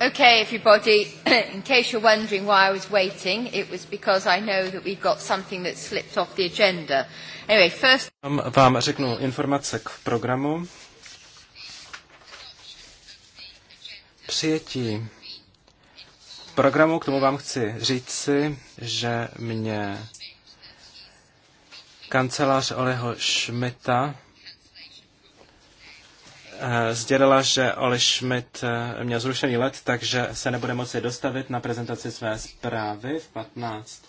Okay, everybody, in case you're wondering why I was waiting, it was because I know that we've got something that slipped off the agenda. Anyway, first... Vám vám řeknu informace k programu. Přijetí programu, k tomu vám chci říci, že mě kancelář Oleho Šmita Eh, sdělila, že Oli Schmidt eh, měl zrušený let, takže se nebude moci dostavit na prezentaci své zprávy v 15.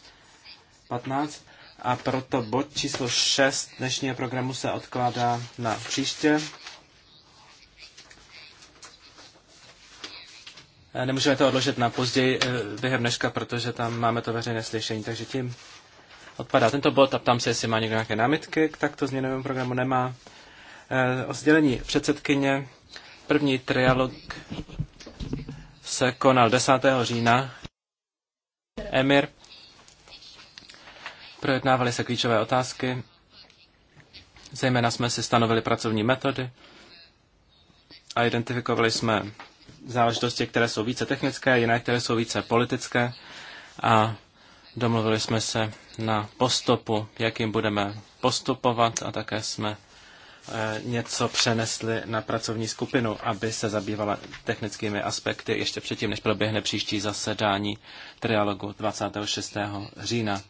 15 a proto bod číslo 6 dnešního programu se odkládá na příště. Eh, nemůžeme to odložit na později během dneška, protože tam máme to veřejné slyšení, takže tím odpadá tento bod a ptám se, jestli má někdo nějaké námitky k takto změnovému programu. Nemá. Eh, o sdělení předsedkyně. První trialog se konal 10. října. Emir. Projednávali se klíčové otázky. Zejména jsme si stanovili pracovní metody a identifikovali jsme záležitosti, které jsou více technické, jiné, které jsou více politické a domluvili jsme se na postupu, jakým budeme postupovat a také jsme Eh, něco přenesli na pracovní skupinu, aby se zabývala technickými aspekty ještě předtím, než proběhne příští zasedání trialogu 26. října.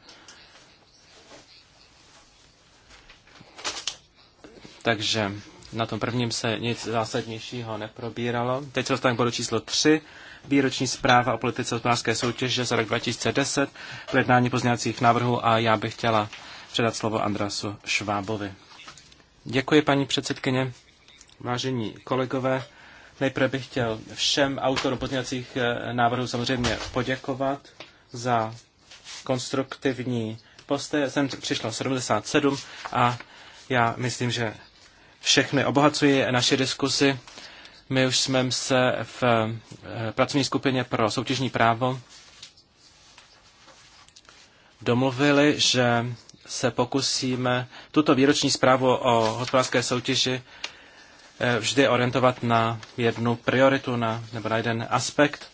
Takže na tom prvním se nic zásadnějšího neprobíralo. Teď se dostaneme k bodu číslo 3. Výroční zpráva o politice hospodářské soutěže za rok 2010, projednání pozměňovacích návrhů a já bych chtěla předat slovo Andrasu Švábovi. Děkuji, paní předsedkyně. Vážení kolegové, nejprve bych chtěl všem autorům pozměňovacích eh, návrhů samozřejmě poděkovat za konstruktivní postoje. Jsem přišlo 77 a já myslím, že všechny obohacují naše diskusy. My už jsme se v eh, pracovní skupině pro soutěžní právo domluvili, že se pokusíme tuto výroční zprávu o hospodářské soutěži eh, vždy orientovat na jednu prioritu na, nebo na jeden aspekt,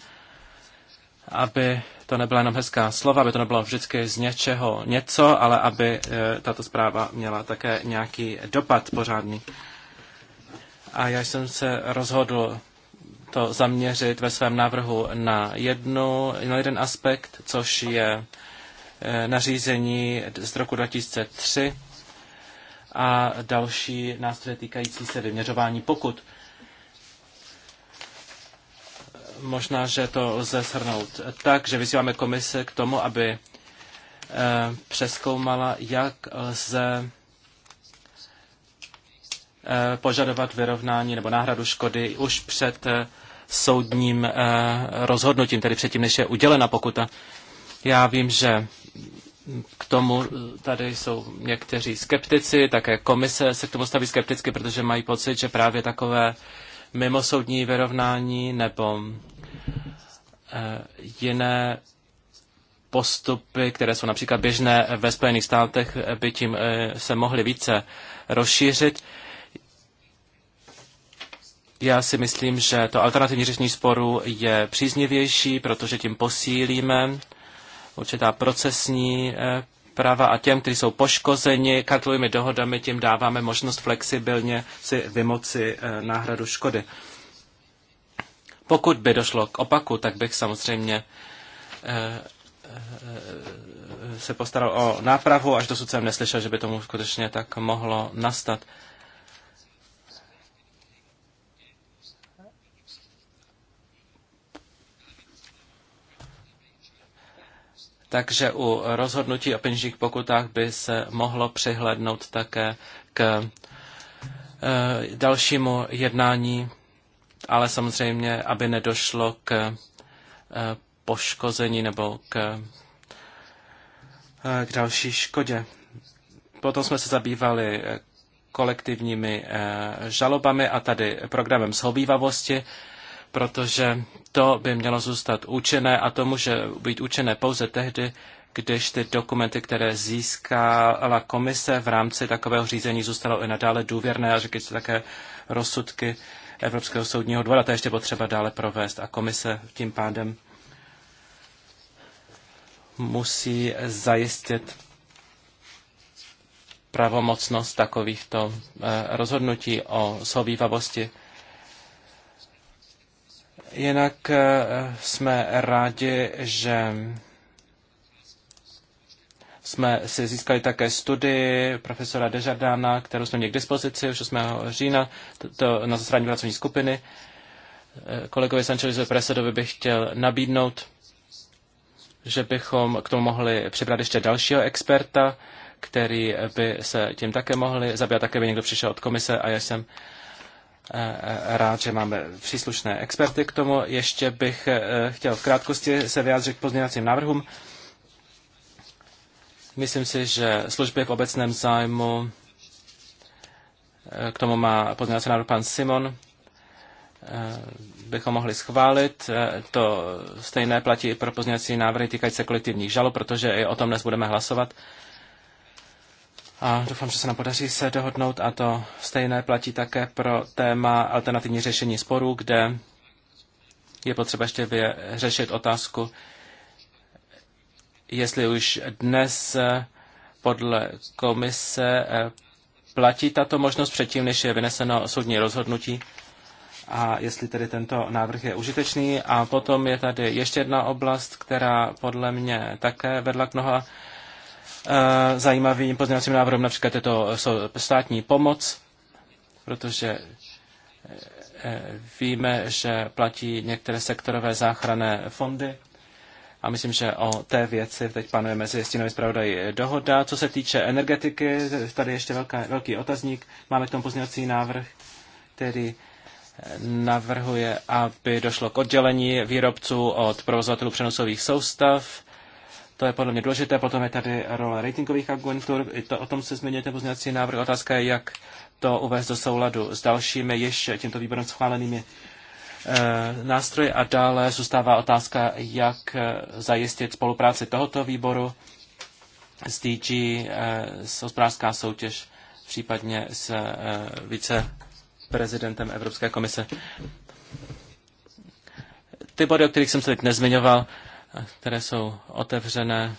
aby to nebyla jenom hezká slova, aby to nebylo vždycky z něčeho něco, ale aby eh, tato zpráva měla také nějaký dopad pořádný. A já jsem se rozhodl to zaměřit ve svém návrhu na, jednu, na jeden aspekt, což je Eh, nařízení z roku 2003 a další nástroje týkající se vyměřování pokut. Možná, že to lze shrnout tak, že vyzýváme komise k tomu, aby eh, přeskoumala, jak lze eh, požadovat vyrovnání nebo náhradu škody už před soudním rozhodnutím, tedy předtím, než je udělena pokuta. Já vím, že k tomu tady jsou někteří skeptici, také komise se k tomu staví skepticky, protože mají pocit, že právě takové mimosoudní vyrovnání nebo eh, jiné postupy, které jsou například běžné ve Spojených státech, by tím eh, se mohly více rozšířit. Já si myslím, že to alternativní řešení sporu je příznivější, protože tím posílíme určitá procesní eh, práva a těm, kteří jsou poškozeni kartlovými dohodami, tím dáváme možnost flexibilně si vymoci eh, náhradu škody. Pokud by došlo k opaku, tak bych samozřejmě eh, se postaral o nápravu, až dosud jsem neslyšel, že by tomu skutečně tak mohlo nastat. takže u rozhodnutí o peněžních pokutách by se mohlo přihlednout také k eh, dalšímu jednání, ale samozřejmě, aby nedošlo k eh, poškození nebo k, eh, k další škodě. Potom jsme se zabývali kolektivními žalobami a tady programem shovívavosti protože to by mělo zůstat účinné a to může být účinné pouze tehdy, když ty dokumenty, které získala komise v rámci takového řízení, zůstalo i nadále důvěrné a řekli se také rozsudky Evropského soudního dvora. To je ještě potřeba dále provést a komise tím pádem musí zajistit pravomocnost takovýchto eh, rozhodnutí o souvývavosti Jinak eh, jsme rádi, že jsme si získali také studii profesora Dežardána, kterou jsme měli k dispozici už 8. října to, to na zasrání pracovní skupiny. Eh, kolegovi Sančelize Presedovi bych chtěl nabídnout, že bychom k tomu mohli přibrat ještě dalšího experta, který by se tím také mohli zabývat, také by někdo přišel od komise a já jsem uh, Eh, eh, rád, že máme příslušné experty k tomu. Ještě bych eh, chtěl v krátkosti se vyjádřit k pozměňovacím návrhům. Myslím si, že služby v obecném zájmu k tomu má pozměňovací návrh pan Simon bychom mohli schválit. To stejné platí i pro pozměňovací návrhy týkající se kolektivních žalob, protože i o tom dnes budeme hlasovat a doufám, že se nám podaří se dohodnout a to stejné platí také pro téma alternativní řešení sporů, kde je potřeba ještě řešit otázku, jestli už dnes eh, podle komise eh, platí tato možnost předtím, než je vyneseno soudní rozhodnutí a jestli tedy tento návrh je užitečný. A potom je tady ještě jedna oblast, která podle mě také vedla k mnoha Eh, zajímavým pozměňovacím návrhem, například je to eh, státní pomoc, protože eh, víme, že platí některé sektorové záchranné fondy a myslím, že o té věci teď panuje mezi stínovým zpravodají dohoda. Co se týče energetiky, tady ještě velká, velký otazník. Máme k tomu pozměňovací návrh, který navrhuje, aby došlo k oddělení výrobců od provozovatelů přenosových soustav. To je podle mě důležité. Potom je tady role ratingových agentur. I to, o tom se změní ten pozměňovací návrh. Otázka je, jak to uvést do souladu s dalšími již tímto výborem schválenými eh, nástroje a dále zůstává otázka, jak eh, zajistit spolupráci tohoto výboru s DG, eh, s hospodářská soutěž, případně s viceprezidentem Evropské komise. Ty body, o kterých jsem se teď nezmiňoval, které jsou otevřené.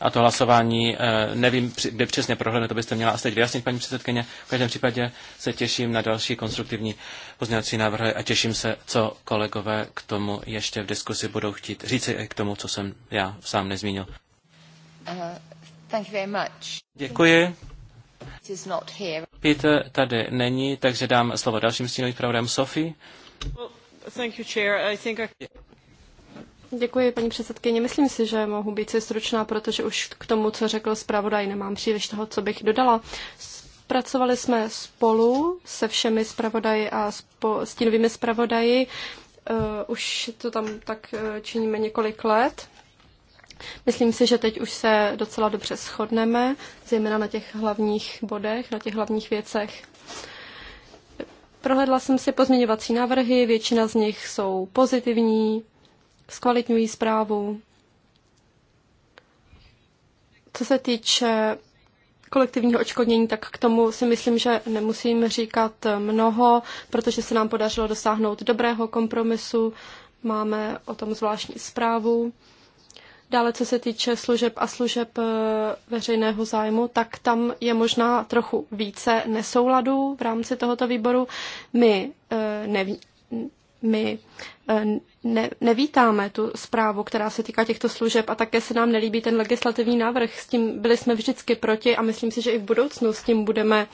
A to hlasování, eh, nevím, kde přesně prohledne, to byste měla asi teď vyjasnit, paní předsedkyně. V každém případě se těším na další konstruktivní pozměňovací návrhy a těším se, co kolegové k tomu ještě v diskusi budou chtít říci i k tomu, co jsem já sám nezmínil. Uh, thank you very much. Děkuji. Peter tady není, takže dám slovo dalším stínovým zpravodajům Sofii. Děkuji, paní předsedkyně. Myslím si, že mohu být si stručná, protože už k tomu, co řekl zpravodaj, nemám příliš toho, co bych dodala. Pracovali jsme spolu se všemi zpravodaji a spo, stínovými zpravodaji. Uh, už to tam tak uh, činíme několik let. Myslím si, že teď už se docela dobře shodneme, zejména na těch hlavních bodech, na těch hlavních věcech. Prohledla jsem si pozměňovací návrhy, většina z nich jsou pozitivní, zkvalitňují zprávu. Co se týče kolektivního očkodnění, tak k tomu si myslím, že nemusím říkat mnoho, protože se nám podařilo dosáhnout dobrého kompromisu. Máme o tom zvláštní zprávu. Dále, co se týče služeb a služeb eh, veřejného zájmu, tak tam je možná trochu více nesouladů v rámci tohoto výboru. My, eh, neví, my eh, ne, nevítáme tu zprávu, která se týká těchto služeb a také se nám nelíbí ten legislativní návrh. S tím byli jsme vždycky proti a myslím si, že i v budoucnu s tím budeme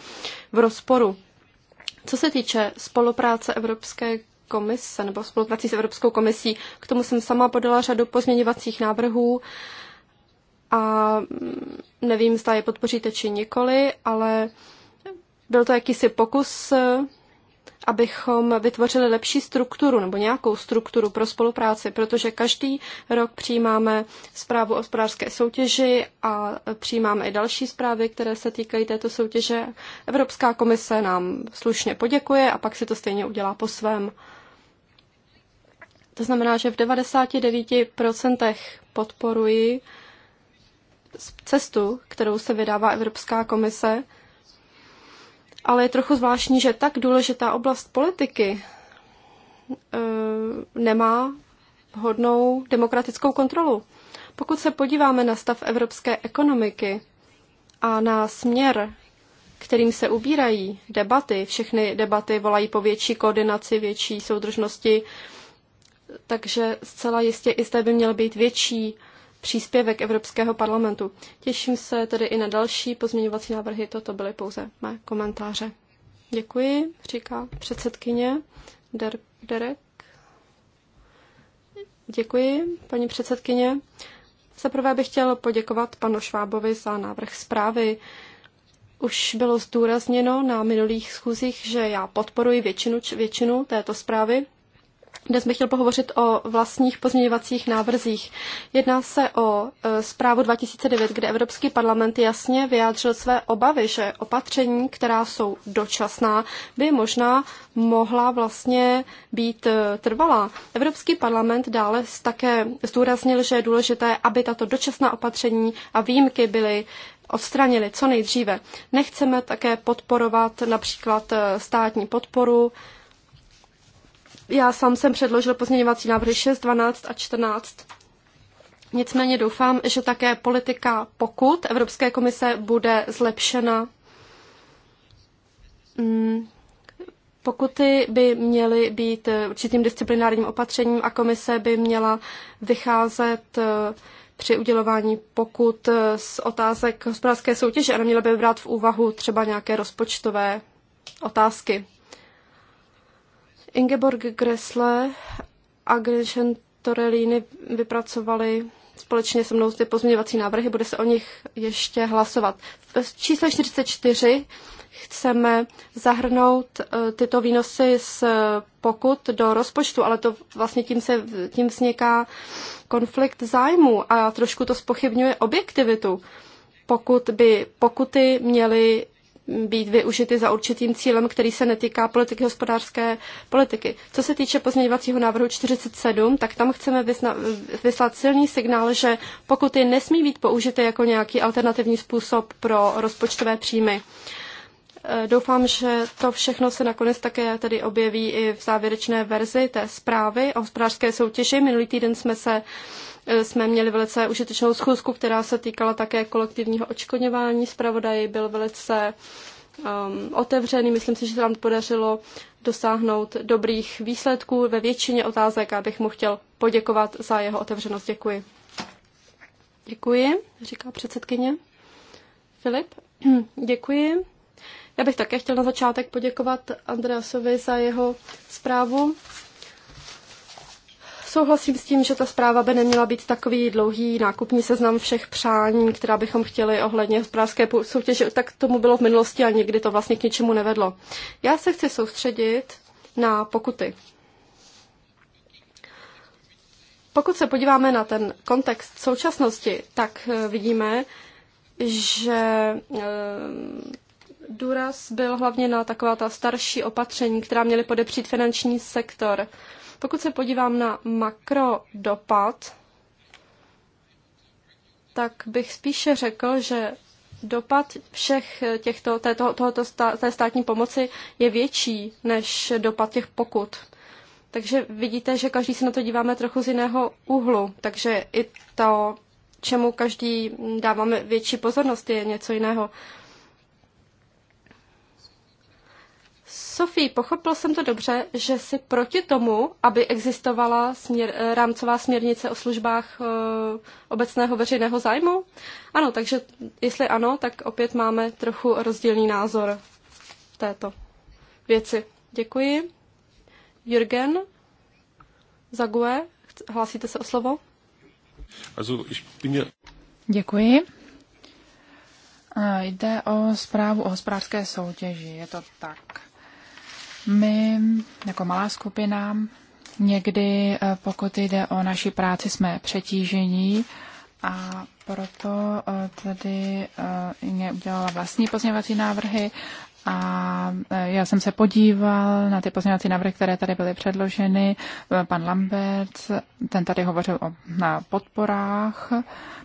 v rozporu. Co se týče spolupráce Evropské komise nebo spolupráci s Evropskou komisí. K tomu jsem sama podala řadu pozměňovacích návrhů a mm, nevím, zda je podpoříte či nikoli, ale byl to jakýsi pokus, abychom vytvořili lepší strukturu nebo nějakou strukturu pro spolupráci, protože každý rok přijímáme zprávu o hospodářské soutěži a přijímáme i další zprávy, které se týkají této soutěže. Evropská komise nám slušně poděkuje a pak si to stejně udělá po svém. To znamená, že v 99% podporuji cestu, kterou se vydává Evropská komise, ale je trochu zvláštní, že tak důležitá oblast politiky e, nemá hodnou demokratickou kontrolu. Pokud se podíváme na stav evropské ekonomiky a na směr, kterým se ubírají debaty, všechny debaty volají po větší koordinaci, větší soudržnosti, takže zcela jistě i zde by měl být větší příspěvek Evropského parlamentu. Těším se tedy i na další pozměňovací návrhy, toto byly pouze mé komentáře. Děkuji, říká předsedkyně Der- Derek. Děkuji, paní předsedkyně. Zaprvé bych chtěl poděkovat panu Švábovi za návrh zprávy. Už bylo zdůrazněno na minulých schůzích, že já podporuji většinu, většinu této zprávy, dnes bych chtěl pohovořit o vlastních pozměňovacích návrzích. Jedná se o e, zprávu 2009, kde Evropský parlament jasně vyjádřil své obavy, že opatření, která jsou dočasná, by možná mohla vlastně být e, trvalá. Evropský parlament dále také zdůraznil, že je důležité, aby tato dočasná opatření a výjimky byly odstranili co nejdříve. Nechceme také podporovat například e, státní podporu, já sám jsem předložil pozměňovací návrhy 6, 12 a 14. Nicméně doufám, že také politika pokud Evropské komise bude zlepšena. Mm, pokuty by měly být určitým disciplinárním opatřením a komise by měla vycházet eh, při udělování pokut eh, z otázek hospodářské soutěže a neměla by brát v úvahu třeba nějaké rozpočtové otázky. Ingeborg Gressle a Gretchen Torellini vypracovali společně se mnou ty pozměňovací návrhy, bude se o nich ještě hlasovat. V čísle 44 chceme zahrnout eh, tyto výnosy z pokut do rozpočtu, ale to vlastně tím, se, tím vzniká konflikt zájmu a trošku to spochybňuje objektivitu. Pokud by pokuty měly být využity za určitým cílem, který se netýká politiky hospodářské politiky. Co se týče pozměňovacího návrhu 47, tak tam chceme vysna- vyslat silný signál, že pokud je nesmí být použity jako nějaký alternativní způsob pro rozpočtové příjmy. E, doufám, že to všechno se nakonec také tady objeví i v závěrečné verzi té zprávy o hospodářské soutěži. Minulý týden jsme se uh, Eh, jsme měli velice užitečnou schůzku, která se týkala také kolektivního očkodňování. Spravodaj byl velice um, otevřený. Myslím si, že se nám podařilo dosáhnout dobrých výsledků ve většině otázek a bych mu chtěl poděkovat za jeho otevřenost. Děkuji. Děkuji, říká předsedkyně. Filip, děkuji. Já bych také chtěl na začátek poděkovat Andreasovi za jeho zprávu. Souhlasím s tím, že ta zpráva by neměla být takový dlouhý nákupní seznam všech přání, která bychom chtěli ohledně hospodářské soutěže. Tak tomu bylo v minulosti a někdy to vlastně k ničemu nevedlo. Já se chci soustředit na pokuty. Pokud se podíváme na ten kontext současnosti, tak eh, vidíme, že eh, důraz byl hlavně na taková ta starší opatření, která měly podepřít finanční sektor. Pokud se podívám na makro dopad, tak bych spíše řekl, že dopad všech těchto, této, tohoto, té státní pomoci je větší než dopad těch pokut. Takže vidíte, že každý se na to díváme trochu z jiného úhlu. Takže i to, čemu každý dáváme větší pozornost, je něco jiného. Sofie, pochopil jsem to dobře, že si proti tomu, aby existovala směr, eh, rámcová směrnice o službách e, obecného veřejného zájmu? Ano, takže jestli ano, tak opět máme trochu rozdílný názor v této věci. Děkuji. Jürgen Zague, hlásíte se o slovo? Děkuji. Eh, jde o zprávu o hospodářské soutěži, je to tak. My jako malá skupina někdy, eh, pokud jde o naši práci, jsme přetížení a proto eh, tady eh, udělala vlastní pozměňovací návrhy a já jsem se podíval na ty pozměňovací návrhy, které tady byly předloženy. Pan Lambert, ten tady hovořil o na podporách,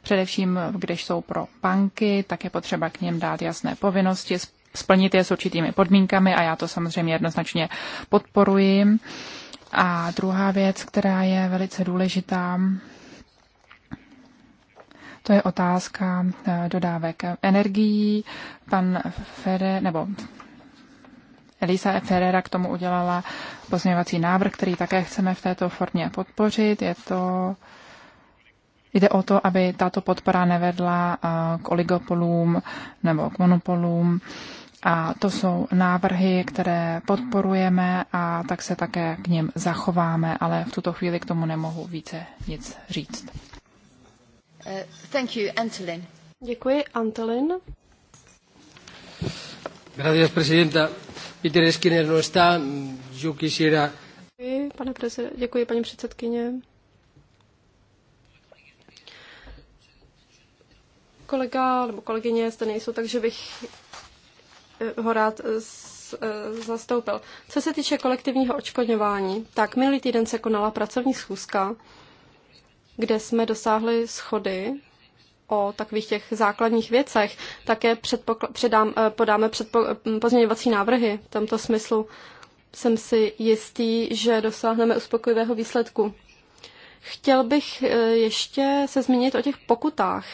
především když jsou pro banky, tak je potřeba k něm dát jasné povinnosti, splnit je s určitými podmínkami a já to samozřejmě jednoznačně podporuji. A druhá věc, která je velice důležitá, to je otázka eh, dodávek energií. Pan Fere, nebo Elisa Ferrera k tomu udělala pozměňovací návrh, který také chceme v této formě podpořit. Je to Jde o to, aby tato podpora nevedla eh, k oligopolům nebo k monopolům. A to jsou návrhy, které podporujeme a tak se také k něm zachováme, ale v tuto chvíli k tomu nemohu více nic říct. Uh, thank you, Antolin. Děkuji, Antolin. Gracias, presidenta. Peter Skinner no está. Yo quisiera... Děkuji, pane prezident. Děkuji, paní předsedkyně. Kolega nebo kolegyně zde nejsou, takže bych ho rád eh, eh, zastoupil. Co se týče kolektivního očkodňování, tak minulý týden se konala pracovní schůzka, kde jsme dosáhli schody o takových těch základních věcech. Také předpokl- předám, eh, podáme předpo- mm, pozměňovací návrhy. V tomto smyslu jsem si jistý, že dosáhneme uspokojivého výsledku. Chtěl bych ještě se zmínit o těch pokutách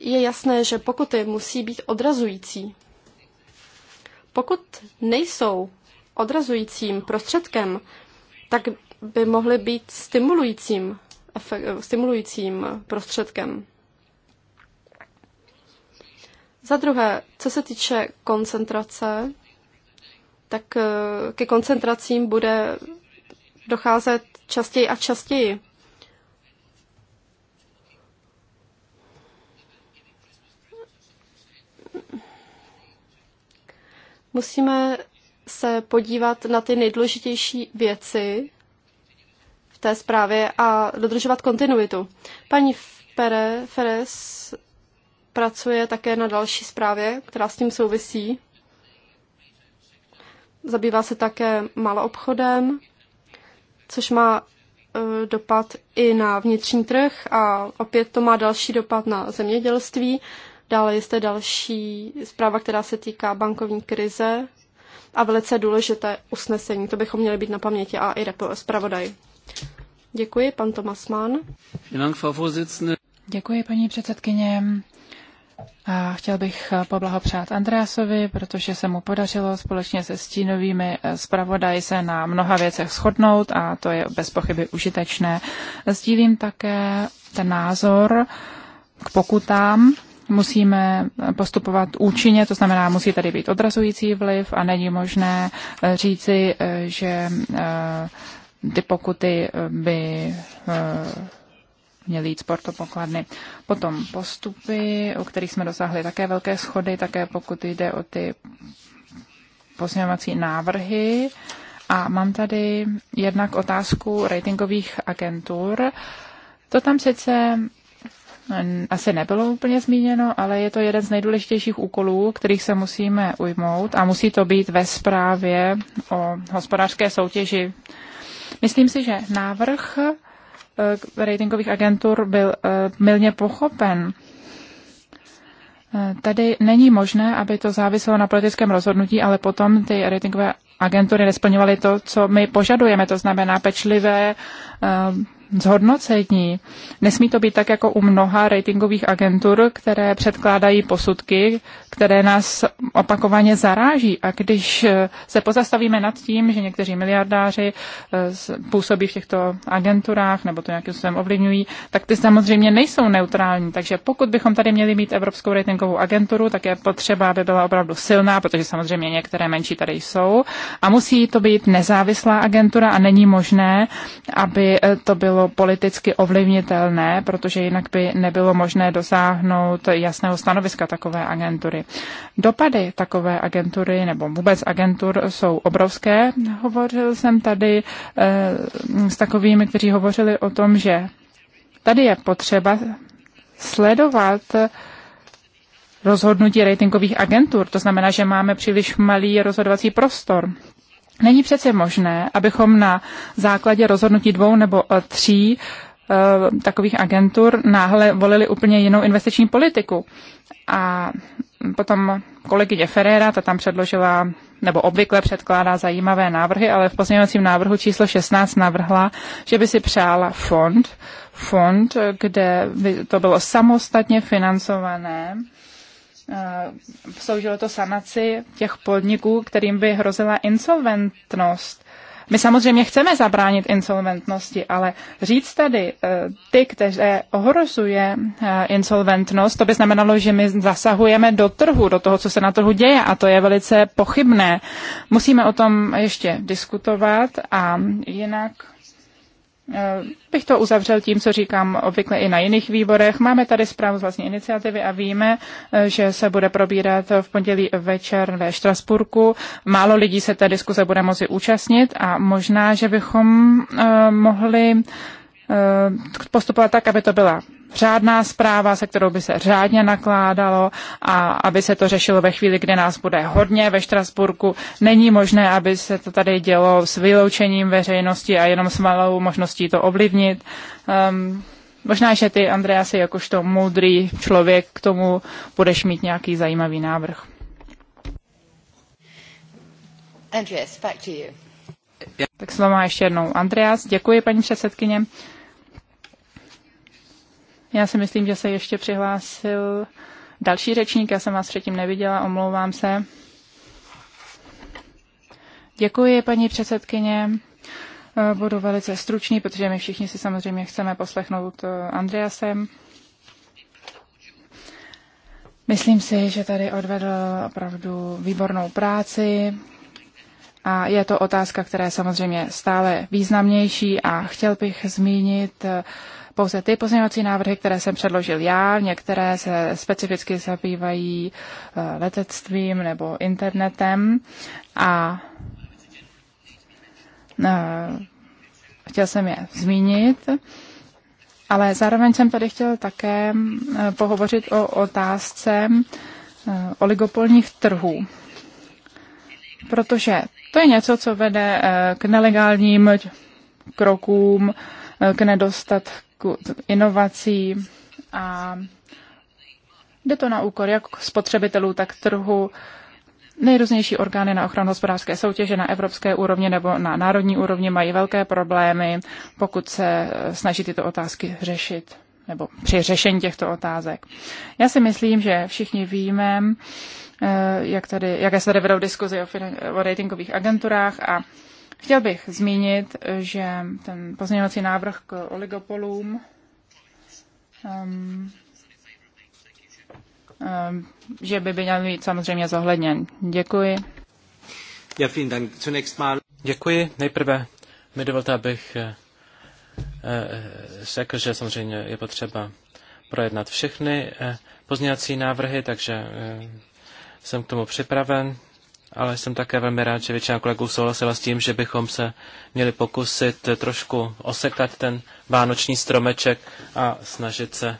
je jasné, že pokuty musí být odrazující. Pokud nejsou odrazujícím prostředkem, tak by mohly být stimulujícím, stimulujícím prostředkem. Za druhé, co se týče koncentrace, tak eh, ke koncentracím bude docházet častěji a častěji. Musíme se podívat na ty nejdůležitější věci v té zprávě a dodržovat kontinuitu. Paní Pere, Ferez pracuje také na další zprávě, která s tím souvisí. Zabývá se také maloobchodem, což má e, dopad i na vnitřní trh a opět to má další dopad na zemědělství. Dále je zde další zpráva, která se týká bankovní krize a velice důležité usnesení. To bychom měli být na paměti a i zpravodaj. Děkuji, pan Tomas Mann. Děkuji, paní předsedkyně. A chtěl bych poblahopřát Andreasovi, protože se mu podařilo společně se stínovými zpravodaji se na mnoha věcech shodnout a to je bez pochyby užitečné. Sdílím také ten názor k pokutám, musíme postupovat účinně, to znamená, musí tady být odrazující vliv a není možné eh, říci, eh, že eh, ty pokuty by měly jít sportopokladny. Potom postupy, o kterých jsme dosáhli také velké schody, také pokud jde o ty pozměňovací návrhy. A mám tady jednak otázku ratingových agentur. To tam sice asi nebylo úplně zmíněno, ale je to jeden z nejdůležitějších úkolů, kterých se musíme ujmout a musí to být ve zprávě o hospodářské soutěži. Myslím si, že návrh eh, ratingových agentur byl eh, milně pochopen. Eh, tady není možné, aby to záviselo na politickém rozhodnutí, ale potom ty ratingové agentury nesplňovaly to, co my požadujeme, to znamená pečlivé zhodnocení. Nesmí to být tak jako u mnoha ratingových agentur, které předkládají posudky, které nás opakovaně zaráží. A když eh, se pozastavíme nad tím, že někteří miliardáři eh, působí v těchto agenturách nebo to nějakým způsobem ovlivňují, tak ty samozřejmě nejsou neutrální. Takže pokud bychom tady měli mít Evropskou ratingovou agenturu, tak je potřeba, aby byla opravdu silná, protože samozřejmě některé menší tady jsou. A musí to být nezávislá agentura a není možné, aby eh, to bylo bylo politicky ovlivnitelné, protože jinak by nebylo možné dosáhnout jasného stanoviska takové agentury. Dopady takové agentury nebo vůbec agentur jsou obrovské. Hovořil jsem tady eh, s takovými, kteří hovořili o tom, že tady je potřeba sledovat rozhodnutí ratingových agentur. To znamená, že máme příliš malý rozhodovací prostor. Není přece možné, abychom na základě rozhodnutí dvou nebo e, tří e, takových agentur náhle volili úplně jinou investiční politiku. A potom kolegyně Ferreira, ta tam předložila, nebo obvykle předkládá zajímavé návrhy, ale v pozměňovacím návrhu číslo 16 navrhla, že by si přála fond, fond, kde by to bylo samostatně financované Eh, sloužilo to sanaci těch podniků, kterým by hrozila insolventnost. My samozřejmě chceme zabránit insolventnosti, ale říct tady eh, ty, které ohrozuje eh, insolventnost, to by znamenalo, že my zasahujeme do trhu, do toho, co se na trhu děje a to je velice pochybné. Musíme o tom ještě diskutovat a jinak Eh, bych to uzavřel tím, co říkám obvykle i na jiných výborech. Máme tady zprávu z vlastní iniciativy a víme, eh, že se bude probírat v pondělí večer ve Štrasburku. Málo lidí se té diskuze bude moci účastnit a možná, že bychom eh, mohli postupovat tak, aby to byla řádná zpráva, se kterou by se řádně nakládalo a aby se to řešilo ve chvíli, kdy nás bude hodně ve Štrasburku. Není možné, aby se to tady dělo s vyloučením veřejnosti a jenom s malou možností to ovlivnit. Um, možná, že ty, Andreasi, jakožto moudrý člověk, k tomu budeš mít nějaký zajímavý návrh. Andreas, back to you. Tak slovo ještě jednou. Andreas, děkuji paní předsedkyně. Já si myslím, že se ještě přihlásil další řečník. Já jsem vás předtím neviděla, omlouvám se. Děkuji, paní předsedkyně. Eh, budu velice stručný, protože my všichni si samozřejmě chceme poslechnout eh, Andreasem. Myslím si, že tady odvedl opravdu výbornou práci a je to otázka, která je samozřejmě stále významnější a chtěl bych zmínit uh, pouze ty pozměňovací návrhy, které jsem předložil já, některé se specificky zabývají eh, letectvím nebo internetem a eh, chtěl jsem je zmínit. Ale zároveň jsem tady chtěl také eh, pohovořit o otázce oligopolních trhů. Protože to je něco, co vede k nelegálním krokům, k nedostatku inovací a jde to na úkor jak spotřebitelů, tak trhu. Nejrůznější orgány na ochranu hospodářské soutěže na evropské úrovni nebo na národní úrovni mají velké problémy, pokud se snaží tyto otázky řešit nebo při řešení těchto otázek. Já si myslím, že všichni víme, eh, jak tady, jaké se tady vedou diskuzi o, o ratingových agenturách a Chtěl bych zmínit, že ten pozměňovací návrh k oligopolům um, um, že by měl být samozřejmě zohledněn. Děkuji. Ja, Dank. mal... Děkuji. Nejprve mi dovolte, abych eh, eh, řekl, že samozřejmě je potřeba projednat všechny eh, pozměňovací návrhy, takže jsem k tomu připraven ale jsem také velmi rád, že většina kolegů souhlasila s tím, že bychom se měli pokusit trošku osekat ten vánoční stromeček a snažit se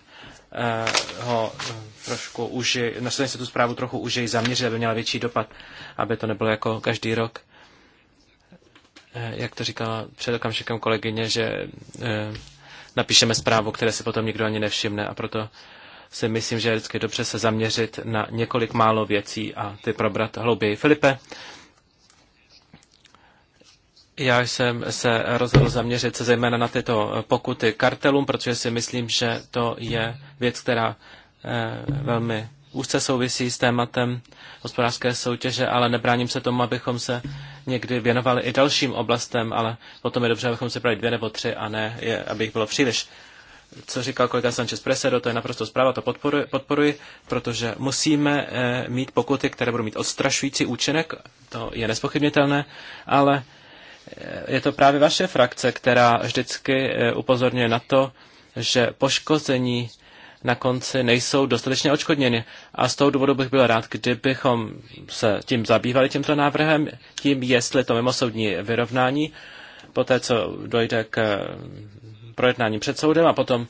eh, ho eh, trošku uži, snažit se tu zprávu trochu užij zaměřit, aby měla větší dopad, aby to nebylo jako každý rok. Eh, jak to říkala před okamžikem kolegyně, že napíšeme zprávu, které se potom nikdo ani nevšimne a proto si myslím, že je vždycky dobře se zaměřit na několik málo věcí a ty probrat hlouběji. Filipe, já jsem se rozhodl zaměřit se zejména na tyto pokuty kartelům, protože si myslím, že to je věc, která eh, velmi úzce souvisí s tématem hospodářské soutěže, ale nebráním se tomu, abychom se někdy věnovali i dalším oblastem, ale potom je dobře, abychom se brali dvě nebo tři a ne, je, aby jich bylo příliš co říkal kolega Sanchez Presedo, to je naprosto zpráva, to podporuji, podporuji protože musíme eh, mít pokuty, které budou mít odstrašující účinek, to je nespochybnitelné, ale eh, je to právě vaše frakce, která vždycky eh, upozorňuje na to, že poškození na konci nejsou dostatečně očkodněny. A z toho důvodu bych byl rád, kdybychom se tím zabývali tímto návrhem, tím, jestli to mimosoudní vyrovnání, poté co dojde k projednání před soudem a potom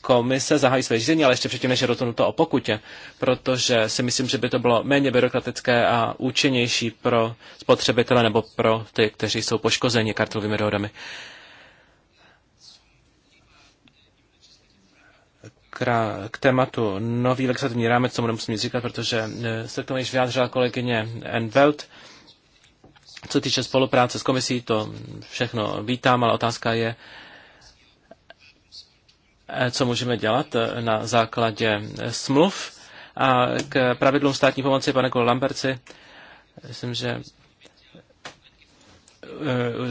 komise zahájí své řízení, ale ještě předtím, než je rozhodnuto o pokutě, protože si myslím, že by to bylo méně byrokratické a účinnější pro spotřebitele nebo pro ty, kteří jsou poškozeni kartelovými dohodami. K tématu nový legislativní rámec, co musím říkat, protože e, se k tomu již vyjádřila kolegyně Envelt. Co týče spolupráce s komisí, to všechno vítám, ale otázka je, Eh, co můžeme dělat eh, na základě eh, smluv. A k pravidlům státní pomoci, pane Kolo Lamberci, myslím, že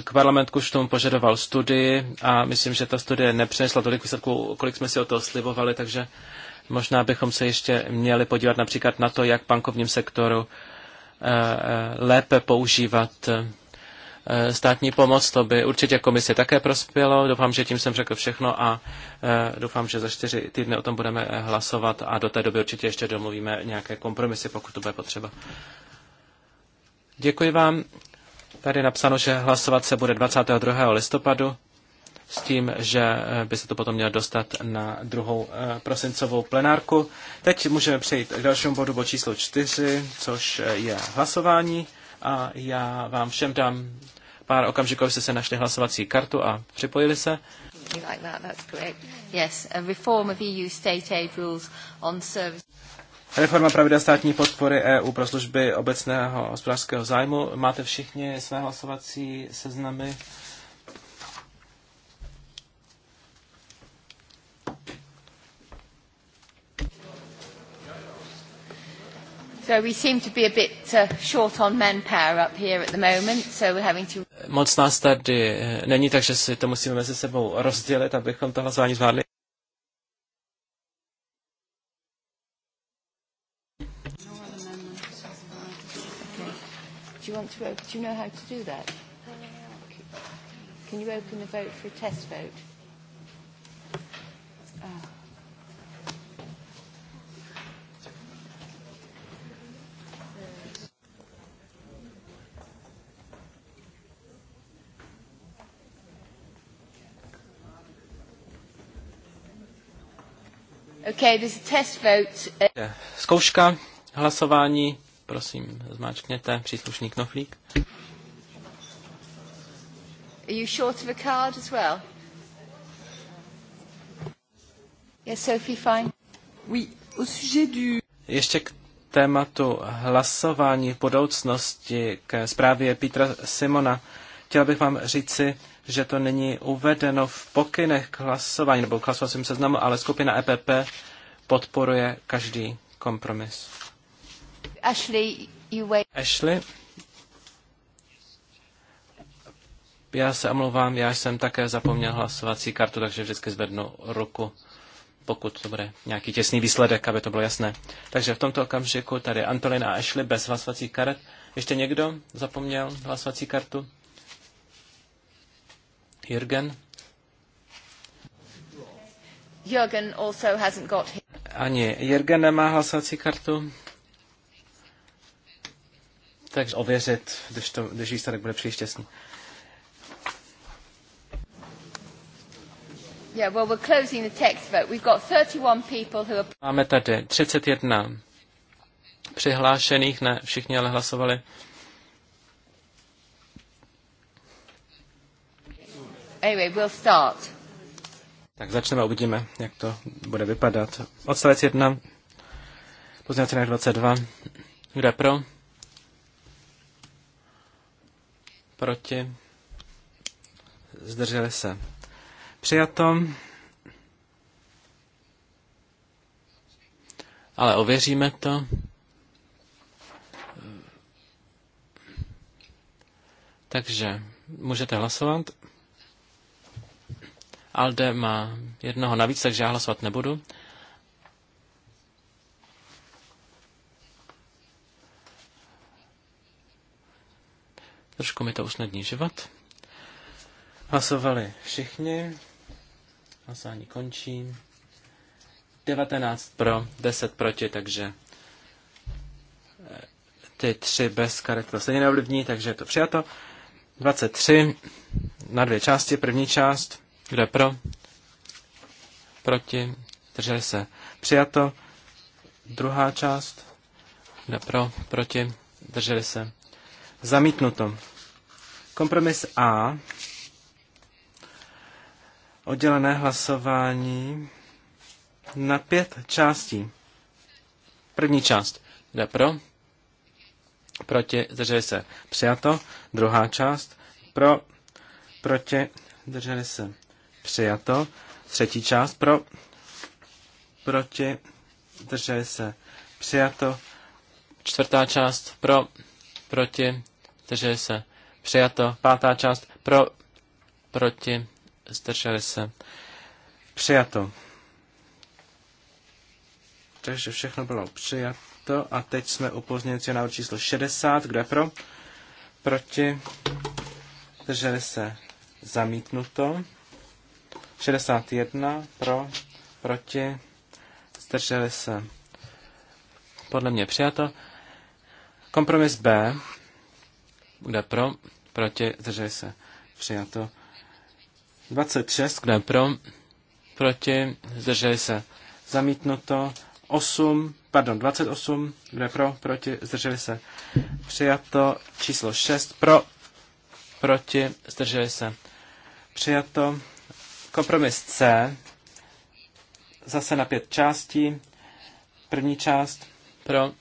k parlamentku už tomu požadoval studii a myslím, že ta studie nepřinesla tolik výsledků, kolik jsme si o to slibovali, takže možná bychom se ještě měli podívat například na to, jak v bankovním sektoru lépe používat Eh, státní pomoc, to by určitě komisi také prospělo. Doufám, že tím jsem řekl všechno a eh, doufám, že za čtyři týdny o tom budeme eh, hlasovat a do té doby určitě ještě domluvíme nějaké kompromisy, pokud to bude potřeba. Děkuji vám. Tady je napsáno, že hlasovat se bude 22. listopadu s tím, že by se to potom mělo dostat na druhou prosincovou plenárku. Teď můžeme přejít k dalšímu bodu, bod číslo 4, což je hlasování. A já vám všem dám pár okamžiků jste se našli hlasovací kartu a připojili se. E Reforma pravidel státní podpory EU pro služby obecného hospodářského zájmu. Máte všichni své hlasovací seznamy? So we seem to be a bit uh, short on manpower up here at the moment, so we're having to... Moc nás tady eh, není, takže si to musíme mezi sebou rozdělit, abychom to hlasování zvládli. Do you want to open, do you know how to do that? Can you open the vote for a test vote? Oh. Okay, this is test vote. Uh, zkouška hlasování. Prosím, zmáčkněte příslušný knoflík. Are you short of a card as well? Yes, Sophie, fine. Oui, au sujet du... Ještě k tématu hlasování v budoucnosti k zprávě Petra Simona. Chtěl bych vám říci, že to není uvedeno v pokynech k hlasování nebo k hlasovacím seznamu, ale skupina EPP podporuje každý kompromis. Ashley, you wait. Ashley, já se omlouvám, já jsem také zapomněl hlasovací kartu, takže vždycky zvednu ruku, pokud to bude nějaký těsný výsledek, aby to bylo jasné. Takže v tomto okamžiku tady Antolina a Ashley bez hlasovací karet. Ještě někdo zapomněl hlasovací kartu? Jürgen? Jürgen also hasn't got his... Ani Jürgen nemá hlasovací kartu. Takže ověřit, když, to, když výsledek bude příliš těsný. Yeah, well, we're closing the text vote. We've got 31 people who are... Máme tady 31 přihlášených, ne všichni ale hlasovali. Anyway, we'll start. Tak začneme uvidíme, jak to bude vypadat. Odstavec 1, pozměňovací 22. Kdo je pro? Proti? Zdrželi se. Přijato. Ale ověříme to. Takže můžete hlasovat. Alde má jednoho navíc, takže já hlasovat nebudu. Trošku mi to usnadní život. Hlasovali všichni. Hlasování končí. 19 pro, 10 proti, takže eh, ty tři bez karet to stejně neovlivní, takže je to přijato. 23 na dvě části. První část kdo je pro? Proti? Drželi se. Přijato. Druhá část. Kdo je pro? Proti? Drželi se. Zamítnuto. Kompromis A. Oddělené hlasování na pět částí. První část. Kdo je pro? Proti? Drželi se. Přijato. Druhá část. Pro? Proti? Drželi se přijato. Třetí část pro, proti, drželi se, přijato. Čtvrtá část pro, proti, zdrželi se, přijato. Pátá část pro, proti, zdrželi se, přijato. Takže všechno bylo přijato a teď jsme u pozměnici návrhu číslo 60, kde pro, proti, Drželi se, zamítnuto. 61 pro, proti, zdrželi se. Podle mě přijato. Kompromis B bude pro, proti, zdrželi se. Přijato. 26, kde pro, proti, zdrželi se. Zamítnuto. 8, pardon, 28, kde pro, proti, zdrželi se. Přijato. Číslo 6, pro, proti, zdrželi se. Přijato. Kompromis C, zase na pět částí. První část pro,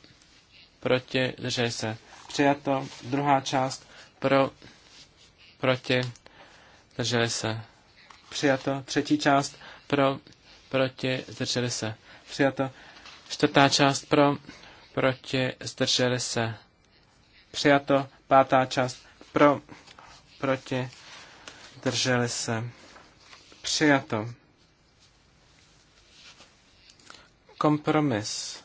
proti, že se, přijato. Druhá část pro, proti, drželi se, přijato. Třetí část pro, proti, zdrželi se, přijato. Čtvrtá část pro, proti, zdrželi se, přijato. Pátá část pro, proti, zdrželi se, Přijato. Kompromis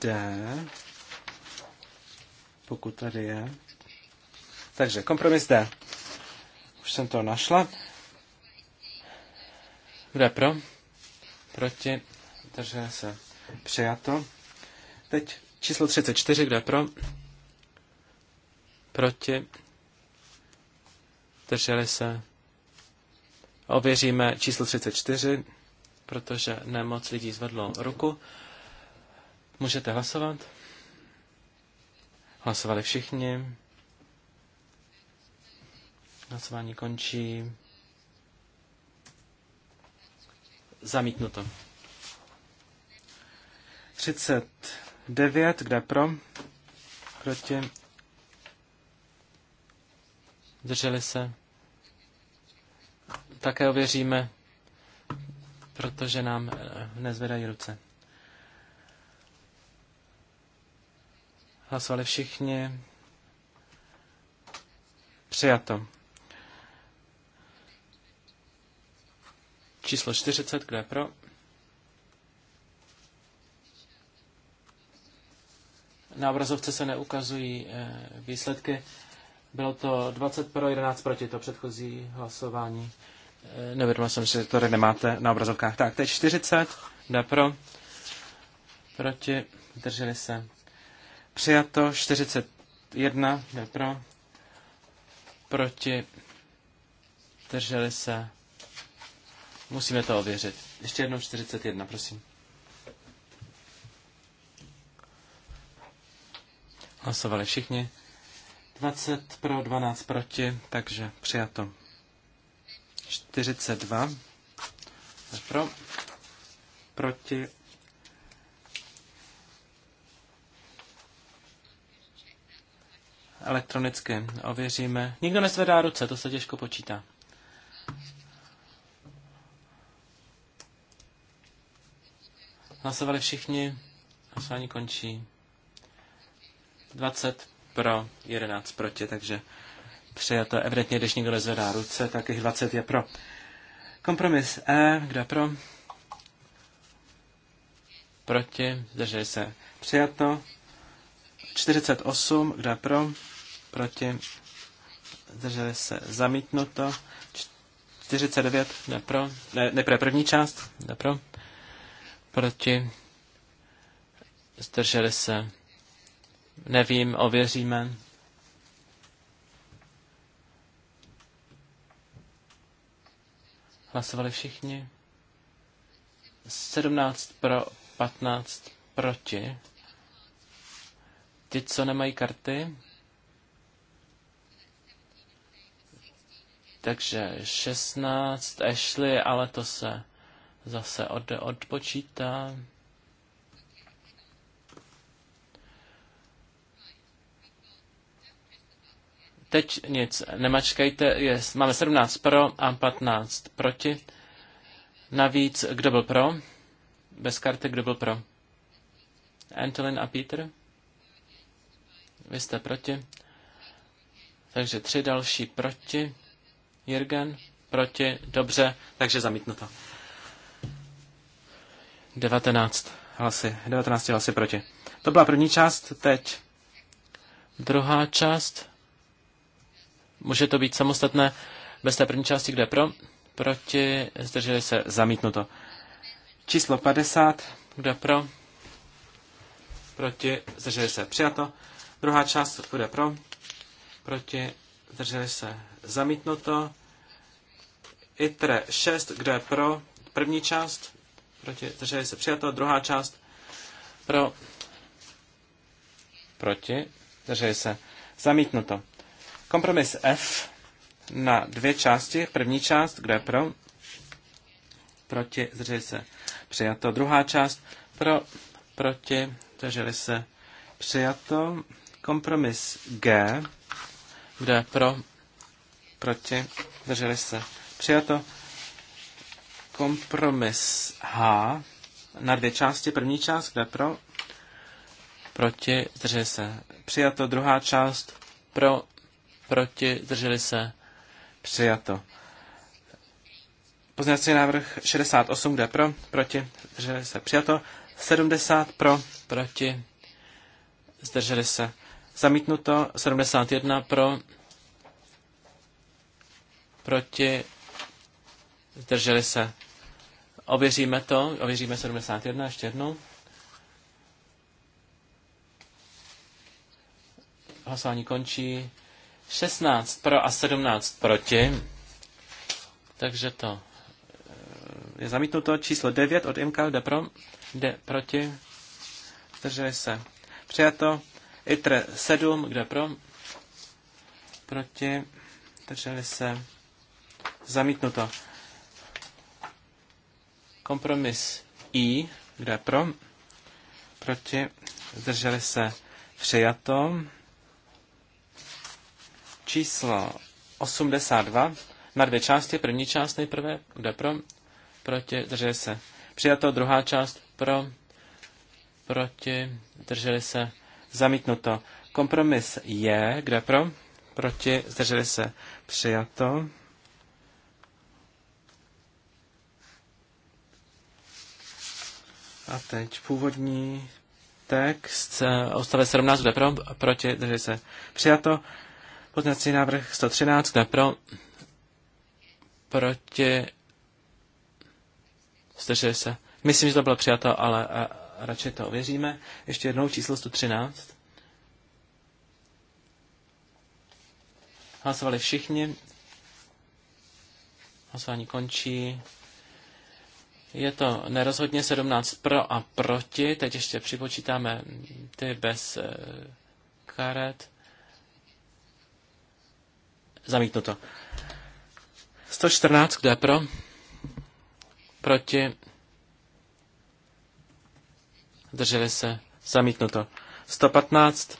D, pokud tady je. Takže kompromis D. Už jsem to našla. Kdo pro? Proti? Takže se. Přijato. Teď číslo 34, kdo je pro? Proti? Drželi se. Ověříme číslo 34, protože nemoc lidí zvedlo ruku. Můžete hlasovat. Hlasovali všichni. Hlasování končí. Zamítnuto. 39, kde pro? Proti. Drželi se také ověříme, protože nám eh, nezvedají ruce. Hlasovali všichni. Přijato. Číslo 40, kde je pro? Na obrazovce se neukazují eh, výsledky. Bylo to 20 pro, 11 proti to předchozí hlasování. Eh, nevědomil jsem si, že to tady nemáte na obrazovkách. Tak, teď 40, jde pro, proti, drželi se. Přijato 41, jde pro, proti, drželi se. Musíme to ověřit. Ještě jednou 41, prosím. Hlasovali všichni. 20 pro, 12 proti, takže přijato. 42 pro, proti, elektronicky ověříme. Nikdo nesvedá ruce, to se těžko počítá. Hlasovali všichni, hlasování končí. 20 pro, 11 proti, takže Přijato evidentně, když někdo nezvedá ruce, tak jich 20 je pro. Kompromis E, je pro? Proti, zdrželi se. Přijato. 48, je pro? Proti, zdrželi se. Zamítnuto. 49, je pro? Ne, nejprve první část, je pro? Proti, zdrželi se. Nevím, ověříme. Hlasovali všichni. 17 pro, 15 proti. Ti, co nemají karty. Takže 16 Ashley, ale to se zase od, odpočítá. Teď nic nemačkejte, je, máme 17 pro a 15 proti. Navíc, kdo byl pro? Bez karty, kdo byl pro? Antolin a Peter? Vy jste proti. Takže tři další proti. Jirgen? Proti, dobře, takže zamítnuto. 19 hlasy, 19 hlasy proti. To byla první část, teď druhá část Může to být samostatné bez té první části, kde pro, proti, zdrželi se, zamítnuto. Číslo 50, kde pro, proti, zdrželi se, přijato. Druhá část bude pro, proti, zdrželi se, zamítnuto. ITRE 6, kde pro, první část, proti, zdrželi se, přijato. Druhá část, pro, proti, zdrželi se, zamítnuto. Kompromis F na dvě části. První část, kdo je pro? Proti, zdrželi se. Přijato. Druhá část, pro, proti, zdrželi se. Přijato. Kompromis G, kdo je pro? Proti, zdrželi se. Přijato. Kompromis H na dvě části. První část, kde pro? Proti, zdrželi se. Přijato. Druhá část, pro, proti, zdrželi se, přijato. Pozměňovací návrh 68, kde pro, proti, zdrželi se, přijato. 70 pro, proti, zdrželi se. Zamítnuto 71 pro, proti, zdrželi se. Ověříme to, ověříme 71 ještě jednou. Hlasování končí. 16 pro a 17 proti. Takže to eh, je zamítnuto číslo 9 od Imka, jde pro, jde proti, zdrželi se. Přijato ITRE 7, kde pro, proti, zdrželi se. Zamítnuto. Kompromis I, kde pro, proti, zdrželi se. Přijato číslo 82 na dvě části. První část nejprve, kde pro, proti, drželi se. Přijato, druhá část pro, proti, drželi se. Zamítnuto. Kompromis je, kde pro, proti, zdrželi se. Přijato. A teď původní text, eh, odstavec 17, kde pro, proti, drželi se. Přijato. Poznací návrh 113, na pro, proti, zdrželi se. Myslím, že to bylo přijato, ale a, eh, a radši to ověříme. Ještě jednou číslo 113. Hlasovali všichni. Hlasování končí. Je to nerozhodně 17 pro a proti. Teď ještě připočítáme ty bez eh, karet. Zamítnuto. 114, kdo je pro? Proti? Drželi se. Zamítnuto. 115.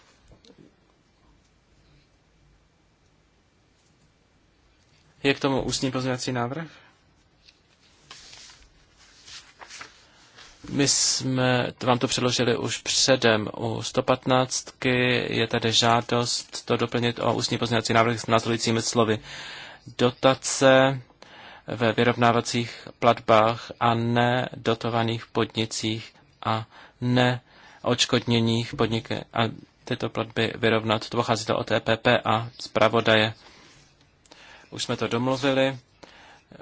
Je k tomu ústní pozměňovací návrh? My jsme vám to předložili už předem. U 115 je tady žádost to doplnit o ústní pozměňovací návrh s následujícími slovy. Dotace ve vyrovnávacích platbách a ne dotovaných podnicích a ne očkodněních podniky a tyto platby vyrovnat. To pochází to od EPP a zpravodaje. Už jsme to domluvili.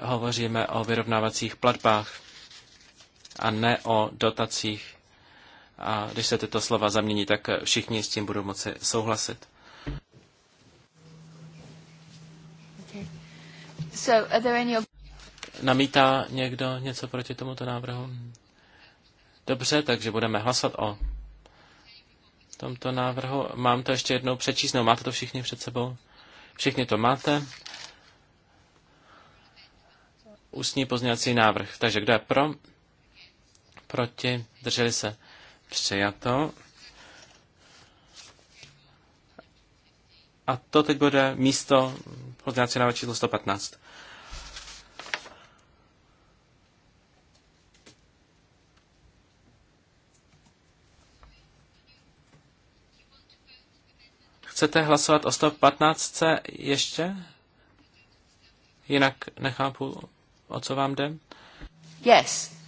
Hovoříme o vyrovnávacích platbách a ne o dotacích. A když se tyto slova zamění, tak všichni s tím budou moci souhlasit. So, are there any... Namítá někdo něco proti tomuto návrhu? Dobře, takže budeme hlasovat o tomto návrhu. Mám to ještě jednou přečíst, no máte to všichni před sebou? Všichni to máte. Ústní pozněvací návrh. Takže kdo je pro? proti, drželi se přijato. A to teď bude místo pozdělací návrh číslo 115. Chcete hlasovat o 115 ještě? Jinak nechápu, o co vám jde. Yes.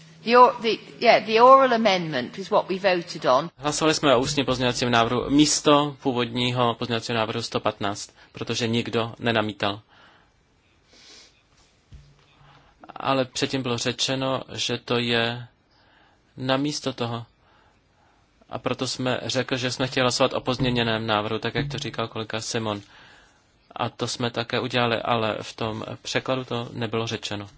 Hlasovali jsme o ústně pozměňovacím návrhu místo původního pozměňovacího návrhu 115, protože nikdo nenamítal. Ale předtím bylo řečeno, že to je na místo toho. A proto jsme řekli, že jsme chtěli hlasovat o pozměněném návrhu, tak jak to říkal kolega Simon. A to jsme také udělali, ale v tom překladu to nebylo řečeno.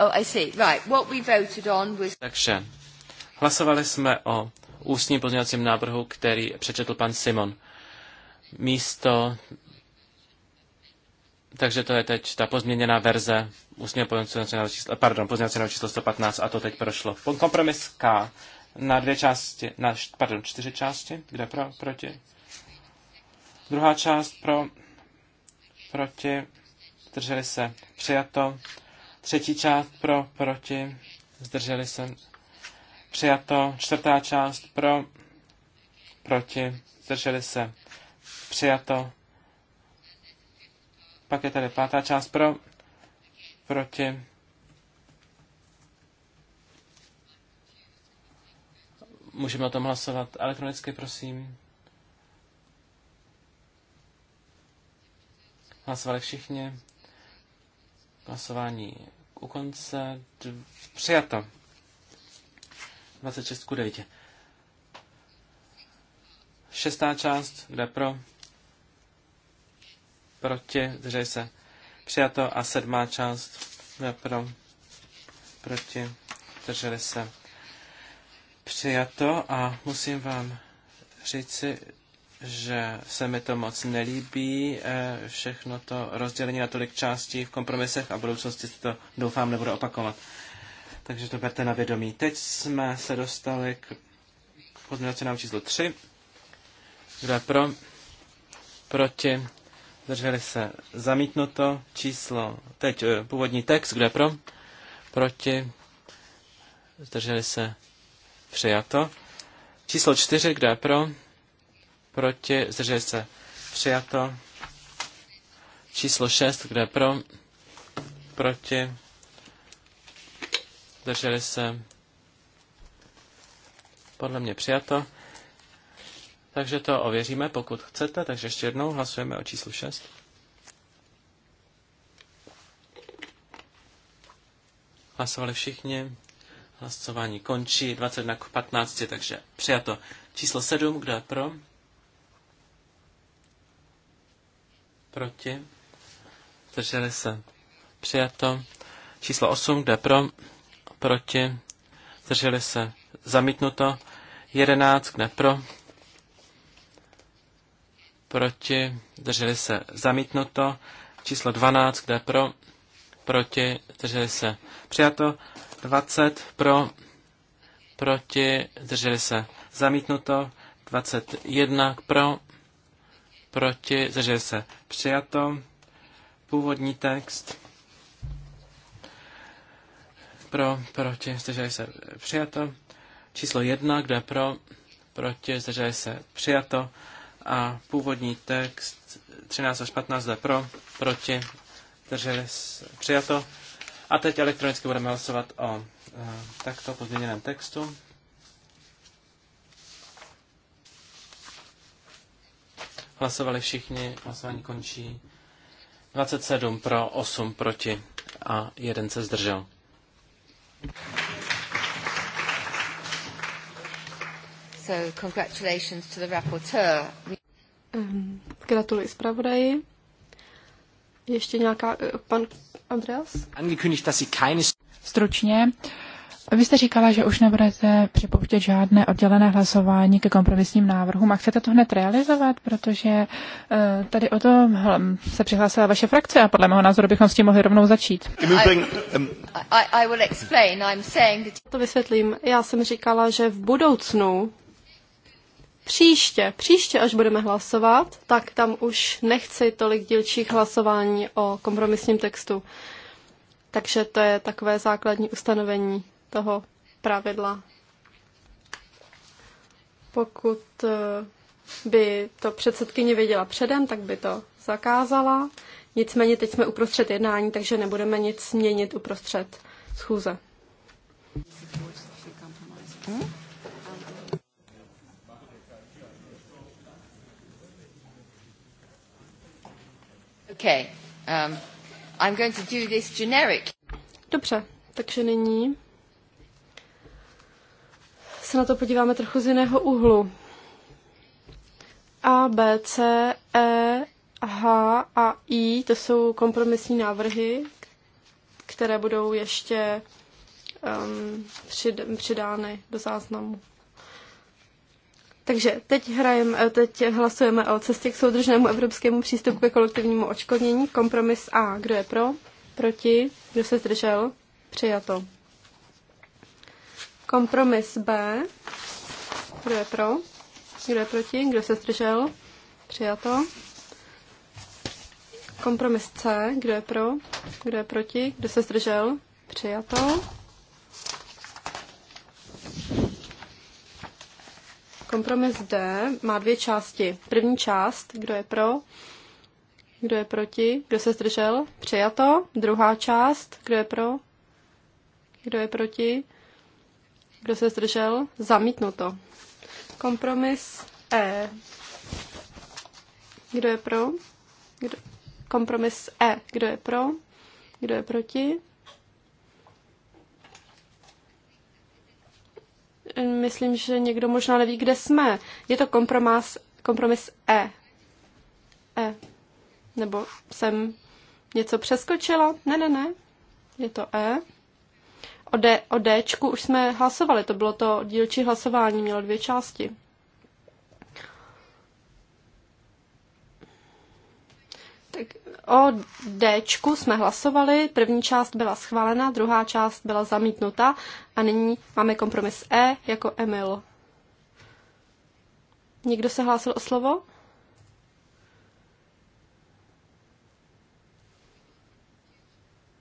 Oh, I see. Right. What we voted on was... Takže hlasovali jsme o ústním pozměňovacím návrhu, který přečetl pan Simon. Místo... Takže to je teď ta pozměněná verze ústního pozměňovacího čísla, pardon, pozměňovacího číslo 115 a to teď prošlo. Kompromis K na dvě části, na, pardon, čtyři části, kde pro, proti. Druhá část pro, proti, drželi se, přijato. Třetí část pro, proti, zdrželi se. Přijato. Čtvrtá část pro, proti, zdrželi se. Přijato. Pak je tady pátá část pro, proti. Můžeme o tom hlasovat elektronicky, prosím. Hlasovali všichni. Hlasování u konce. Přijato. 26 k 9. Šestá část, kde pro, proti, držej se, přijato a sedmá část, kde pro, proti, drželi se, přijato a musím vám říci, že se mi to moc nelíbí, eh, všechno to rozdělení na tolik částí v kompromisech a v budoucnosti se to doufám nebude opakovat. Takže to berte na vědomí. Teď jsme se dostali k pozměňovací nám číslo 3. Kdo je pro? Proti? Zdrželi se zamítnuto. Číslo, teď eh, původní text, kdo je pro? Proti? Zdrželi se přijato. Číslo 4, kdo je pro? proti, zdrželi se přijato. Číslo 6, kde pro, proti, zdrželi se podle mě přijato. Takže to ověříme, pokud chcete. Takže ještě jednou hlasujeme o číslu 6. Hlasovali všichni. Hlasování končí 21 k 15, takže přijato. Číslo 7, kdo je pro? Proti? Zdrželi se. Přijato. Číslo 8, kde pro? Proti? Zdrželi se. Zamítnuto. 11, kde pro? Proti? Zdrželi se. Zamítnuto. Číslo 12, kde pro? Proti? Zdrželi se. Přijato. 20 pro, proti, zdrželi se. Zamítnuto. 21 pro, proti, zdrželi se přijato. Původní text pro, proti, zdrželi se přijato. Číslo jedna, kde je pro, proti, zdrželi se přijato. A původní text 13 až 15, kdo je pro, proti, zdrželi se přijato. A teď elektronicky budeme hlasovat o e, takto pozměněném textu. Hlasovali všichni, hlasování končí. 27 pro, 8 proti a jeden se zdržel. So congratulations to the rapporteur. Ehm, gratuluji zpravodaji. Ještě nějaká, eh, pan Andreas? Angekündigt, dass sie keine... Stručně, uh, vy jste říkala, že už nebudete připouštět žádné oddělené hlasování ke kompromisním návrhům a chcete to hned realizovat, protože eh, tady o to hm, se přihlásila vaše frakce a podle mého názoru bychom s tím mohli rovnou začít. Um, to vysvětlím. Já jsem říkala, že v budoucnu Příště, příště, až budeme hlasovat, tak tam už nechci tolik dílčích hlasování o kompromisním textu. Takže to je takové základní ustanovení toho pravidla. Pokud eh, by to předsedkyně věděla předem, tak by to zakázala. Nicméně teď jsme uprostřed jednání, takže nebudeme nic měnit uprostřed schůze. Okay. Um, I'm going to do this generic. Dobře, takže nyní se na to podíváme trochu z jiného úhlu. A, B, C, E, H a I, to jsou kompromisní návrhy, které budou ještě um, přid, přidány do záznamu. Takže teď, hrajeme, teď hlasujeme o cestě k soudržnému evropskému přístupu ke kolektivnímu očkodnění. Kompromis A. Kdo je pro? Proti? Kdo se zdržel? Přijato. Kompromis B. Kdo je pro? Kdo je proti? Kdo se zdržel? Přijato. Kompromis C. Kdo je pro? Kdo je proti? Kdo se zdržel? Přijato. Kompromis D má dvě části. První část, kdo je pro, kdo je proti, kdo se zdržel, přijato. Druhá část, kdo je pro, kdo je proti, kdo se zdržel? Zamítnuto. Kompromis E. Kdo je pro? Kdo? Kompromis E. Kdo je pro? Kdo je proti? Myslím, že někdo možná neví, kde jsme. Je to kompromis, kompromis E. E. Nebo jsem něco přeskočila? Ne, ne, ne. Je to E. O, D, o Dčku už jsme hlasovali, to bylo to dílčí hlasování, mělo dvě části. Tak o Dčku jsme hlasovali, první část byla schválena, druhá část byla zamítnuta a nyní máme kompromis E jako Emil. Někdo se hlásil o slovo?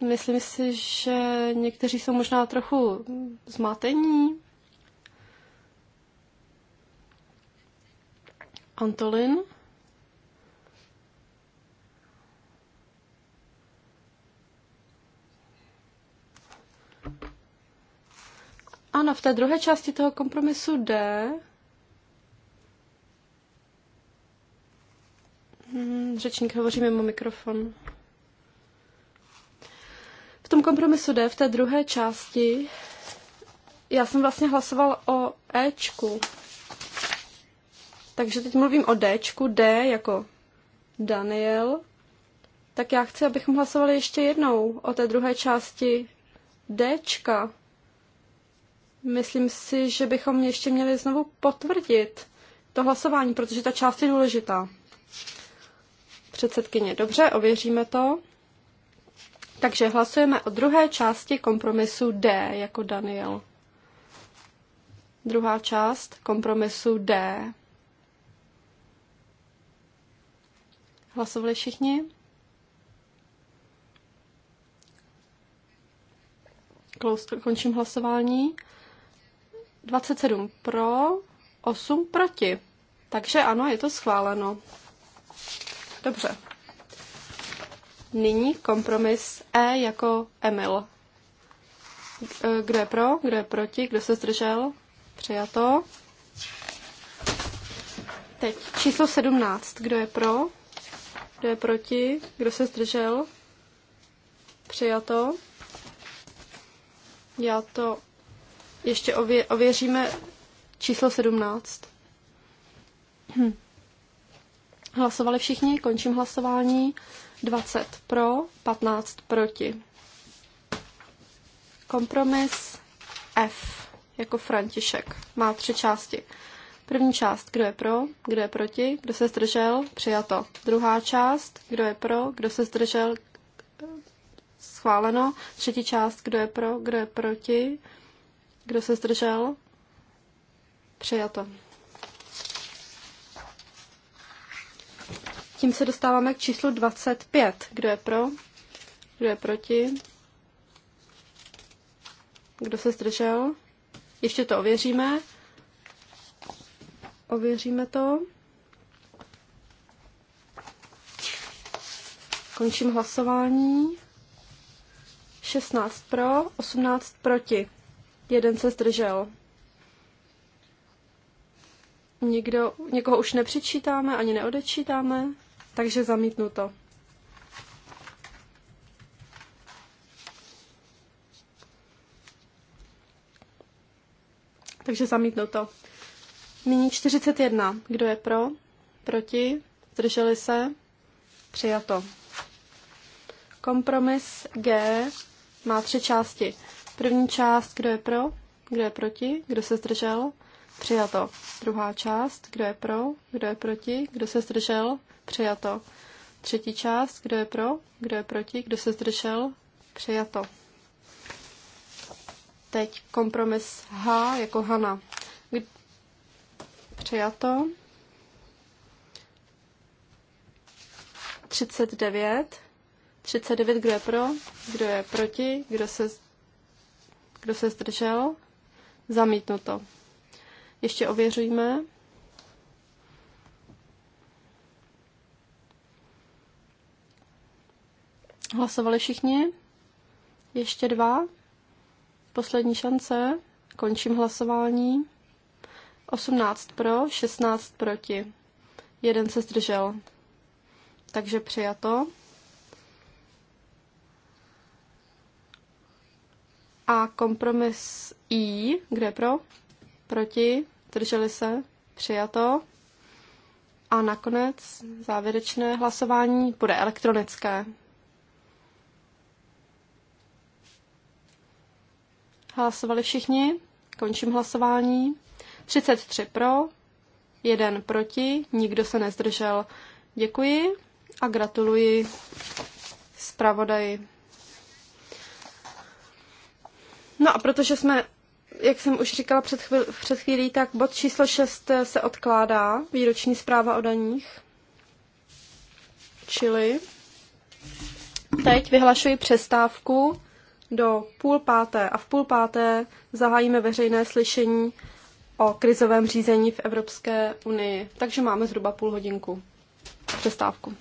Myslím si, že někteří jsou možná trochu zmatení. Antolin? Ano, v té druhé části toho kompromisu D hmm, Řečník hovoří mimo mikrofon. V tom kompromisu D, v té druhé části, já jsem vlastně hlasoval o Ečku. Takže teď mluvím o Dčku, D jako Daniel. Tak já chci, abychom hlasovali ještě jednou o té druhé části Dčka. Myslím si, že bychom ještě měli znovu potvrdit to hlasování, protože ta část je důležitá. Předsedkyně, dobře, ověříme to. Takže hlasujeme o druhé části kompromisu D jako Daniel. Druhá část kompromisu D. Hlasovali všichni? Končím hlasování. 27 pro, 8 proti. Takže ano, je to schváleno. Dobře nyní kompromis E jako Emil. E, kdo je pro, kdo je proti, kdo se zdržel? Přijato. Teď číslo 17. Kdo je pro, kdo je proti, kdo se zdržel? Přijato. Já to ještě ově- ověříme číslo 17. Hm. Hlasovali všichni, končím hlasování. 20 pro, 15 proti. Kompromis F jako František. Má tři části. První část, kdo je pro, kdo je proti, kdo se zdržel, přijato. Druhá část, kdo je pro, kdo se zdržel, schváleno. Třetí část, kdo je pro, kdo je proti, kdo se zdržel, přijato. Tím se dostáváme k číslu 25. Kdo je pro? Kdo je proti? Kdo se zdržel? Ještě to ověříme. Ověříme to. Končím hlasování. 16 pro, 18 proti. Jeden se zdržel. Nikdo, někoho už nepřičítáme ani neodečítáme takže zamítnuto. Takže zamítnuto. Nyní 41. Kdo je pro? Proti? Zdrželi se? Přijato. Kompromis G má tři části. První část, kdo je pro, kdo je proti, kdo se zdržel, přijato. Druhá část, kdo je pro, kdo je proti, kdo se zdržel, Přijato. Třetí část, kdo je pro, kdo je proti, kdo se zdržel, přijato. Teď kompromis H jako Hana. Přijato. 39. 39, kdo je pro, kdo je proti, kdo se, kdo se zdržel, zamítnuto. Ještě ověřujeme. Hlasovali všichni? Ještě dva? Poslední šance. Končím hlasování. 18 pro, 16 proti. Jeden se zdržel. Takže přijato. A kompromis I, kde pro? Proti, drželi se, přijato. A nakonec závěrečné hlasování bude elektronické. Hlasovali všichni. Končím hlasování. 33 pro, 1 proti, nikdo se nezdržel. Děkuji a gratuluji zpravodaji. No a protože jsme, jak jsem už říkala před, chvíl, před chvílí, tak bod číslo 6 se odkládá, výroční zpráva o daních. Čili teď vyhlašuji přestávku do půl páté a v půl páté zahájíme veřejné slyšení o krizovém řízení v Evropské unii. Takže máme zhruba půl hodinku přestávku.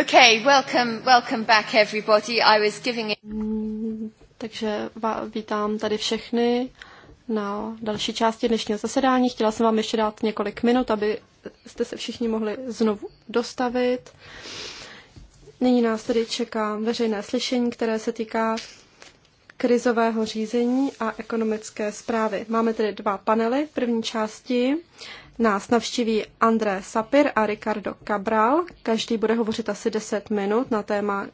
Okay, welcome, welcome back everybody. I was giving it... Takže vítám tady všechny na další části dnešního zasedání. Chtěla jsem vám ještě dát několik minut, aby jste se všichni mohli znovu dostavit. Nyní nás tedy čeká veřejné slyšení, které se týká krizového řízení a ekonomické zprávy. Máme tedy dva panely. V první části nás navštíví André Sapir a Ricardo Cabral. Každý bude hovořit asi 10 minut na téma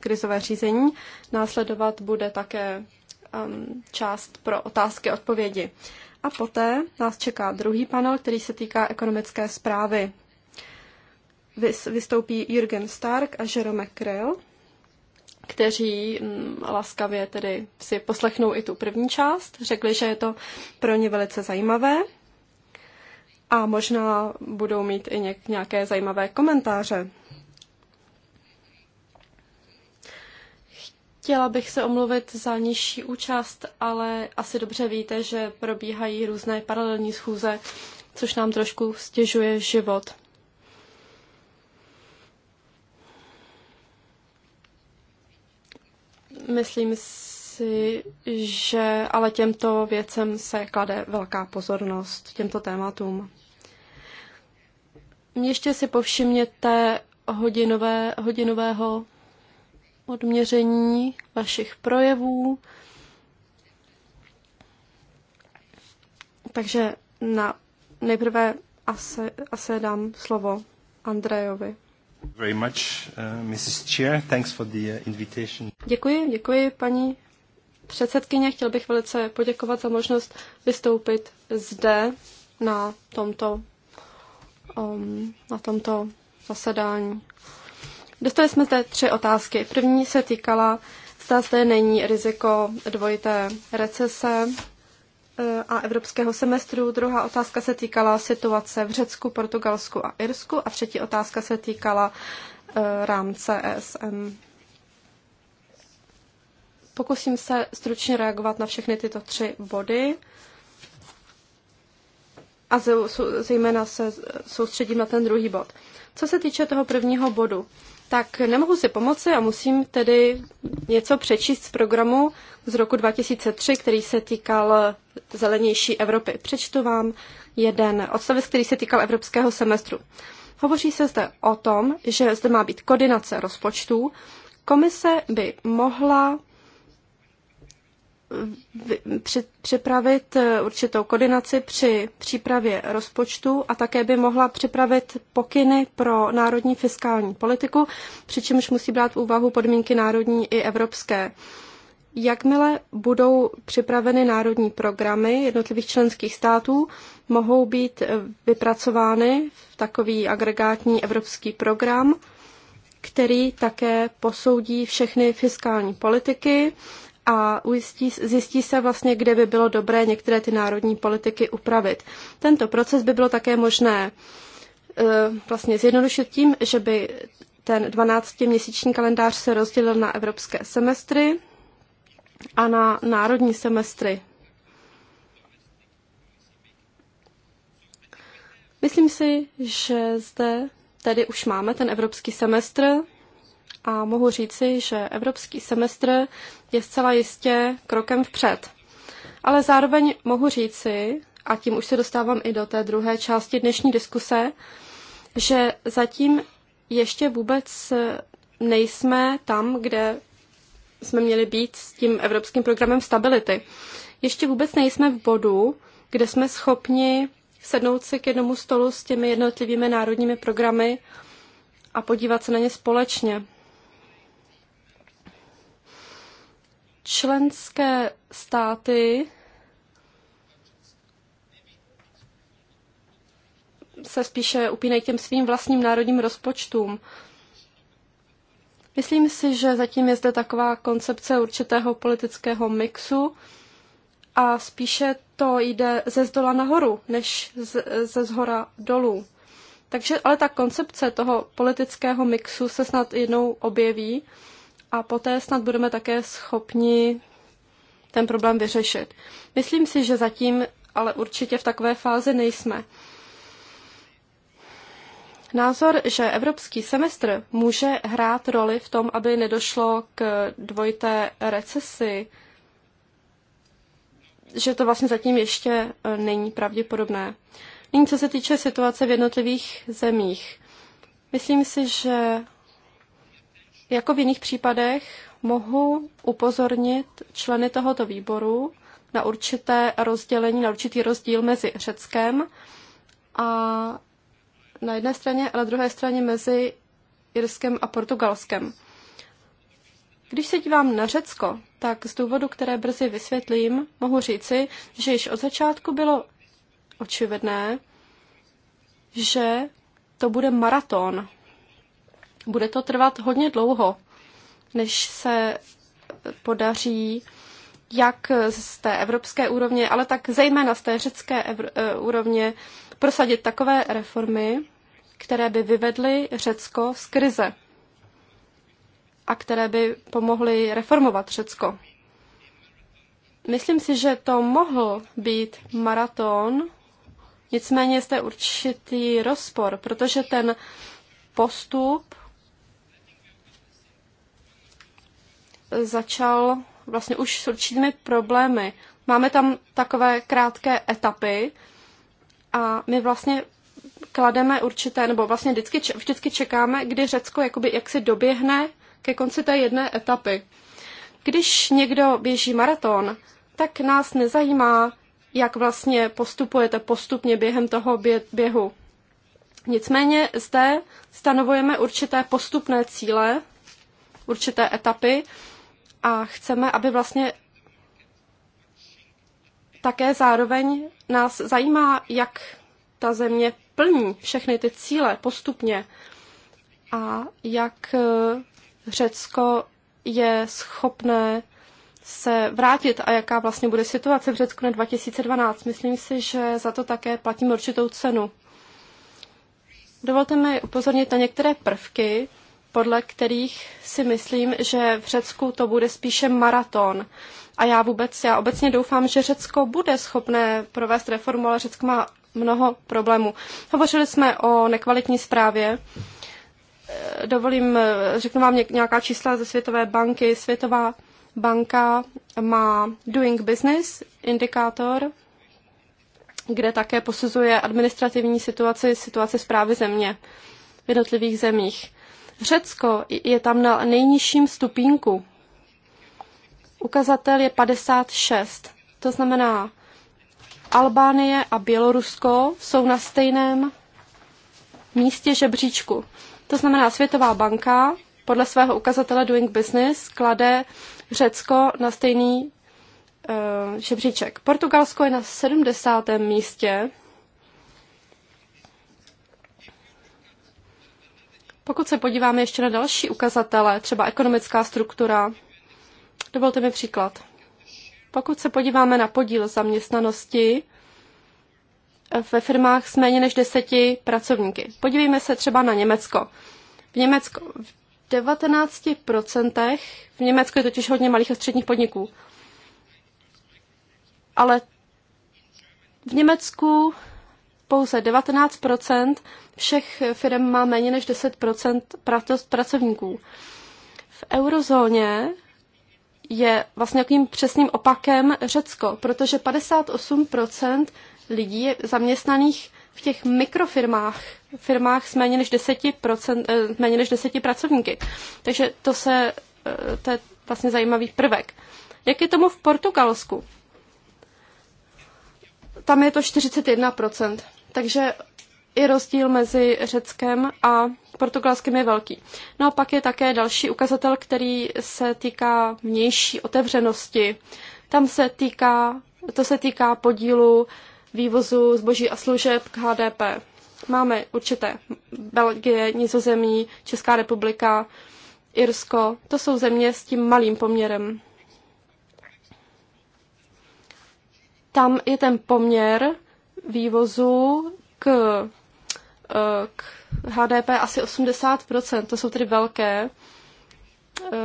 krizové řízení. Následovat bude také um, část pro otázky a odpovědi. A poté nás čeká druhý panel, který se týká ekonomické zprávy. Vys- vystoupí Jürgen Stark a Jerome Krill, kteří mm, laskavě tedy si poslechnou i tu první část. Řekli, že je to pro ně velice zajímavé a možná budou mít i nějaké zajímavé komentáře. Chtěla bych se omluvit za nižší účast, ale asi dobře víte, že probíhají různé paralelní schůze, což nám trošku stěžuje život. Myslím si, že ale těmto věcem se klade velká pozornost, těmto tématům. Ještě si povšimněte hodinové, hodinového odměření vašich projevů. Takže na, nejprve asi, asi dám slovo Andrejovi. Very much, uh, Mrs. Chair. Thanks for the uh, invitation. Děkuji, děkuji paní předsedkyně. Chtěl bych velice poděkovat za možnost vystoupit zde na tomto um, na tomto zasedání. Dostali jsme zde tři otázky. První se týkala, zda zde není riziko dvojité recese eh, a evropského semestru. Druhá otázka se týkala situace v Řecku, Portugalsku a Irsku. A třetí otázka se týkala eh, rámce ESM. Pokusím se stručně reagovat na všechny tyto tři body a zejména se soustředím na ten druhý bod. Co se týče toho prvního bodu, tak nemohu si pomoci a musím tedy něco přečíst z programu z roku 2003, který se týkal zelenější Evropy. Přečtu vám jeden odstavec, který se týkal evropského semestru. Hovoří se zde o tom, že zde má být koordinace rozpočtů. Komise by mohla připravit eh, určitou koordinaci při přípravě rozpočtu a také by mohla připravit pokyny pro národní fiskální politiku, přičemž musí brát v úvahu podmínky národní i evropské. Jakmile budou připraveny národní programy jednotlivých členských států, mohou být eh, vypracovány v takový agregátní evropský program, který také posoudí všechny fiskální politiky a ujistí, zjistí se vlastně, kde by bylo dobré některé ty národní politiky upravit. Tento proces by bylo také možné e, vlastně zjednodušit tím, že by ten 12-měsíční kalendář se rozdělil na evropské semestry a na národní semestry. Myslím si, že zde tady už máme ten evropský semestr a mohu říci, že evropský semestr je zcela jistě krokem vpřed. Ale zároveň mohu říci, a tím už se dostávám i do té druhé části dnešní diskuse, že zatím ještě vůbec nejsme tam, kde jsme měli být s tím evropským programem stability. Ještě vůbec nejsme v bodu, kde jsme schopni sednout se k jednomu stolu s těmi jednotlivými národními programy a podívat se na ně společně. členské státy se spíše upínají těm svým vlastním národním rozpočtům. Myslím si, že zatím je zde taková koncepce určitého politického mixu a spíše to jde ze zdola nahoru, než ze zhora dolů. Takže ale ta koncepce toho politického mixu se snad jednou objeví a poté snad budeme také schopni ten problém vyřešit. Myslím si, že zatím ale určitě v takové fázi nejsme. Názor, že evropský semestr může hrát roli v tom, aby nedošlo k dvojité recesi, že to vlastně zatím ještě e, není pravděpodobné. Nyní, co se týče situace v jednotlivých zemích. Myslím si, že jako v jiných případech mohu upozornit členy tohoto výboru na určité rozdělení, na určitý rozdíl mezi Řeckem a na jedné straně a na druhé straně mezi Irskem a Portugalskem. Když se dívám na Řecko, tak z důvodu, které brzy vysvětlím, mohu říci, že již od začátku bylo očividné, že to bude maraton, bude to trvat hodně dlouho, než se podaří jak z té evropské úrovně, ale tak zejména z té řecké eh, úrovně prosadit takové reformy, které by vyvedly Řecko z krize a které by pomohly reformovat Řecko. Myslím si, že to mohl být maraton, nicméně je určitý rozpor, protože ten postup začal vlastně už s určitými problémy. Máme tam takové krátké etapy a my vlastně klademe určité, nebo vlastně vždycky, vždycky čekáme, kdy Řecko jakoby jaksi doběhne ke konci té jedné etapy. Když někdo běží maraton, tak nás nezajímá, jak vlastně postupujete postupně během toho běhu. Nicméně zde stanovujeme určité postupné cíle, určité etapy a chceme, aby vlastně také zároveň nás zajímá, jak ta země plní všechny ty cíle postupně a jak eh, Řecko je schopné se vrátit a jaká vlastně bude situace v Řecku na 2012. Myslím si, že za to také platíme určitou cenu. Dovolte mi upozornit na některé prvky, podle kterých si myslím, že v Řecku to bude spíše maraton. A já vůbec, já obecně doufám, že Řecko bude schopné provést reformu, ale Řecko má mnoho problémů. Hovořili jsme o nekvalitní zprávě. Eh, dovolím, eh, řeknu vám nějaká čísla ze Světové banky. Světová banka má Doing Business indikátor, kde také posuzuje administrativní situaci, situaci zprávy země v jednotlivých zemích. Řecko je tam na nejnižším stupínku. Ukazatel je 56. To znamená, Albánie a Bělorusko jsou na stejném místě žebříčku. To znamená, Světová banka podle svého ukazatele Doing Business klade Řecko na stejný uh, žebříček. Portugalsko je na 70. místě Pokud se podíváme ještě na další ukazatele, třeba ekonomická struktura, dovolte mi příklad. Pokud se podíváme na podíl zaměstnanosti, eh, ve firmách s méně než deseti pracovníky. Podívejme se třeba na Německo. V Německu v 19%, v Německu je totiž hodně malých a středních podniků, ale v Německu pouze 19 všech firm má méně než 10 pracovníků. V eurozóně je vlastně takovým přesným opakem Řecko, protože 58 lidí je zaměstnaných v těch mikrofirmách, firmách s méně než 10, eh, méně než 10 pracovníky. Takže to, se, eh, to je vlastně zajímavý prvek. Jak je tomu v Portugalsku? Tam je to 41 takže i rozdíl mezi Řeckem a portugalským je velký. No a pak je také další ukazatel, který se týká vnější otevřenosti. Tam se týká, to se týká podílu vývozu zboží a služeb k HDP. Máme určité Belgie, Nizozemí, Česká republika, Irsko. To jsou země s tím malým poměrem. Tam je ten poměr vývozu k, eh, k HDP asi 80%, to jsou tedy velké,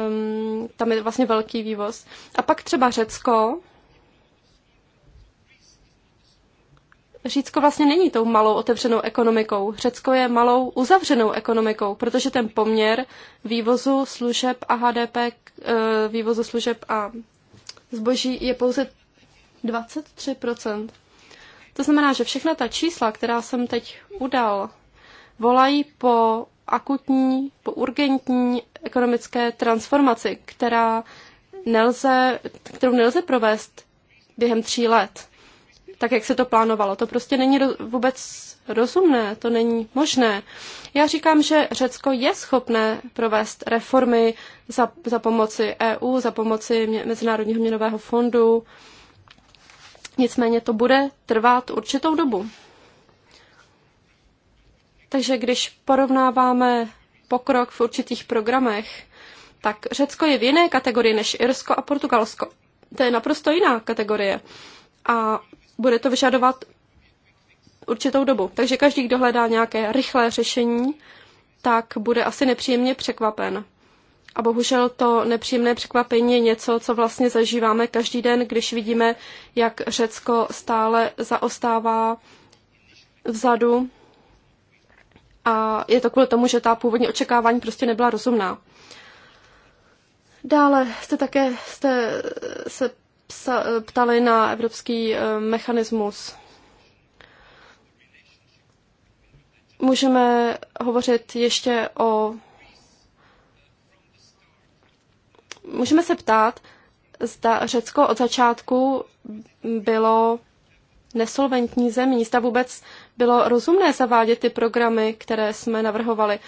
um, tam je vlastně velký vývoz. A pak třeba Řecko. Řecko vlastně není tou malou otevřenou ekonomikou. Řecko je malou uzavřenou ekonomikou, protože ten poměr vývozu služeb a HDP, eh, vývozu služeb a zboží je pouze 23%. To znamená, že všechna ta čísla, která jsem teď udal, volají po akutní, po urgentní ekonomické transformaci, která nelze, kterou nelze provést během tří let, tak jak se to plánovalo. To prostě není vůbec rozumné, to není možné. Já říkám, že Řecko je schopné provést reformy za, za pomoci EU, za pomoci Mezinárodního měnového fondu, Nicméně to bude trvat určitou dobu. Takže když porovnáváme pokrok v určitých programech, tak Řecko je v jiné kategorii než Irsko a Portugalsko. To je naprosto jiná kategorie. A bude to vyžadovat určitou dobu. Takže každý, kdo hledá nějaké rychlé řešení, tak bude asi nepříjemně překvapen. A bohužel to nepříjemné překvapení je něco, co vlastně zažíváme každý den, když vidíme, jak Řecko stále zaostává vzadu. A je to kvůli tomu, že ta původní očekávání prostě nebyla rozumná. Dále jste také jste se psa, ptali na evropský eh, mechanismus. Můžeme hovořit ještě o můžeme se ptát, zda Řecko od začátku bylo nesolventní zemí, zda vůbec bylo rozumné zavádět ty programy, které jsme navrhovali.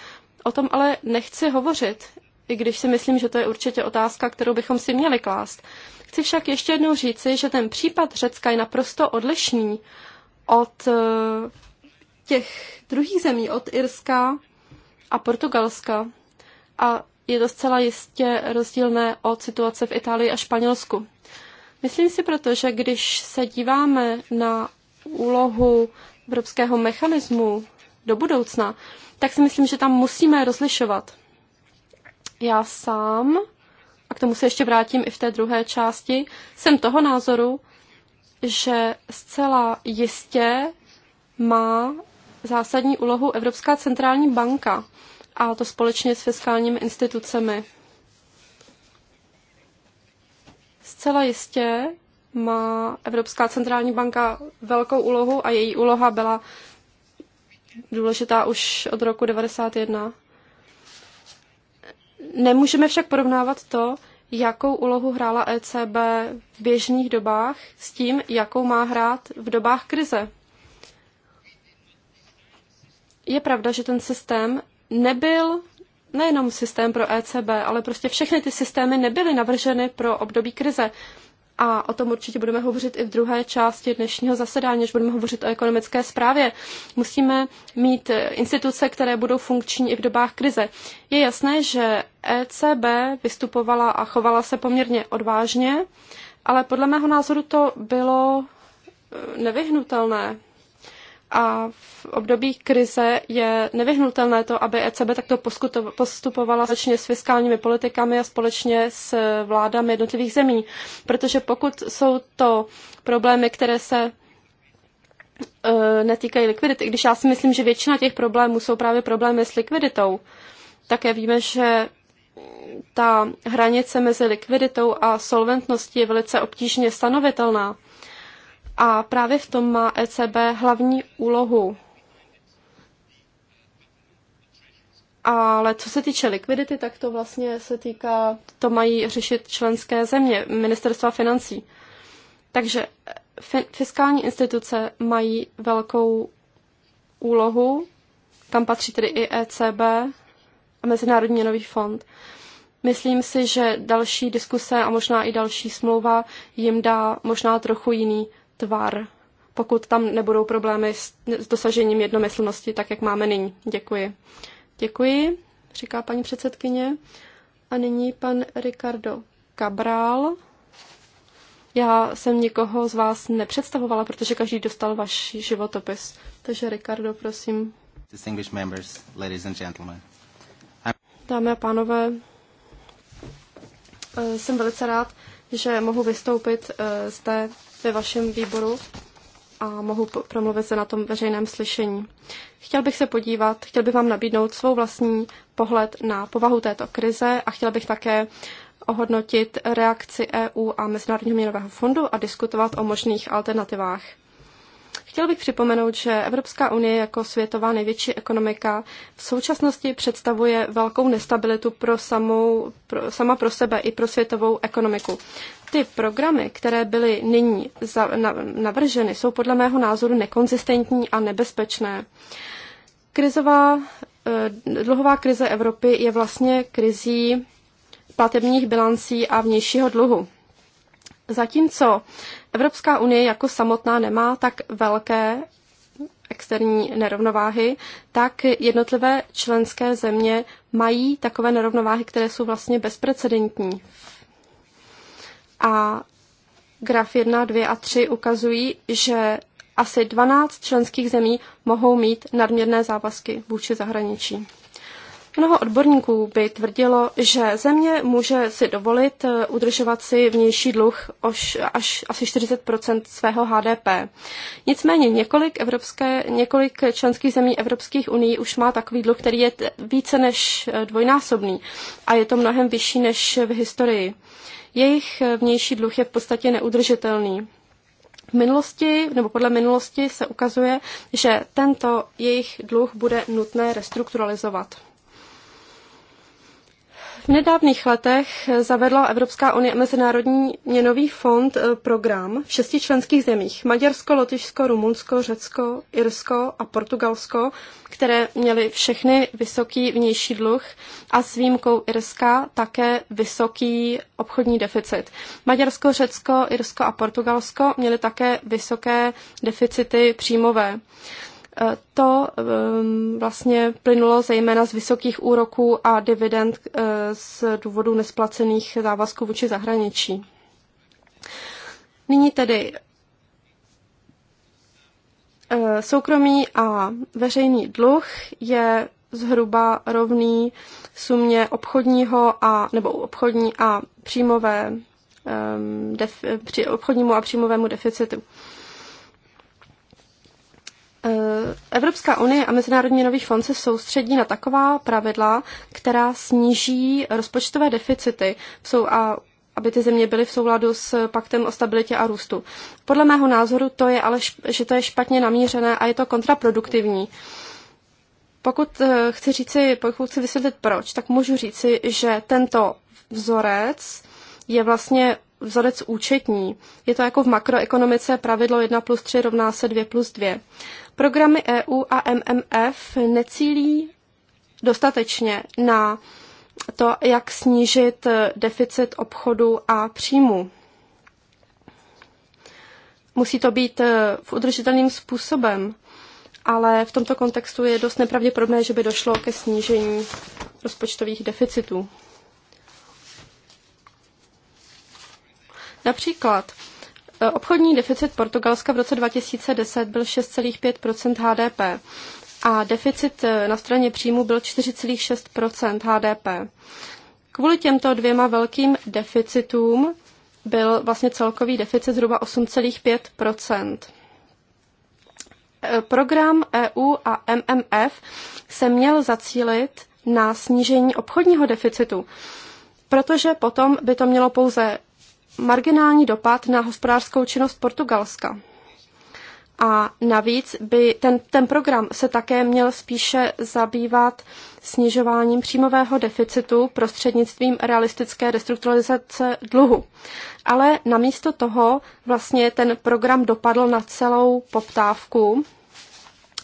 O tom ale nechci hovořit, i když si myslím, že to je určitě otázka, kterou bychom si měli klást. Chci však ještě jednou říci, že ten případ Řecka je naprosto odlišný od eh, těch druhých zemí, od Irska a Portugalska. A je to zcela jistě rozdílné od situace v Itálii a Španělsku. Myslím si proto, že když se díváme na úlohu evropského mechanismu do budoucna, tak si myslím, že tam musíme rozlišovat. Já sám, a k tomu se ještě vrátím i v té druhé části, jsem toho názoru, že zcela jistě má zásadní úlohu Evropská centrální banka a to společně s fiskálními institucemi. Zcela jistě má Evropská centrální banka velkou úlohu a její úloha byla důležitá už od roku 1991. Nemůžeme však porovnávat to, jakou úlohu hrála ECB v běžných dobách s tím, jakou má hrát v dobách krize. Je pravda, že ten systém nebyl nejenom systém pro ECB, ale prostě všechny ty systémy nebyly navrženy pro období krize. A o tom určitě budeme hovořit i v druhé části dnešního zasedání, až budeme hovořit o ekonomické zprávě. Musíme mít instituce, které budou funkční i v dobách krize. Je jasné, že ECB vystupovala a chovala se poměrně odvážně, ale podle mého názoru to bylo eh, nevyhnutelné a v období krize je nevyhnutelné to, aby ECB takto postupovala společně s fiskálními politikami a společně s vládami jednotlivých zemí. Protože pokud jsou to problémy, které se e, netýkají likvidity, když já si myslím, že většina těch problémů jsou právě problémy s likviditou, také víme, že ta hranice mezi likviditou a solventností je velice obtížně stanovitelná. A právě v tom má ECB hlavní úlohu. Ale co se týče likvidity, tak to vlastně se týká, to mají řešit členské země, ministerstva financí. Takže eh, fiskální instituce mají velkou úlohu, tam patří tedy i ECB a Mezinárodní měnový fond. Myslím si, že další diskuse a možná i další smlouva jim dá možná trochu jiný tvar, pokud tam nebudou problémy s dosažením jednomyslnosti, tak jak máme nyní. Děkuji. Děkuji, říká paní předsedkyně. A nyní pan Ricardo Cabral. Já jsem nikoho z vás nepředstavovala, protože každý dostal váš životopis. Takže Ricardo, prosím. Distinguished members, ladies and gentlemen. Dámy a pánové, eh, jsem velice rád, že mohu vystoupit eh, zde ve vašem výboru a mohu promluvit se na tom veřejném slyšení. Chtěl bych se podívat, chtěl bych vám nabídnout svou vlastní pohled na povahu této krize a chtěl bych také ohodnotit reakci EU a Mezinárodního měnového fondu a diskutovat o možných alternativách. Chtěl bych připomenout, že Evropská unie jako světová největší ekonomika v současnosti představuje velkou nestabilitu pro samou, pro, sama pro sebe i pro světovou ekonomiku ty programy, které byly nyní navrženy, jsou podle mého názoru nekonzistentní a nebezpečné. Krizová, eh, dluhová krize Evropy je vlastně krizí platebních bilancí a vnějšího dluhu. Zatímco Evropská unie jako samotná nemá tak velké externí nerovnováhy, tak jednotlivé členské země mají takové nerovnováhy, které jsou vlastně bezprecedentní v a graf 1, 2 a 3 ukazují, že asi 12 členských zemí mohou mít nadměrné závazky vůči zahraničí. Mnoho odborníků by tvrdilo, že země může si dovolit eh, udržovat si vnější dluh až, až asi 40 svého HDP. Nicméně několik, evropské, několik členských zemí Evropských unii už má takový dluh, který je více než eh, dvojnásobný a je to mnohem vyšší než v historii. Jejich eh, vnější dluh je v podstatě neudržitelný. V minulosti, nebo podle minulosti se ukazuje, že tento jejich dluh bude nutné restrukturalizovat nedávných letech zavedla Evropská unie Mezinárodní měnový fond eh, program v šesti členských zemích. Maďarsko, Lotyšsko, Rumunsko, Řecko, Irsko a Portugalsko, které měly všechny vysoký vnější dluh a s výjimkou Irska také vysoký obchodní deficit. Maďarsko, Řecko, Irsko a Portugalsko měly také vysoké deficity příjmové. Eh, to ehm, vlastně plynulo zejména z vysokých úroků a dividend eh, z důvodu nesplacených závazků vůči zahraničí. Nyní tedy eh, soukromý a veřejný dluh je zhruba rovný sumě obchodního a, nebo obchodní a příjmové, ehm, def, při, obchodnímu a příjmovému deficitu. Eh, Evropská unie a Mezinárodní měnový fond se soustředí na taková pravidla, která sníží rozpočtové deficity jsou a aby ty země byly v souladu s paktem o stabilitě a růstu. Podle mého názoru to je ale, že to je špatně namířené a je to kontraproduktivní. Pokud eh, chci, říci, pokud chci vysvětlit proč, tak můžu říci, že tento vzorec je vlastně vzorec účetní. Je to jako v makroekonomice pravidlo 1 plus 3 rovná se 2 plus 2. Programy EU a MMF necílí dostatečně na to, jak snížit deficit obchodu a příjmu. Musí to být eh, v udržitelným způsobem, ale v tomto kontextu je dost nepravděpodobné, že by došlo ke snížení rozpočtových deficitů. Například e, obchodní deficit Portugalska v roce 2010 byl 6,5 HDP a deficit e, na straně příjmu byl 4,6 HDP. Kvůli těmto dvěma velkým deficitům byl vlastně celkový deficit zhruba 8,5 e, Program EU a MMF se měl zacílit na snížení obchodního deficitu, protože potom by to mělo pouze marginální dopad na hospodářskou činnost Portugalska. A navíc by ten, ten program se také měl spíše zabývat snižováním příjmového deficitu prostřednictvím realistické restrukturalizace dluhu. Ale namísto toho vlastně ten program dopadl na celou poptávku.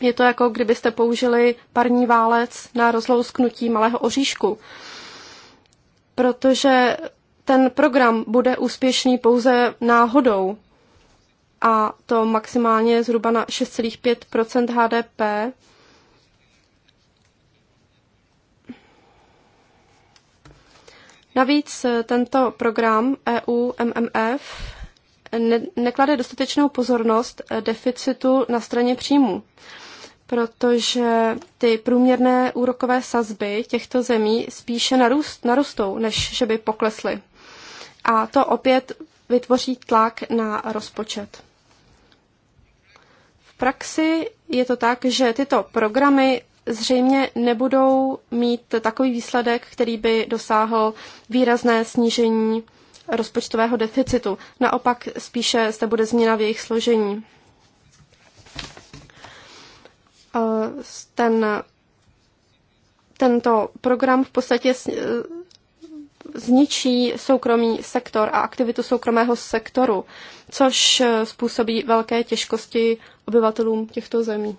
Je to jako kdybyste použili parní válec na rozlousknutí malého oříšku. Protože ten program bude úspěšný pouze náhodou, a to maximálně zhruba na 6,5 HDP. Navíc eh, tento program EU MMF ne- neklade dostatečnou pozornost eh, deficitu na straně příjmu, protože ty průměrné úrokové sazby těchto zemí spíše narůst, narůstou, než že by poklesly a to opět vytvoří tlak na rozpočet. V praxi je to tak, že tyto programy zřejmě nebudou mít takový výsledek, který by dosáhl výrazné snížení rozpočtového deficitu. Naopak spíše zde bude změna v jejich složení. Eh, ten, tento program v podstatě zničí soukromý sektor a aktivitu soukromého sektoru, což eh, způsobí velké těžkosti obyvatelům těchto zemí.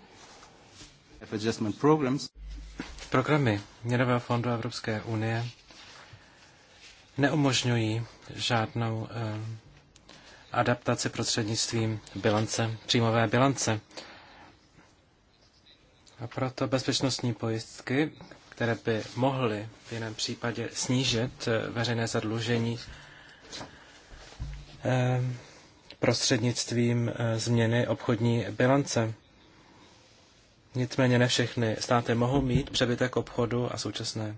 Programy Měnového fondu Evropské unie neumožňují žádnou eh, adaptaci prostřednictvím bilance, příjmové bilance. A proto bezpečnostní pojistky, které by mohly v jiném případě snížit eh, veřejné zadlužení eh, prostřednictvím eh, změny obchodní bilance. Nicméně ne všechny státy mohou mít přebytek obchodu a současné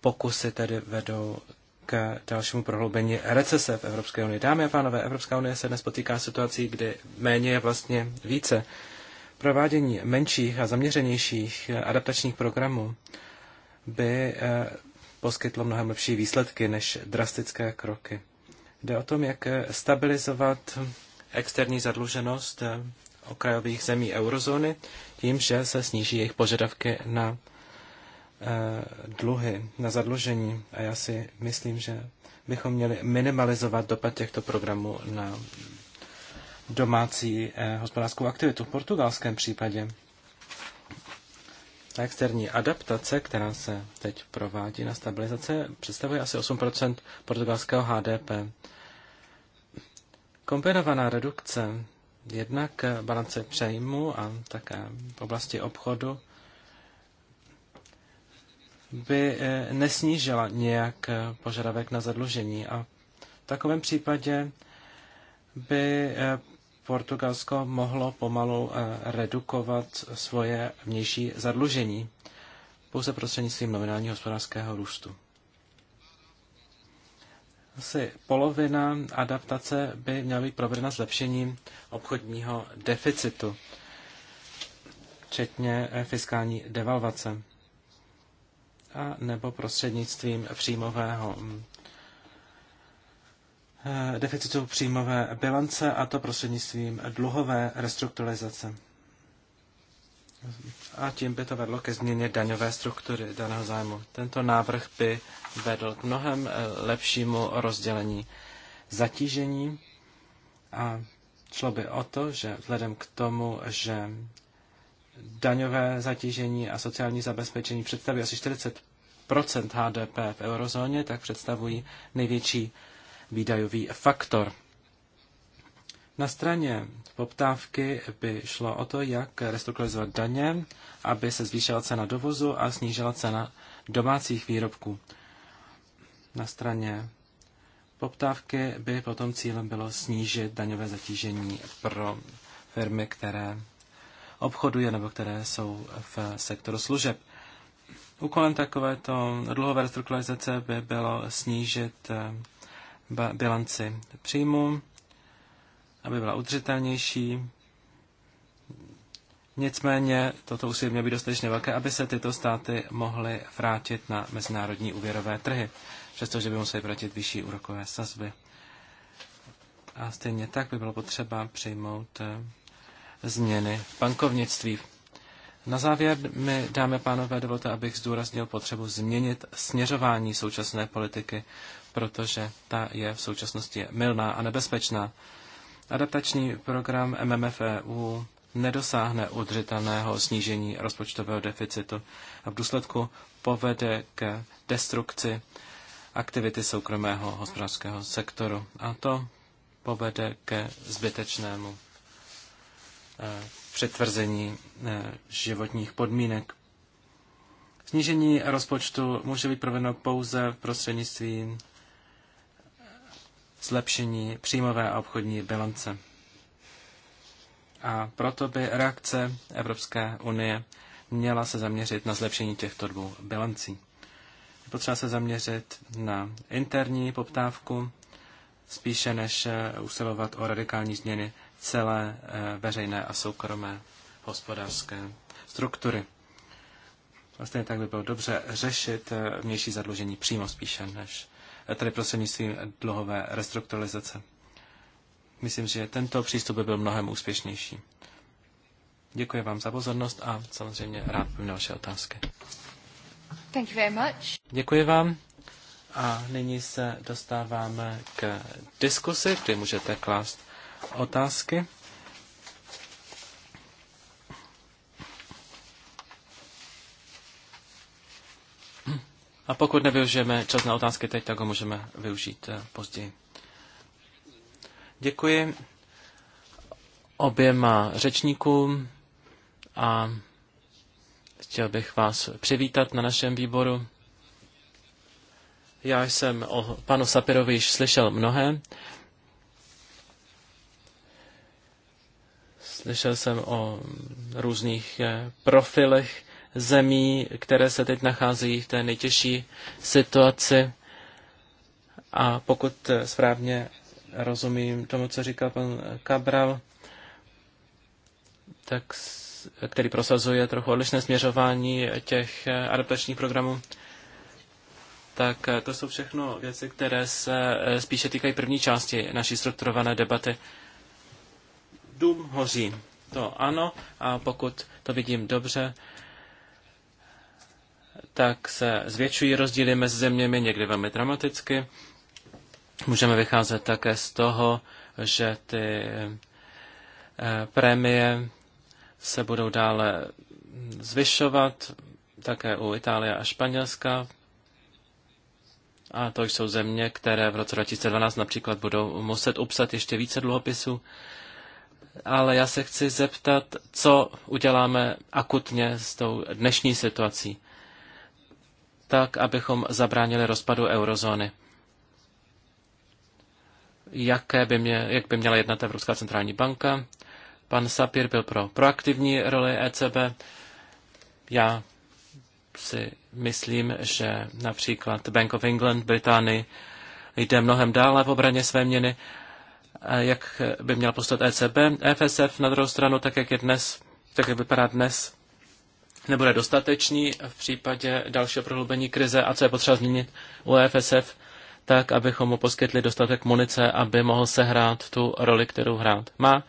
pokusy tedy vedou k dalšímu prohloubení recese v Evropské unii. Dámy a pánové, Evropská unie se dnes potýká situací, kdy méně je vlastně více. Provádění menších a zaměřenějších adaptačních programů by eh, poskytlo mnohem lepší výsledky než drastické kroky. Jde o tom, jak eh, stabilizovat externí zadluženost eh, okrajových zemí eurozóny tím, že se sníží jejich požadavky na dluhy, na zadlužení. A já si myslím, že bychom měli minimalizovat dopad těchto programů na domácí eh, hospodářskou aktivitu. V portugalském případě ta externí adaptace, která se teď provádí na stabilizace, představuje asi 8 portugalského HDP. Kombinovaná redukce jednak balance přejmu a také v oblasti obchodu by eh, nesnížila nějak eh, požadavek na zadlužení a v takovém případě by Portugalsko mohlo pomalu eh, redukovat svoje vnější zadlužení pouze prostřednictvím nominálního hospodářského růstu. Asi polovina adaptace by měla být provedena zlepšením obchodního deficitu, včetně eh, fiskální devalvace a nebo prostřednictvím příjmového hm, Eh, deficitu příjmové bilance a to prostřednictvím dluhové restrukturalizace. A tím by to vedlo ke změně daňové struktury daného zájmu. Tento návrh by vedl k mnohem eh, lepšímu rozdělení zatížení a šlo by o to, že vzhledem k tomu, že daňové zatížení a sociální zabezpečení představují asi 40 HDP v eurozóně, tak představují největší výdajový faktor. Na straně poptávky by šlo o to, jak restrukturalizovat daně, aby se zvýšila cena dovozu a snížila cena domácích výrobků. Na straně poptávky by potom cílem bylo snížit daňové zatížení pro firmy, které obchodují nebo které jsou v sektoru služeb. Úkolem takovéto dluhové restrukturalizace by bylo snížit eh, bilanci příjmu, aby byla udržitelnější. Nicméně toto úsilí mělo být dostatečně velké, aby se tyto státy mohly vrátit na mezinárodní úvěrové trhy, přestože by museli vrátit vyšší úrokové sazby. A stejně tak by bylo potřeba přijmout eh, změny v bankovnictví. Na závěr mi, dámy a pánové, dovolte, abych zdůraznil potřebu změnit směřování současné politiky protože ta je v současnosti milná a nebezpečná. Adaptační program MMFEU nedosáhne udržitelného snížení rozpočtového deficitu a v důsledku povede k destrukci aktivity soukromého hospodářského sektoru. A to povede ke zbytečnému eh, přetvrzení eh, životních podmínek. Snížení rozpočtu může být provedeno pouze prostřednictvím zlepšení příjmové a obchodní bilance. A proto by reakce Evropské unie měla se zaměřit na zlepšení těchto dvou bilancí. potřeba se zaměřit na interní poptávku, spíše než eh, usilovat o radikální změny celé eh, veřejné a soukromé hospodářské struktury. Vlastně tak by bylo dobře řešit eh, vnější zadlužení přímo spíše než tedy prostřednictvím dluhové restrukturalizace. Myslím, že tento přístup by byl mnohem úspěšnější. Děkuji vám za pozornost a samozřejmě rád povím vaše otázky. Thank you very much. Děkuji vám. A nyní se dostáváme k diskusi, kdy můžete klást otázky. A pokud nevyužijeme čas na otázky teď, tak ho můžeme využít eh, později. Děkuji oběma řečníkům a chtěl bych vás přivítat na našem výboru. Já jsem o panu Sapirovi již slyšel mnohé. Slyšel jsem o různých eh, profilech zemí, které se teď nacházejí v té nejtěžší situaci. A pokud správně rozumím tomu, co říkal pan Cabral, tak, který prosazuje trochu odlišné směřování těch adaptačních programů, tak to jsou všechno věci, které se eh, spíše týkají první části naší strukturované debaty. Dům hoří, to ano, a pokud to vidím dobře, tak se zvětšují rozdíly mezi zeměmi, někdy velmi dramaticky. Můžeme vycházet také z toho, že ty eh, prémie se budou dále zvyšovat, také u Itálie a Španělska. A to jsou země, které v roce 2012 například budou muset upsat ještě více dluhopisů. Ale já se chci zeptat, co uděláme akutně s tou dnešní situací tak abychom zabránili rozpadu eurozóny. Jaké by mě, jak by měla jednat Evropská centrální banka? Pan Sapir byl pro proaktivní roli ECB. Já si myslím, že například Bank of England Británii jde mnohem dále v obraně své měny, jak by měl postat ECB. FSF na druhou stranu, tak jak je dnes, tak jak vypadá dnes, nebude dostatečný v případě dalšího prohloubení krize a co je potřeba změnit u FSF, e tak abychom mu poskytli dostatek munice, aby mohl sehrát tu roli, kterou hrát má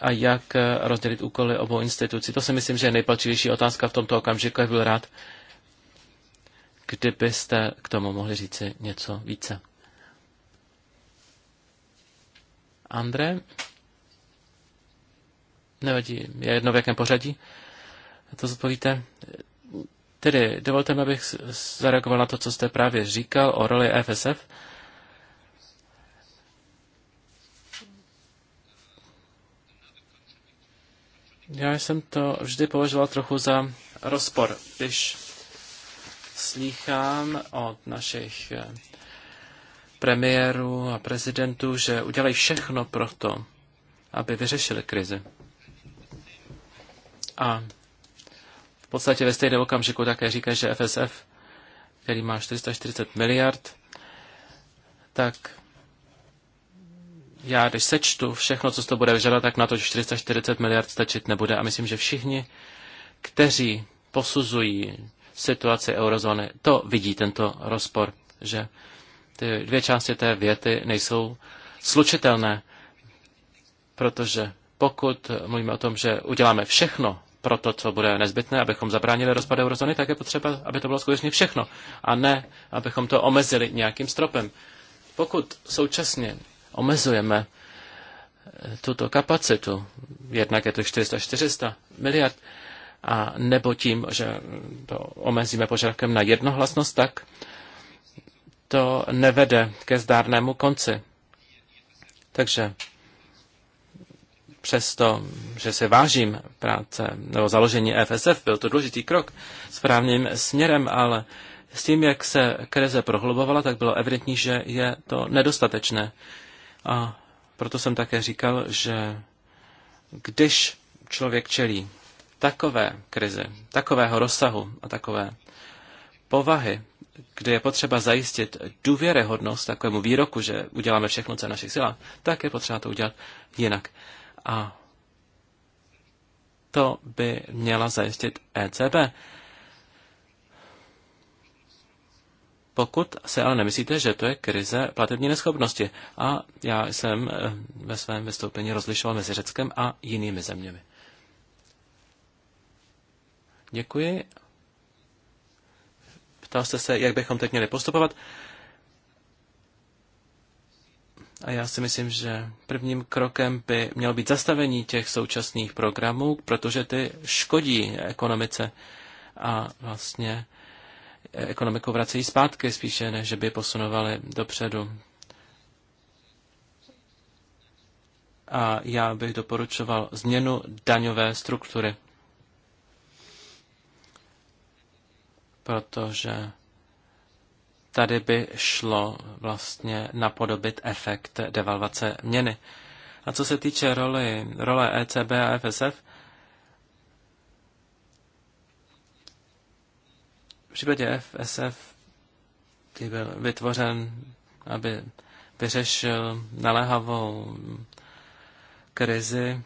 a jak eh, rozdělit úkoly obou institucí. To si myslím, že je nejpalčivější otázka v tomto okamžiku. Bych byl rád, kdybyste k tomu mohli říci něco více. André? Nevadí, je jedno v jakém pořadí to zodpovíte. Tedy dovolte mi, abych zareagoval na to, co jste právě říkal o roli FSF. Já jsem to vždy považoval trochu za rozpor, když slýchám od našich eh, premiérů a prezidentů, že udělají všechno pro to, aby vyřešili krizi. A v podstatě ve stejném okamžiku také říká, že FSF, který má 440 miliard, tak já, když sečtu všechno, co to bude vyžadovat, tak na to 440 miliard stačit nebude. A myslím, že všichni, kteří posuzují situaci eurozóny, to vidí tento rozpor, že ty dvě části té věty nejsou slučitelné, protože pokud mluvíme o tom, že uděláme všechno, pro to, co bude nezbytné, abychom zabránili rozpadu eurozóny, tak je potřeba, aby to bylo skutečně všechno. A ne, abychom to omezili nějakým stropem. Pokud současně omezujeme eh, tuto kapacitu, jednak je to 400-400 miliard, a nebo tím, že to omezíme požadavkem na jednohlasnost, tak to nevede ke zdárnému konci. Takže Přesto, že se vážím práce nebo založení FSF, byl to důležitý krok správným směrem, ale s tím, jak se krize prohlubovala, tak bylo evidentní, že je to nedostatečné. A proto jsem také říkal, že když člověk čelí takové krizi, takového rozsahu a takové povahy, kdy je potřeba zajistit důvěryhodnost takovému výroku, že uděláme všechno, co je v našich silách, tak je potřeba to udělat jinak a to by měla zajistit ECB. Pokud se ale nemyslíte, že to je krize platební neschopnosti. A já jsem eh, ve svém vystoupení rozlišoval mezi Řeckem a jinými zeměmi. Děkuji. Ptal jste se, jak bychom teď měli postupovat. A já si myslím, že prvním krokem by mělo být zastavení těch současných programů, protože ty škodí ekonomice a vlastně ekonomiku vracejí zpátky spíše, než by posunovali dopředu. A já bych doporučoval změnu daňové struktury. Protože tady by šlo vlastně napodobit efekt devalvace měny. A co se týče roli, role ECB a FSF, v případě FSF ty byl vytvořen, aby vyřešil naléhavou krizi.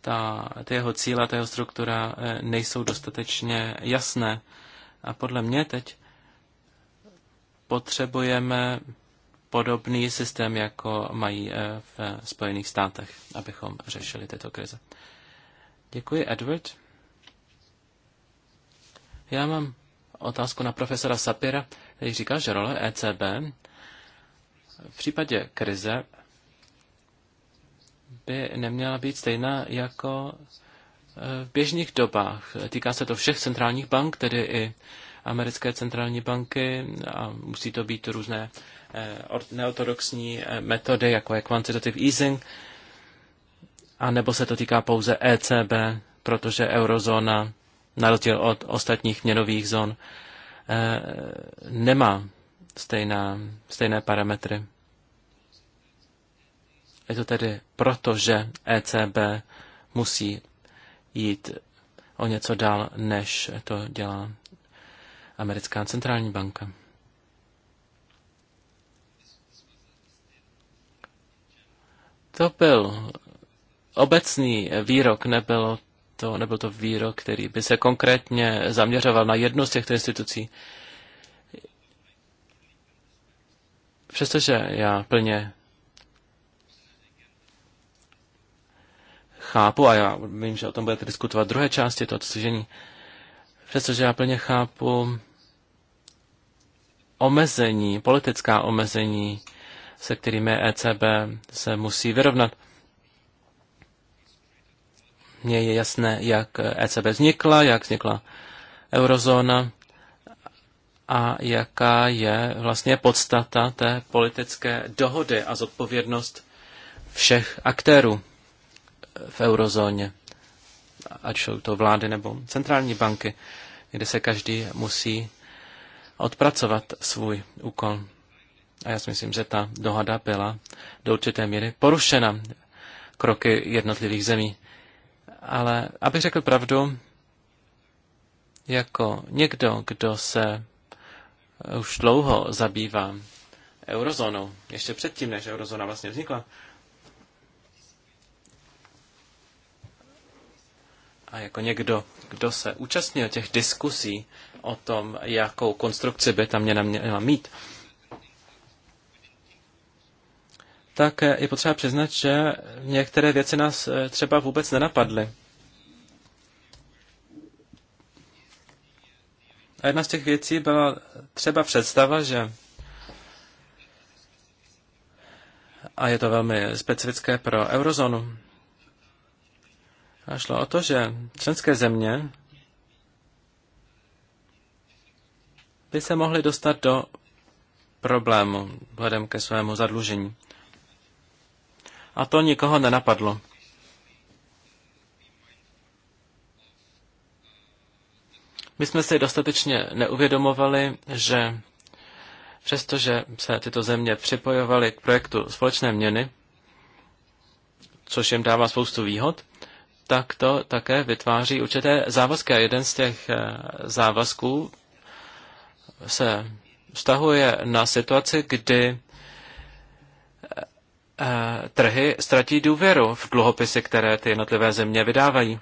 Ta, ty jeho cíle, ta jeho struktura eh, nejsou dostatečně jasné. A podle mě teď potřebujeme podobný systém, jako mají eh, v Spojených státech, abychom řešili tyto krize. Děkuji, Edward. Já mám otázku na profesora Sapira, který říkal, že role ECB v případě krize by neměla být stejná jako eh, v běžných dobách. Týká se to všech centrálních bank, tedy i americké centrální banky a musí to být různé eh, neortodoxní eh, metody, jako je quantitative easing, a nebo se to týká pouze ECB, protože eurozóna, na rozdíl od ostatních měnových zón, eh, nemá stejná, stejné parametry. Je to tedy proto, že ECB musí jít o něco dál, než to dělá americká centrální banka. To byl obecný výrok, nebylo to, nebyl to výrok, který by se konkrétně zaměřoval na jednu z těchto institucí. Přestože já plně chápu a já vím, že o tom budete diskutovat v druhé části toho slyšení, Přestože já plně chápu omezení, politická omezení, se kterými ECB se musí vyrovnat. Mně je jasné, jak ECB vznikla, jak vznikla eurozóna a jaká je vlastně podstata té politické dohody a zodpovědnost všech aktérů v eurozóně, ať jsou to vlády nebo centrální banky kde se každý musí odpracovat svůj úkol. A já si myslím, že ta dohada byla do určité míry porušena kroky jednotlivých zemí. Ale abych řekl pravdu, jako někdo, kdo se už dlouho zabývá eurozónou, ještě předtím, než eurozóna vlastně vznikla, a jako někdo, kdo se účastnil těch diskusí o tom, jakou konstrukci by tam měla, měla mít, tak je potřeba přiznat, že některé věci nás eh, třeba vůbec nenapadly. A jedna z těch věcí byla třeba představa, že a je to velmi specifické pro eurozónu, a šlo o to, že členské země by se mohly dostat do problému vzhledem ke svému zadlužení. A to nikoho nenapadlo. My jsme si dostatečně neuvědomovali, že přestože se tyto země připojovaly k projektu společné měny, což jim dává spoustu výhod, tak to také vytváří určité závazky. A jeden z těch eh, závazků se vztahuje na situaci, kdy eh, eh, trhy ztratí důvěru v dluhopisy, které ty jednotlivé země vydávají.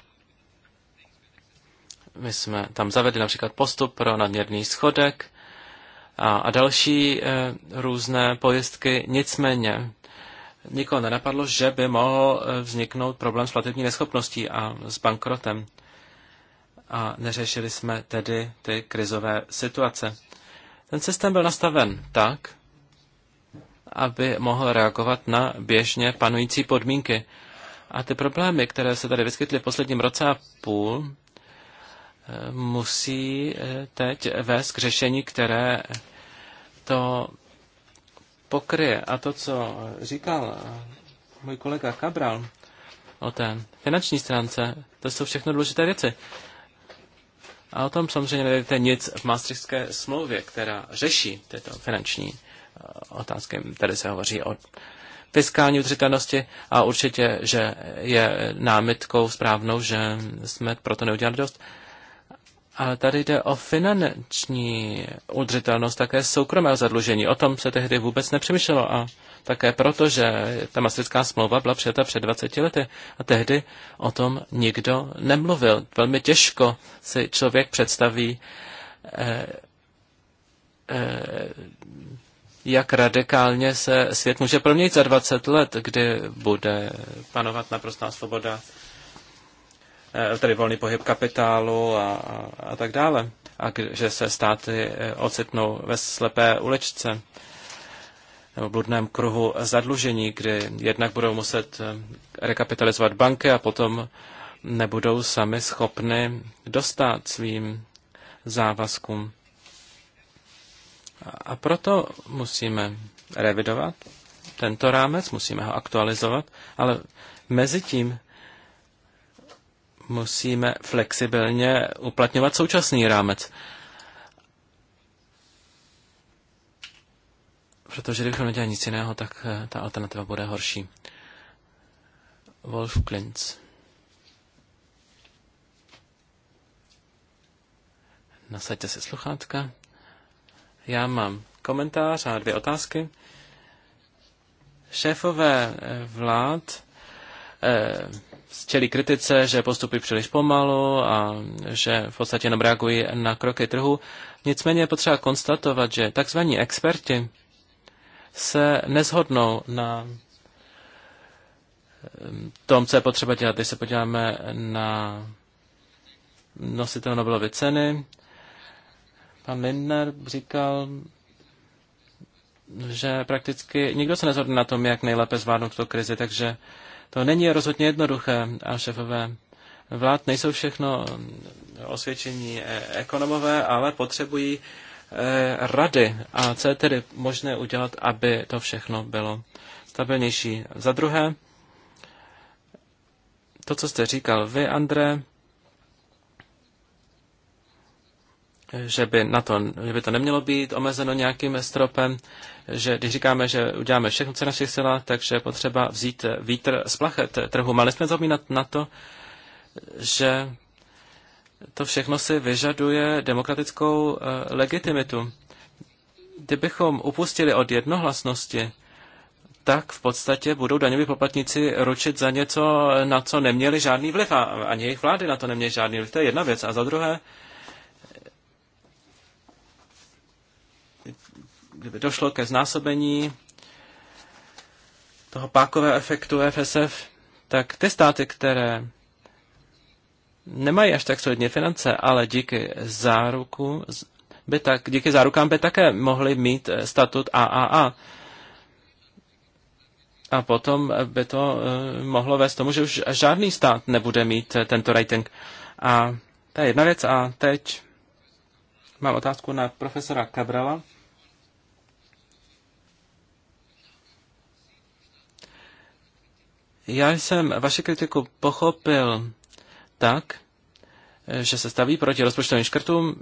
My jsme tam zavedli například postup pro nadměrný schodek a, a další e, různé pojistky. Nicméně nikoho nenapadlo, že by mohl eh, vzniknout problém s platební neschopností a s bankrotem. A neřešili jsme tedy ty krizové situace. Ten systém byl nastaven tak, aby mohl reagovat na běžně panující podmínky. A ty problémy, které se tady vyskytly v posledním roce a půl, eh, musí eh, teď vést k řešení, které to pokryje. A to, co říkal můj kolega Cabral o té finanční stránce, to jsou všechno důležité věci. A o tom samozřejmě nevíte nic v Maastrichtské smlouvě, která řeší tyto finanční eh, otázky. Tady se hovoří o fiskální udržitelnosti a určitě, že je námitkou správnou, že jsme proto neudělali dost. Ale tady jde o finanční udržitelnost také soukromého zadlužení. O tom se tehdy vůbec nepřemýšlelo a také proto, že ta maslická smlouva byla přijata před 20 lety a tehdy o tom nikdo nemluvil. Velmi těžko si člověk představí, eh, eh, jak radikálně se svět může proměnit za 20 let, kdy bude panovat naprostá svoboda Eh, tedy volný pohyb kapitálu a, a, a tak dále. A že se státy eh, ocitnou ve slepé uličce nebo bludném kruhu zadlužení, kdy jednak budou muset eh, rekapitalizovat banky a potom nebudou sami schopny dostat svým závazkům. A proto musíme revidovat tento rámec, musíme ho aktualizovat, ale mezi tím musíme flexibilně uplatňovat současný rámec. Protože kdybychom nedělali nic jiného, tak eh, ta alternativa bude horší. Wolf Klintz. Nasaďte si sluchátka. Já mám komentář a dvě otázky. Šéfové eh, vlád eh, čelí kritice, že postupují příliš pomalu a že v podstatě jenom reagují na kroky trhu. Nicméně je potřeba konstatovat, že tzv. experti se nezhodnou na ehm, tom, co je potřeba dělat. Když se podíváme na nositel Nobelovy ceny, pan Lindner říkal, že prakticky nikdo se nezhodne na tom, jak nejlépe zvládnout tu krizi, takže to není rozhodně jednoduché a šéfové vlád nejsou všechno eh, osvědčení eh, ekonomové, ale potřebují eh, rady. A co je tedy možné udělat, aby to všechno bylo stabilnější? Za druhé, to, co jste říkal vy, André, že by, na to, že by to nemělo být omezeno nějakým stropem, že když říkáme, že uděláme všechno, co našich sila, takže je potřeba vzít vítr z plachet trhu. Mali jsme zapomínat na to, že to všechno si vyžaduje demokratickou eh, legitimitu. Kdybychom upustili od jednohlasnosti, tak v podstatě budou daňoví poplatníci ručit za něco, na co neměli žádný vliv a ani jejich vlády na to neměly žádný vliv. To je jedna věc. A za druhé, kdyby došlo ke znásobení toho pákového efektu FSF, tak ty státy, které nemají až tak solidně finance, ale díky záruku by tak, díky zárukám by také mohly mít eh, statut AAA. A potom by to eh, mohlo vést tomu, že už žádný stát nebude mít eh, tento rating. A to je jedna věc. A teď mám otázku na profesora Cabrala. Já jsem vaši kritiku pochopil tak, že se staví proti rozpočtovým škrtům.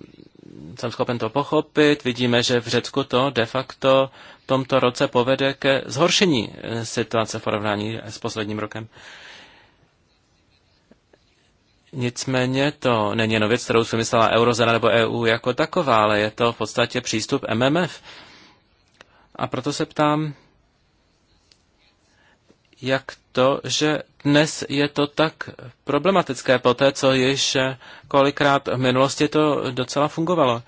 Jsem schopen to pochopit. Vidíme, že v Řecku to de facto v tomto roce povede ke zhoršení situace v porovnání s posledním rokem. Nicméně to není jenom věc, kterou si myslela eurozona nebo EU jako taková, ale je to v podstatě přístup MMF. A proto se ptám, jak to, že dnes je to tak problematické po té, co již kolikrát v minulosti to docela fungovalo.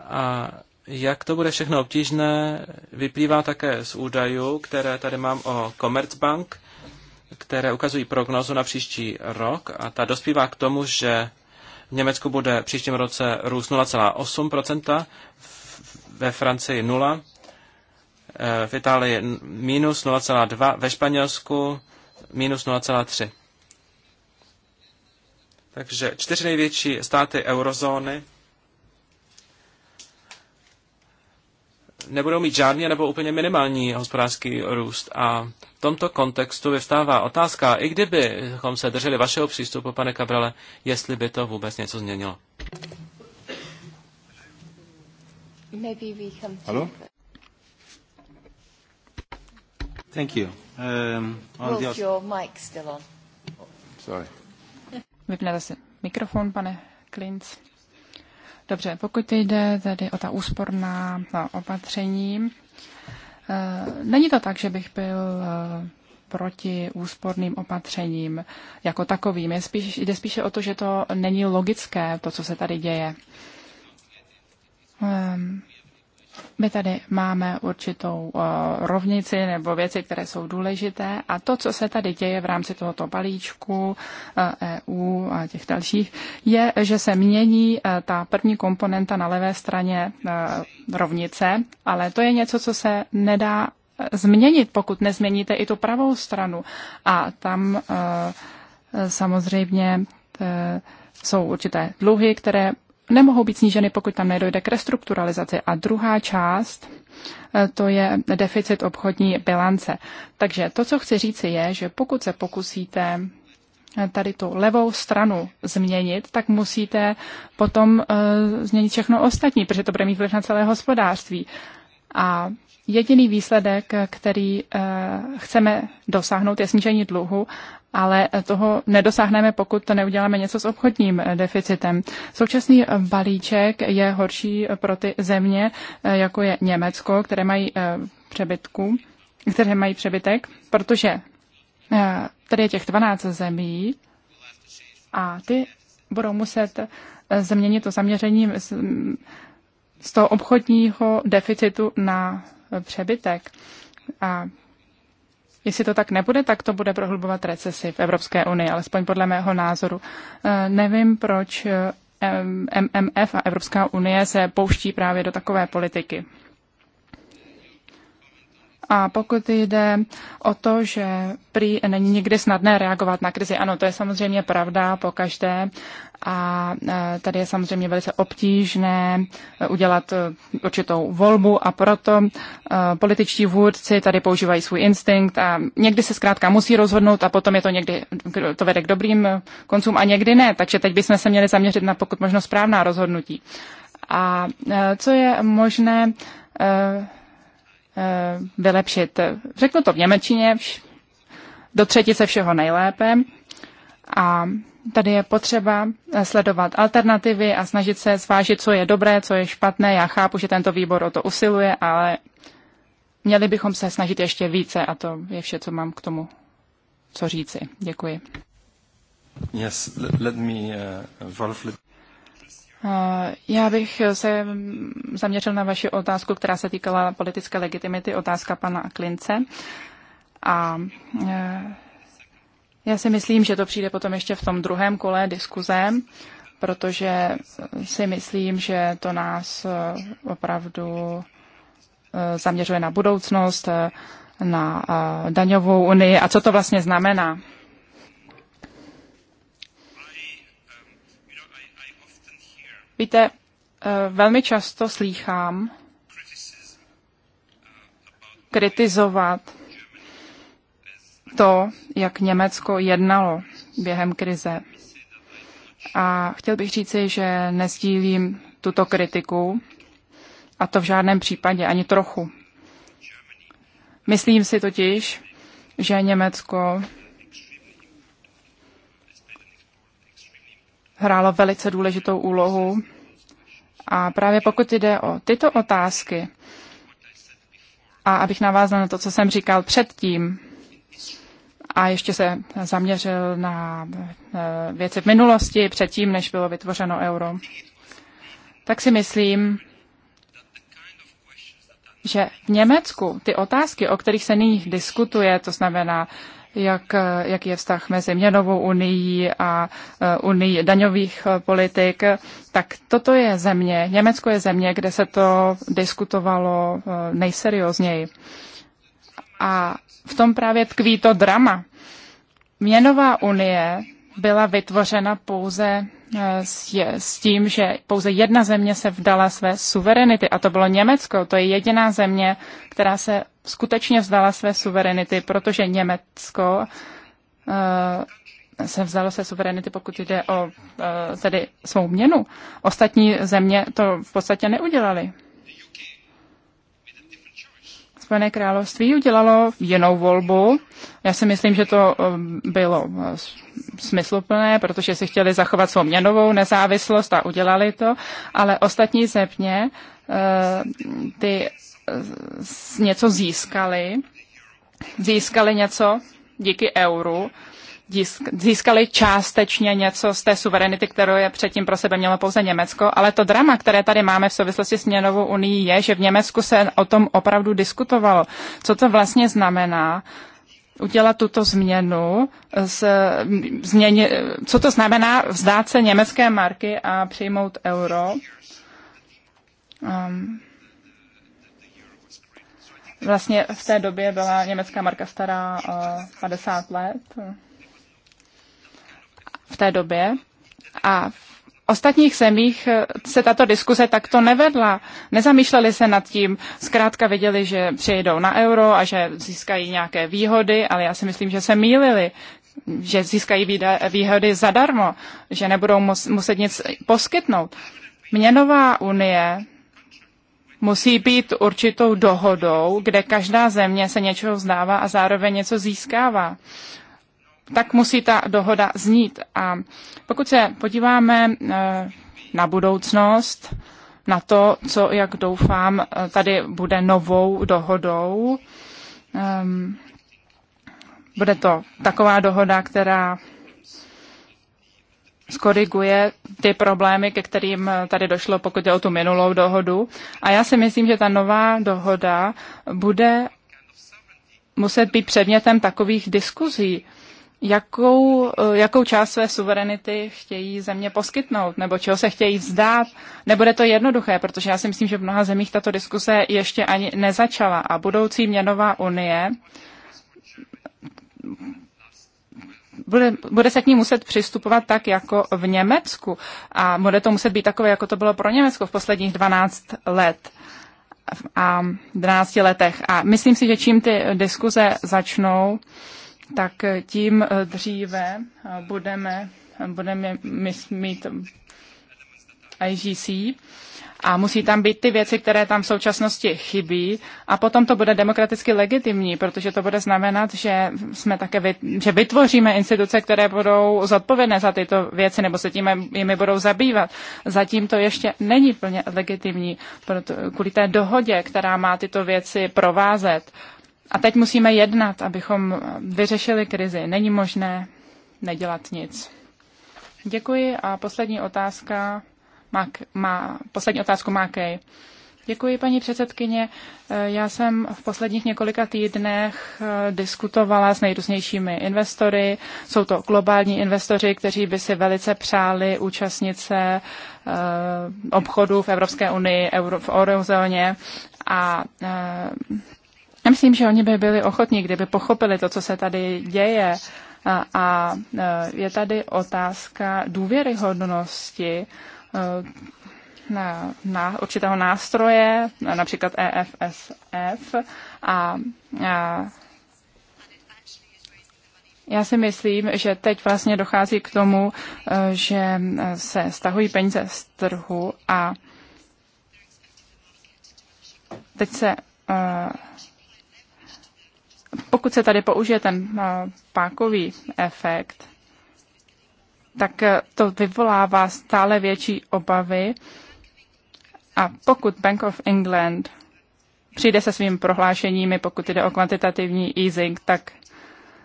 A jak to bude všechno obtížné, vyplývá také z údajů, které tady mám o Commerzbank, které ukazují prognozu na příští rok a ta dospívá k tomu, že v Německu bude příštím roce růst 0,8%, ve Francii 0%, Eh, v Itálii minus 0,2, ve Španělsku minus 0,3. Takže čtyři největší státy eurozóny nebudou mít žádný nebo úplně minimální hospodářský růst. A v tomto kontextu vyvstává otázka, i kdybychom se drželi vašeho přístupu, pane Kabrale, jestli by to vůbec něco změnilo. Halo? Thank you. Um, on the... your mic still on. Sorry. Vypnete si mikrofon, pane Klinc. Dobře, pokud jde tedy o ta úsporná opatření, eh, není to tak, že bych byl eh, proti úsporným opatřením jako takovým. Je spíš, jde spíše o to, že to není logické, to, co se tady děje. Ehm, my tady máme určitou eh, rovnici nebo věci, které jsou důležité a to, co se tady děje v rámci tohoto balíčku EU eh, e a těch dalších, je, že se mění eh, ta první komponenta na levé straně rovnice, ale to je něco, co se nedá změnit, pokud nezměníte i tu pravou stranu. A tam samozřejmě jsou určité dluhy, které nemohou být sníženy, pokud tam nedojde k restrukturalizaci. A druhá část, eh, to je deficit obchodní bilance. Takže to, co chci říci, je, že pokud se pokusíte eh, tady tu levou stranu změnit, tak musíte potom uh, změnit všechno ostatní, protože to bude mít vliv na celé hospodářství. A jediný výsledek, který eh, chceme dosáhnout, je snížení dluhu, ale toho nedosáhneme, pokud to neuděláme něco s obchodním eh, deficitem. Současný eh, balíček je horší pro ty země, jako je Německo, které mají přebytku, které mají přebytek, protože tady je těch 12 zemí a ty budou muset změnit to zaměření z toho obchodního deficitu na přebytek. A Jestli to tak nebude, tak to bude prohlubovat recesi v Evropské unii, alespoň podle mého názoru. E, nevím, proč e, MMF a Evropská unie se pouští právě do takové politiky. A pokud jde o to, že prý není nikdy snadné reagovat na krizi, ano, to je samozřejmě pravda po každé. A e, tady je samozřejmě velice obtížné e, udělat e, určitou volbu a proto političtí vůdci tady používají svůj instinkt a někdy se zkrátka musí rozhodnout a potom je to někdy, to vede k dobrým koncům a někdy ne. Takže teď bychom se měli zaměřit na pokud možno správná rozhodnutí. A co je možné Eh, vylepšit. Řeknu to v vš- do třetice všeho nejlépe. A tady je potřeba eh, sledovat alternativy a snažit se zvážit, co je dobré, co je špatné. Já chápu, že tento výbor o to usiluje, ale měli bychom se snažit ještě více a to je vše, co mám k tomu co říci. Děkuji. Yes, let me, uh, Eh, já bych se zaměřil na vaši otázku, která se týkala politické legitimity, otázka pana Klince. A eh, já si myslím, že to přijde potom ještě v tom druhém kole diskuze, protože si myslím, že to nás eh, opravdu zaměřuje na budoucnost, na daňovou unii a co to vlastně znamená. Víte, eh, velmi často slýchám kritizovat to, jak Německo jednalo během krize. A chtěl bych říci, že nezdílím tuto kritiku, a to v žádném případě, ani trochu. Myslím si totiž, že Německo hrálo velice důležitou úlohu a právě pokud jde o tyto otázky, a abych navázal na to, co jsem říkal předtím, a ještě se zaměřil na eh, věci v minulosti, předtím, než bylo vytvořeno euro, tak si myslím, že v Německu ty otázky, o kterých se nyní diskutuje, to znamená jak, jaký je vztah mezi měnovou unii a e, unii daňových e, politik, tak toto je země, Německo je země, kde se to diskutovalo e, nejseriózněji. A v tom právě tkví to drama. Měnová unie byla vytvořena pouze s tím, že pouze jedna země se vdala své suverenity, a to bylo Německo. To je jediná země, která se skutečně vzdala své suverenity, protože Německo eh, se vzdalo se suverenity, pokud jde o eh, tedy svou měnu. Ostatní země to v podstatě neudělali. Spojené království udělalo jinou volbu. Já si myslím, že to um, bylo uh, smysluplné, protože si chtěli zachovat svou měnovou nezávislost a udělali to, ale ostatní země uh, ty uh, něco získali, získali něco díky euru získali částečně něco z té suverenity, kterou je předtím pro sebe mělo pouze Německo. Ale to drama, které tady máme v souvislosti s měnovou unii, je, že v Německu se o tom opravdu diskutovalo. Co to vlastně znamená? udělat tuto změnu, z, změně, co to znamená vzdát se německé marky a přijmout euro. Um, vlastně v té době byla německá marka stará uh, 50 let v té době a v ostatních zemích se tato diskuse takto nevedla. Nezamýšleli se nad tím, zkrátka věděli, že přejdou na euro a že získají nějaké výhody, ale já si myslím, že se mýlili že získají výhody zadarmo, že nebudou muset nic poskytnout. Měnová unie musí být určitou dohodou, kde každá země se něčeho vzdává a zároveň něco získává tak musí ta dohoda znít. A pokud se podíváme eh, na budoucnost, na to, co, jak doufám, eh, tady bude novou dohodou, ehm, bude to taková dohoda, která skoriguje ty problémy, ke kterým eh, tady došlo, pokud je o tu minulou dohodu. A já si myslím, že ta nová dohoda bude muset být předmětem takových diskuzí jakou, eh, jakou část své suverenity chtějí země poskytnout, nebo čeho se chtějí vzdát. Nebude to jednoduché, protože já si myslím, že v mnoha zemích tato diskuse ještě ani nezačala a budoucí měnová unie bude, bude se k ní muset přistupovat tak, jako v Německu. A bude to muset být takové, jako to bylo pro Německo v posledních 12 let a 12 letech. A myslím si, že čím ty diskuze začnou, tak tím eh, dříve eh, budeme, budeme mít IGC a musí tam být ty věci, které tam v současnosti chybí a potom to bude demokraticky legitimní, protože to bude znamenat, že jsme také vy, že vytvoříme instituce, které budou zodpovědné za tyto věci nebo se tím jimi budou zabývat. Zatím to ještě není plně legitimní proto, kvůli té dohodě, která má tyto věci provázet. A teď musíme jednat, abychom vyřešili krizi. Není možné nedělat nic. Děkuji a poslední otázka má, má, poslední otázku má Kej. Děkuji, paní předsedkyně. Eh, já jsem v posledních několika týdnech eh, diskutovala s nejrůznějšími investory. Jsou to globální investoři, kteří by si velice přáli účastnit se eh, obchodu v Evropské unii, v eurozóně a Nemyslím, že oni by byli ochotní, kdyby pochopili to, co se tady děje. A, a e, je tady otázka důvěryhodnosti e, na, na určitého nástroje, například EFSF. A, a já si myslím, že teď vlastně dochází k tomu, e, že se stahují peníze z trhu a teď se pokud se tady použije ten eh, pákový efekt, tak eh, to vyvolává stále větší obavy. A pokud Bank of England přijde se svými prohlášeními, pokud jde o kvantitativní easing, tak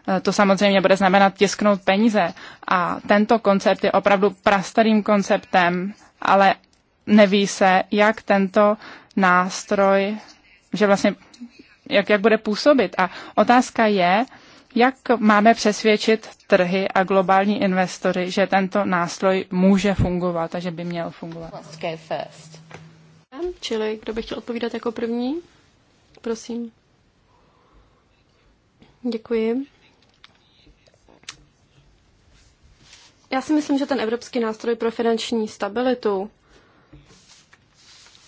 eh, to samozřejmě bude znamenat tisknout peníze. A tento koncept je opravdu prastarým konceptem, ale neví se, jak tento nástroj, že vlastně jak, jak bude působit. A otázka je, jak máme přesvědčit trhy a globální investory, že tento nástroj může fungovat a že by měl fungovat. Let's go first. Čili kdo by chtěl odpovídat jako první? Prosím. Děkuji. Já si myslím, že ten Evropský nástroj pro finanční stabilitu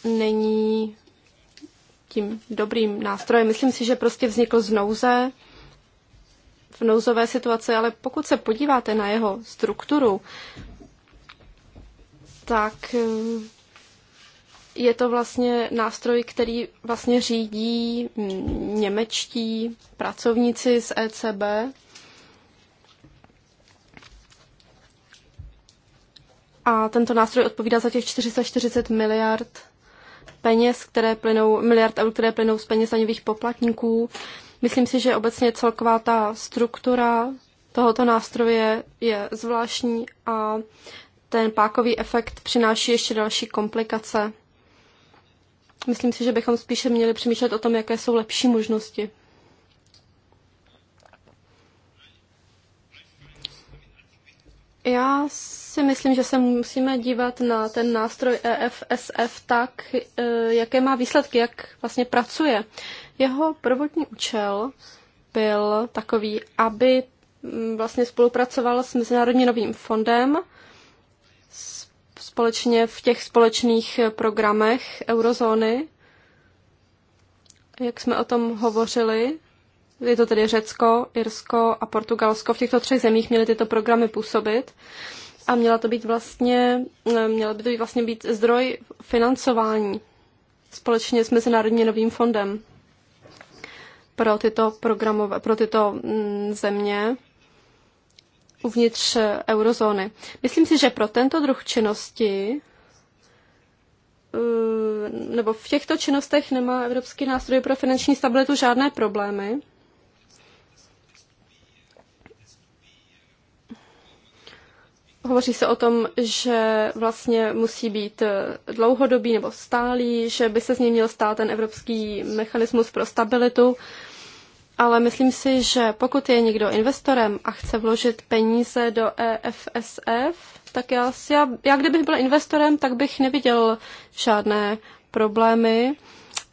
není tím dobrým nástrojem. Myslím si, že prostě vznikl z nouze, v nouzové situaci, ale pokud se podíváte na jeho strukturu, tak eh, je to vlastně nástroj, který vlastně řídí němečtí pracovníci z ECB. A tento nástroj odpovídá za těch 440 miliard peněz, které plynou, miliard eur, které plynou z peněz daňových poplatníků. Myslím si, že obecně celková ta struktura tohoto nástroje je zvláštní a ten pákový efekt přináší ještě další komplikace. Myslím si, že bychom spíše měli přemýšlet o tom, jaké jsou lepší možnosti. Já si myslím, že se musíme dívat na ten nástroj EFSF tak, e, jaké má výsledky, jak vlastně pracuje. Jeho prvotní účel byl takový, aby mm, vlastně spolupracoval s Mezinárodním novým fondem společně v těch společných programech eurozóny, jak jsme o tom hovořili je to tedy Řecko, Irsko a Portugalsko, v těchto třech zemích měly tyto programy působit a měla to být vlastně, eh, měla by to být vlastně být zdroj financování společně s Mezinárodním novým fondem pro tyto, programové, pro tyto mm, země uvnitř eh, eurozóny. Myslím si, že pro tento druh činnosti eh, nebo v těchto činnostech nemá Evropský nástroj pro finanční stabilitu žádné problémy. Hovoří se o tom, že vlastně musí být eh, dlouhodobý nebo stálý, že by se z něj měl stát ten evropský mechanismus pro stabilitu, ale myslím si, že pokud je někdo investorem a chce vložit peníze do EFSF, tak já, já, já kdybych byl investorem, tak bych neviděl žádné problémy.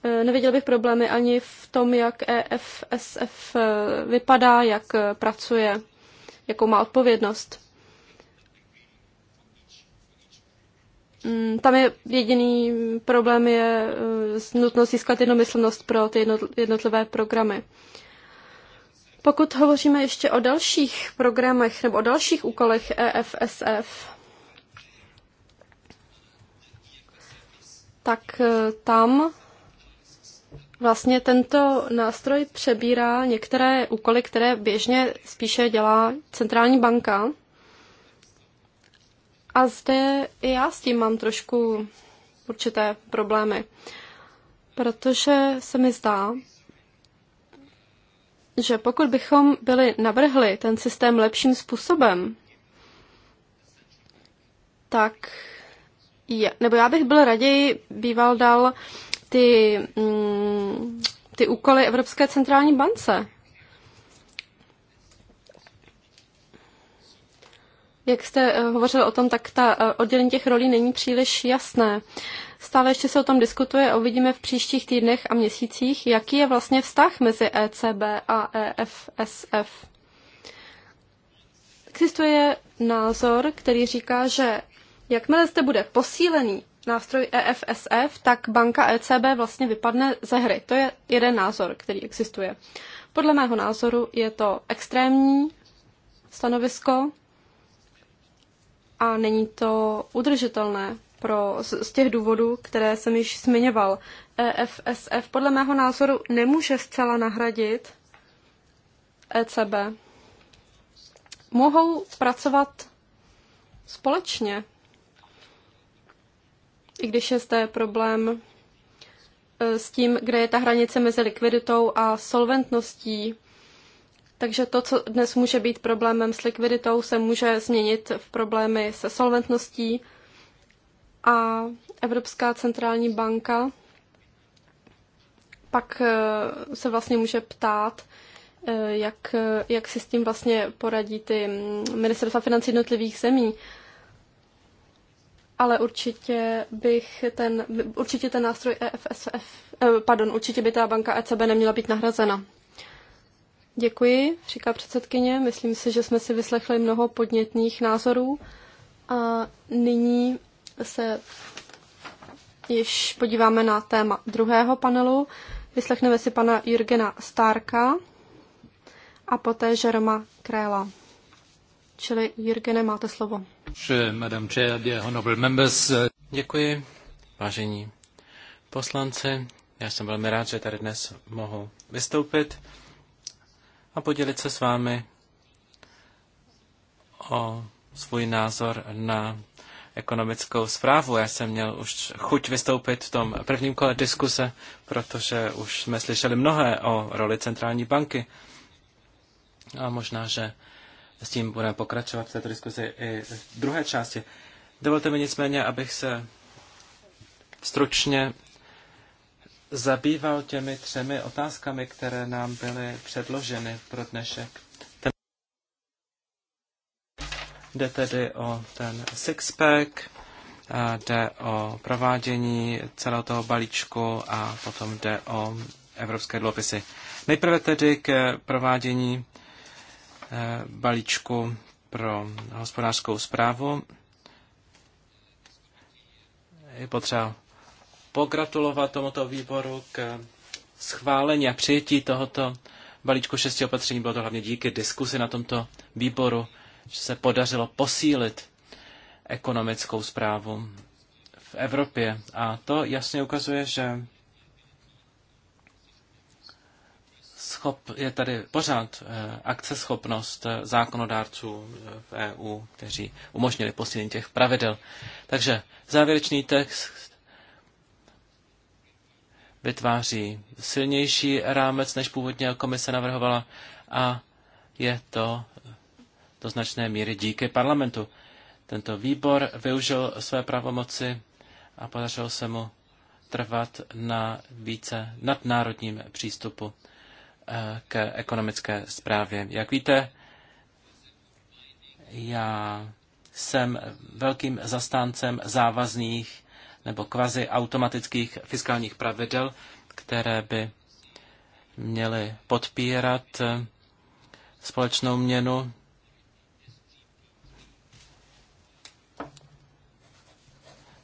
Eh, neviděl bych problémy ani v tom, jak EFSF eh, vypadá, jak pracuje, jakou má odpovědnost. Mm, tam je jediný problém je eh, nutnost získat jednomyslnost pro ty jednotlivé programy. Pokud hovoříme ještě o dalších programech nebo o dalších úkolech EFSF, tak eh, tam vlastně tento nástroj přebírá některé úkoly, které běžně spíše dělá centrální banka. A zde i já s tím mám trošku určité problémy, protože se mi zdá, že pokud bychom byli navrhli ten systém lepším způsobem, tak je, nebo já bych byl raději býval dal ty, mm, ty úkoly Evropské centrální bance, Jak jste eh, hovořil o tom, tak ta eh, oddělení těch rolí není příliš jasné. Stále ještě se o tom diskutuje a uvidíme v příštích týdnech a měsících, jaký je vlastně vztah mezi ECB a EFSF. Existuje názor, který říká, že jakmile zde bude posílený nástroj EFSF, tak banka ECB vlastně vypadne ze hry. To je jeden názor, který existuje. Podle mého názoru je to extrémní stanovisko, a není to udržitelné pro, z, z těch důvodů, které jsem již zmiňoval. EFSF podle mého názoru nemůže zcela nahradit ECB. Mohou pracovat společně, i když je zde problém e, s tím, kde je ta hranice mezi likviditou a solventností. Takže to, co dnes může být problémem s likviditou, se může změnit v problémy se solventností a Evropská centrální banka pak eh, se vlastně může ptát, eh, jak, eh, jak si s tím vlastně poradí ty mm, ministerstva financí jednotlivých zemí. Ale určitě bych ten, určitě ten nástroj EFSF, pardon, určitě by ta banka ECB neměla být nahrazena. Děkuji, říká předsedkyně. Myslím si, že jsme si vyslechli mnoho podnětných názorů a nyní se již podíváme na téma druhého panelu. Vyslechneme si pana Jurgena Stárka a poté Žeroma Kréla. Čili Jurgene, máte slovo. Uh, Děkuji, vážení poslanci. Já jsem velmi rád, že tady dnes mohu vystoupit a podělit se s vámi o svůj názor na ekonomickou zprávu. Já jsem měl už chuť vystoupit v tom prvním kole diskuse, protože už jsme slyšeli mnohé o roli centrální banky. A možná, že s tím budeme pokračovat v této diskuzi i v druhé části. Dovolte mi nicméně, abych se stručně zabýval těmi třemi otázkami, které nám byly předloženy pro dnešek. Jde tedy o ten sixpack, jde o provádění celého toho balíčku a potom jde o evropské dluhopisy. Nejprve tedy k provádění eh, balíčku pro hospodářskou zprávu. Je potřeba pogratulovat tomuto výboru k schválení a přijetí tohoto balíčku šesti opatření. Bylo to hlavně díky diskusi na tomto výboru, že se podařilo posílit ekonomickou zprávu v Evropě. A to jasně ukazuje, že schop, je tady pořád eh, akceschopnost eh, zákonodárců eh, v EU, kteří umožnili posílení těch pravidel. Takže závěrečný text vytváří silnější rámec, než původně komise navrhovala a je to do značné míry díky parlamentu. Tento výbor využil své pravomoci a podařilo se mu trvat na více nadnárodním přístupu eh, k ekonomické zprávě. Jak víte, já jsem velkým zastáncem závazných nebo kvazi automatických fiskálních pravidel, které by měly podpírat eh, společnou měnu.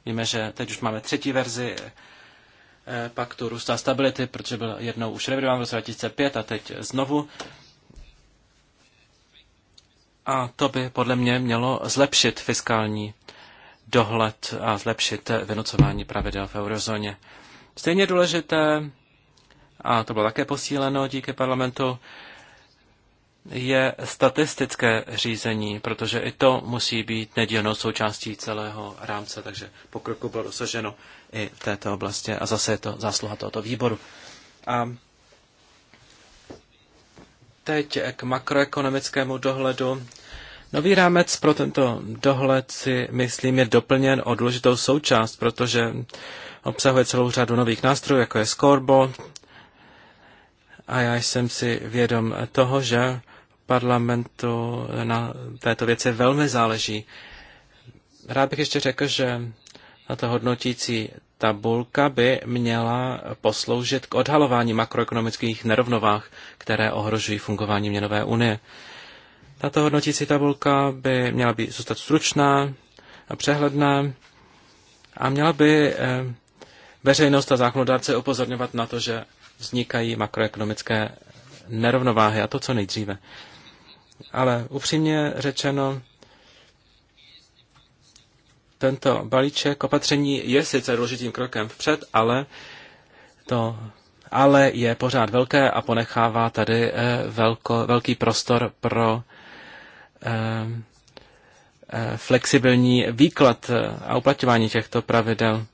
Víme, že teď už máme třetí verzi eh, paktu růstu a stability, protože byl jednou už revidován v roce 2005 a teď znovu. A to by podle mě mělo zlepšit fiskální dohled a zlepšit vynocování pravidel v eurozóně. Stejně důležité, a to bylo také posíleno díky parlamentu, je statistické řízení, protože i to musí být nedílnou součástí celého rámce, takže pokroku bylo dosaženo i v této oblasti a zase je to zásluha tohoto výboru. A teď k makroekonomickému dohledu. Nový rámec pro tento dohled si myslím je doplněn o důležitou součást, protože obsahuje celou řadu nových nástrojů, jako je skorbo. A já jsem si vědom toho, že parlamentu na této věci velmi záleží. Rád bych ještě řekl, že na to hodnotící tabulka by měla posloužit k odhalování makroekonomických nerovnovách, které ohrožují fungování měnové unie. Tato hodnotící tabulka by měla být zůstat stručná a přehledná a měla by eh, veřejnost a zákonodárce upozorňovat na to, že vznikají makroekonomické nerovnováhy a to co nejdříve. Ale upřímně řečeno, tento balíček opatření je sice důležitým krokem vpřed, ale to ale je pořád velké a ponechává tady eh, velko, velký prostor pro Eh, eh, flexibilní výklad eh, a uplatňování těchto pravidel.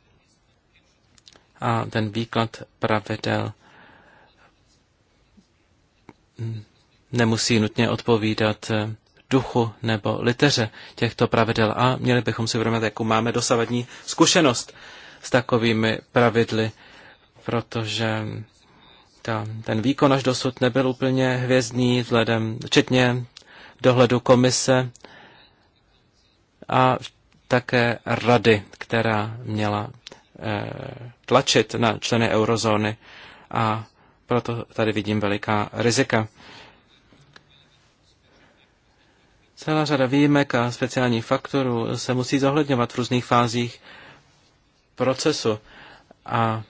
A ten výklad pravidel mm, nemusí nutně odpovídat duchu nebo liteře těchto pravidel. A měli bychom si uvědomit, jakou máme dosavadní zkušenost s takovými pravidly, protože ta, ten výkon až dosud nebyl úplně hvězdný, vzhledem, včetně dohledu komise a také rady, která měla eh, tlačit na členy eurozóny a proto tady vidím veliká rizika. Celá řada výjimek a speciálních faktorů se musí zohledňovat v různých fázích procesu a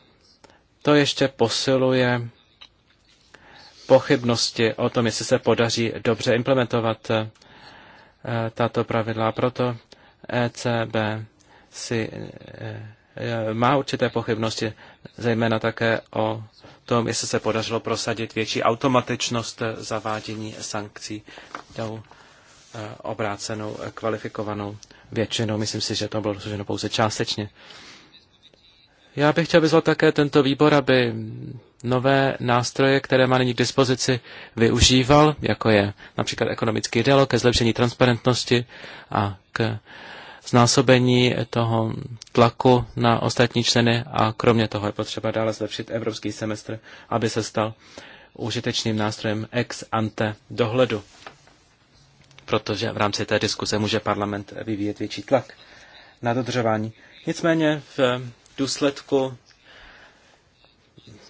to ještě posiluje pochybnosti o tom, jestli se podaří dobře implementovat eh, tato pravidla. Proto ECB si eh, eh, má určité pochybnosti, zejména také o tom, jestli se podařilo prosadit větší automatičnost zavádění sankcí tou obrácenou kvalifikovanou většinou. Myslím si, že to bylo dosaženo pouze částečně. Já bych chtěl vyzvat také tento výbor, aby nové nástroje, které má nyní k dispozici, využíval, jako je například ekonomický dialog ke zlepšení transparentnosti a k znásobení toho tlaku na ostatní členy a kromě toho je potřeba dále zlepšit evropský semestr, aby se stal užitečným nástrojem ex ante dohledu, protože v rámci té diskuse může parlament vyvíjet větší tlak na dodržování. Nicméně v důsledku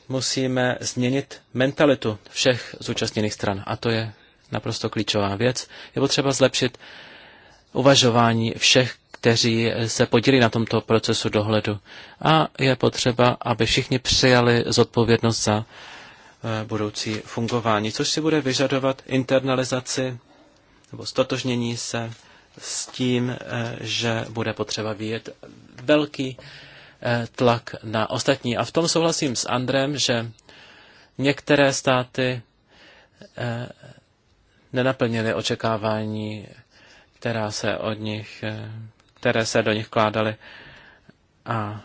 musíme změnit mentalitu všech zúčastněných stran. A to je naprosto klíčová věc. Je potřeba zlepšit uvažování všech, kteří se podílí na tomto procesu dohledu. A je potřeba, aby všichni přijali zodpovědnost za eh, budoucí fungování, což si bude vyžadovat internalizaci nebo stotožnění se s tím, eh, že bude potřeba vyjet velký Eh, tlak na ostatní. A v tom souhlasím s Andrem, že některé státy eh, nenaplnily očekávání, která se od nich, eh, které se do nich kládaly a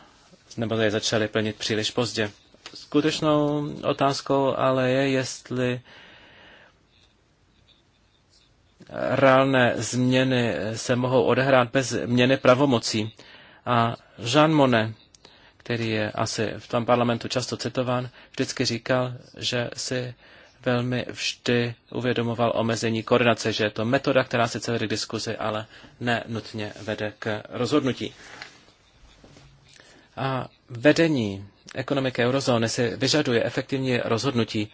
nebo je začaly plnit příliš pozdě. Skutečnou otázkou ale je, jestli reálné změny se mohou odehrát bez změny pravomocí. A Jean Monnet který je asi v tom parlamentu často citován, vždycky říkal, že si velmi vždy uvědomoval omezení koordinace, že je to metoda, která sice vede k diskuzi, ale ne nutně vede k rozhodnutí. A vedení ekonomiky eurozóny si vyžaduje efektivní rozhodnutí,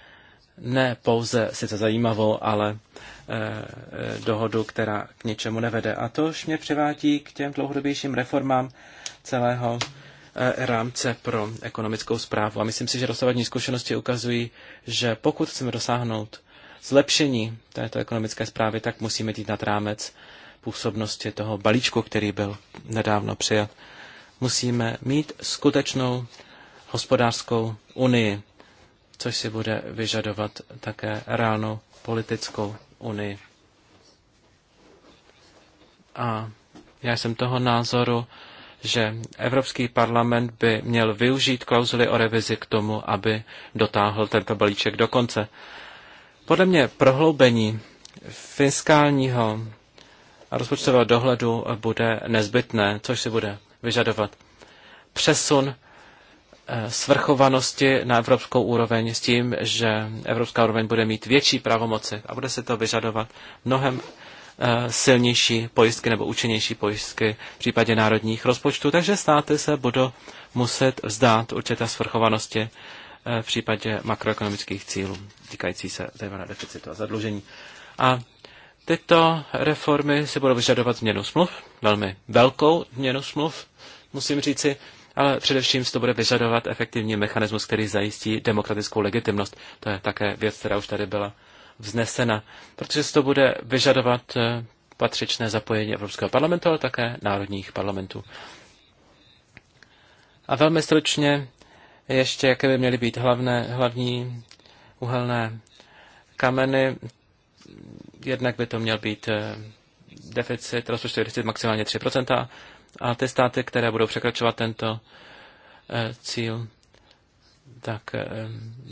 ne pouze sice zajímavou, ale e, dohodu, která k ničemu nevede. A to už mě přivádí k těm dlouhodobějším reformám celého Eh, rámce pro ekonomickou zprávu. A myslím si, že dosavadní zkušenosti ukazují, že pokud chceme dosáhnout zlepšení této ekonomické zprávy, tak musíme jít nad rámec působnosti toho balíčku, který byl nedávno přijat. Musíme mít skutečnou hospodářskou unii, což si bude vyžadovat také reálnou politickou unii. A já jsem toho názoru, že Evropský parlament by měl využít klauzuly o revizi k tomu, aby dotáhl tento balíček do konce. Podle mě prohloubení fiskálního a rozpočtového dohledu bude nezbytné, což si bude vyžadovat přesun eh, svrchovanosti na evropskou úroveň s tím, že evropská úroveň bude mít větší pravomoci a bude se to vyžadovat mnohem Eh, silnější pojistky nebo účinnější pojistky v případě národních rozpočtů, takže státy se budou muset vzdát určité svrchovanosti eh, v případě makroekonomických cílů týkající se zejména deficitu a zadlužení. A tyto reformy si budou vyžadovat změnu smluv, velmi velkou změnu smluv, musím říci, ale především se to bude vyžadovat efektivní mechanismus, který zajistí demokratickou legitimnost. To je také věc, která už tady byla vznesena, protože se to bude vyžadovat eh, patřičné zapojení Evropského parlamentu, ale také národních parlamentů. A velmi stručně ještě, jaké by měly být hlavné, hlavní uhelné kameny. Jednak by to měl být eh, deficit, rozpočtový deficit maximálně 3%, a ty státy, které budou překračovat tento eh, cíl, tak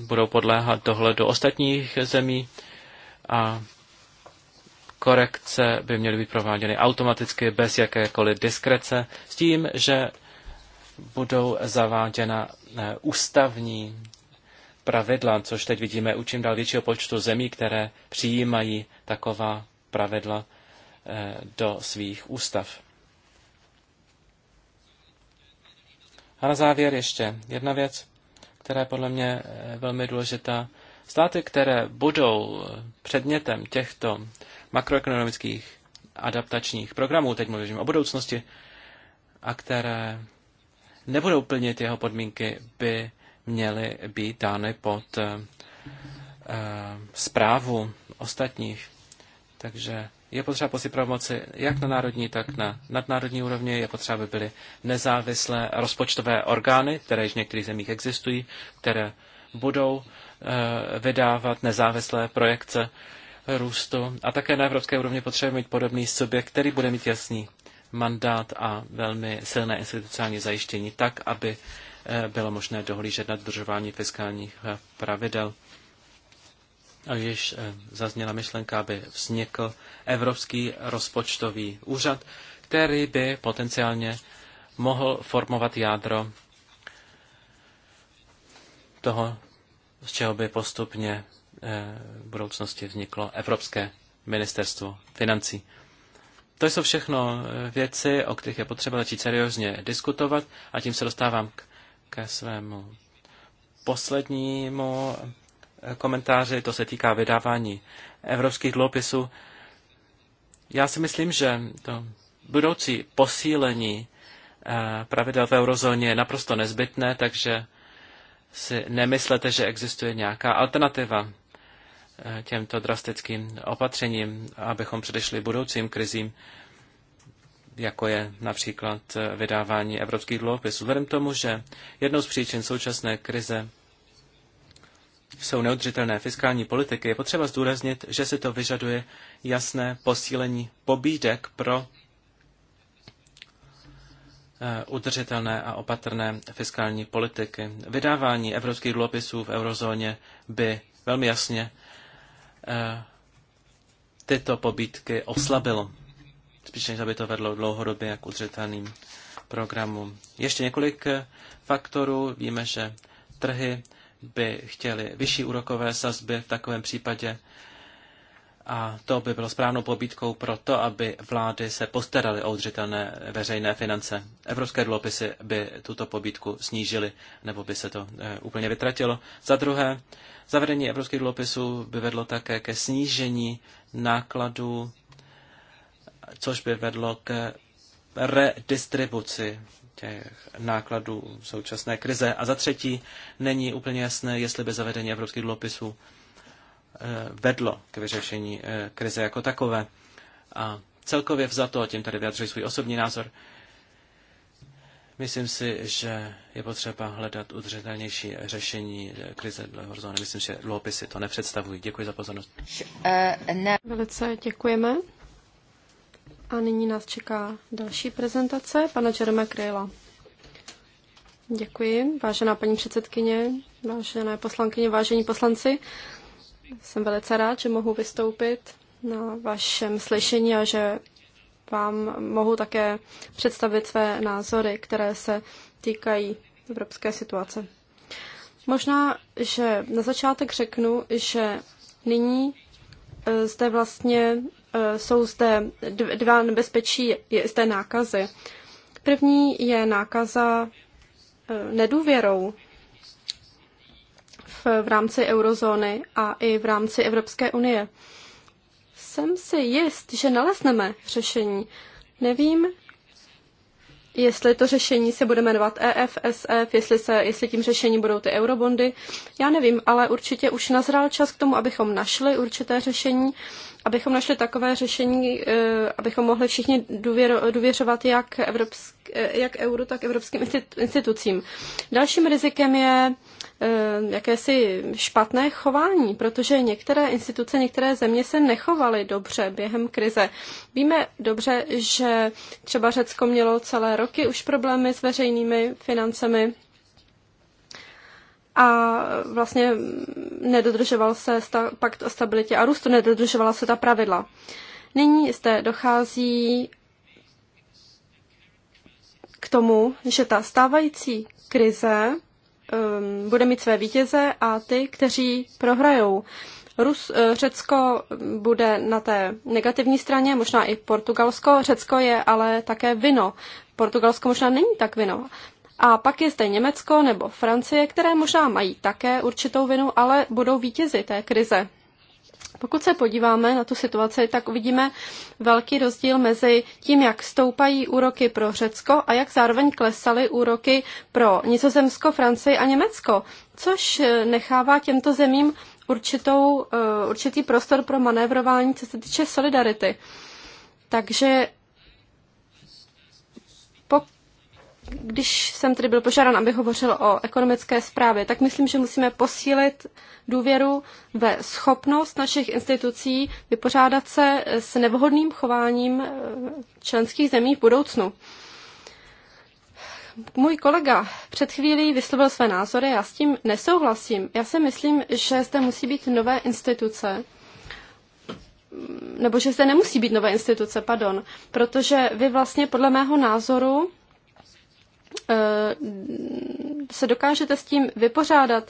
budou podléhat dohledu ostatních zemí a korekce by měly být prováděny automaticky, bez jakékoliv diskrece, s tím, že budou zaváděna eh, ústavní pravidla, což teď vidíme u čím dál většího počtu zemí, které přijímají taková pravidla eh, do svých ústav. A na závěr ještě jedna věc, která je podle mě eh, velmi důležitá. Státy, které budou předmětem těchto makroekonomických adaptačních programů, teď mluvím o budoucnosti, a které nebudou plnit jeho podmínky, by měly být dány pod uh, eh, zprávu ostatních. Takže je potřeba posílit pravomoci jak na národní, tak na nadnárodní úrovni. Je potřeba, aby byly nezávislé rozpočtové orgány, které již v některých zemích existují, které budou Eh, vydávat nezávislé projekce růstu. A také na evropské úrovni potřebujeme mít podobný subjekt, který bude mít jasný mandát a velmi silné institucionální zajištění tak, aby eh, bylo možné dohlížet na dodržování fiskálních eh, pravidel. A již zazněla myšlenka, aby vznikl Evropský rozpočtový úřad, který by potenciálně mohl formovat jádro toho z čeho by postupně eh, v budoucnosti vzniklo Evropské ministerstvo financí. To jsou všechno eh, věci, o kterých je potřeba začít seriózně diskutovat a tím se dostávám k, ke svému poslednímu eh, komentáři, to se týká vydávání evropských dluhopisů. Já si myslím, že to budoucí posílení pravidel v eurozóně je naprosto nezbytné, takže si nemyslete, že existuje nějaká alternativa eh, těmto drastickým opatřením, abychom předešli budoucím krizím, jako je například eh, vydávání evropských dluhopisů. Vzhledem k tomu, že jednou z příčin současné krize jsou neudržitelné fiskální politiky, je potřeba zdůraznit, že si to vyžaduje jasné posílení pobídek pro Eh, udržitelné a opatrné fiskální politiky. Vydávání evropských dluhopisů v eurozóně by velmi jasně eh, tyto pobídky oslabilo, spíš než aby to vedlo dlouhodobě k udržitelným programům. Ještě několik eh, faktorů. Víme, že trhy by chtěly vyšší úrokové sazby. V takovém případě a to by bylo správnou pobídkou pro to, aby vlády se postaraly o udržitelné veřejné finance. Evropské dluhopisy by tuto pobídku snížily, nebo by se to e, úplně vytratilo. Za druhé, zavedení evropských dluhopisů by vedlo také ke snížení nákladů, což by vedlo k redistribuci těch nákladů současné krize. A za třetí, není úplně jasné, jestli by zavedení evropských dluhopisů Eh, vedlo k vyřešení eh, krize jako takové. A celkově vzato, a tím tady vyjadřuji svůj osobní názor, myslím si, že je potřeba hledat udržitelnější řešení eh, krize dle horizontu. Myslím, že dluhopisy to nepředstavují. Děkuji za pozornost. Velice děkujeme. A nyní nás čeká další prezentace pana Jerema Kryla. Děkuji, vážená paní předsedkyně, vážené poslankyně, vážení poslanci. Jsem velice rád, že mohu vystoupit na vašem slyšení a že vám mohu také představit své názory, které se týkají evropské situace. Možná, že na začátek řeknu, že nyní e, zde vlastně e, jsou zde dva nebezpečí, z zde nákazy. První je nákaza e, nedůvěrou v, rámci eurozóny a i v rámci Evropské unie. Jsem si jist, že nalezneme řešení. Nevím, jestli to řešení se bude jmenovat EFSF, e jestli, se, jestli tím řešením budou ty eurobondy. Já nevím, ale určitě už nazral čas k tomu, abychom našli určité řešení, abychom našli takové řešení, eh, abychom mohli všichni důvěro, důvěřovat jak, evropsk, eh, jak euro, tak evropským institucím. Dalším rizikem je Eh, jakési špatné chování, protože některé instituce, některé země se nechovaly dobře během krize. Víme dobře, že třeba Řecko mělo celé roky už problémy s veřejnými financemi a vlastně nedodržoval se sta- pakt o stabilitě a růstu, nedodržovala se ta pravidla. Nyní zde dochází k tomu, že ta stávající krize um, bude mít své vítěze a ty, kteří prohrajou. Rus, eh, Řecko bude na té negativní straně, možná i Portugalsko. Řecko je ale také vino. Portugalsko možná není tak vino. A pak je zde Německo nebo Francie, které možná mají také určitou vinu, ale budou vítězi té krize. Pokud se podíváme na tu situaci, tak uvidíme velký rozdíl mezi tím, jak stoupají úroky pro Řecko a jak zároveň klesaly úroky pro Nizozemsko, Francii a Německo, což eh, nechává těmto zemím určitou, eh, určitý prostor pro manévrování, co se týče solidarity. Takže když jsem tedy byl požádán, aby hovořil o ekonomické zprávě, tak myslím, že musíme posílit důvěru ve schopnost našich institucí vypořádat se s nevhodným chováním eh, členských zemí v budoucnu. Můj kolega před chvílí vyslovil své názory, já s tím nesouhlasím. Já si myslím, že zde musí být nové instituce, nebo že zde nemusí být nové instituce, pardon, protože vy vlastně podle mého názoru Eh, se dokážete s tím vypořádat.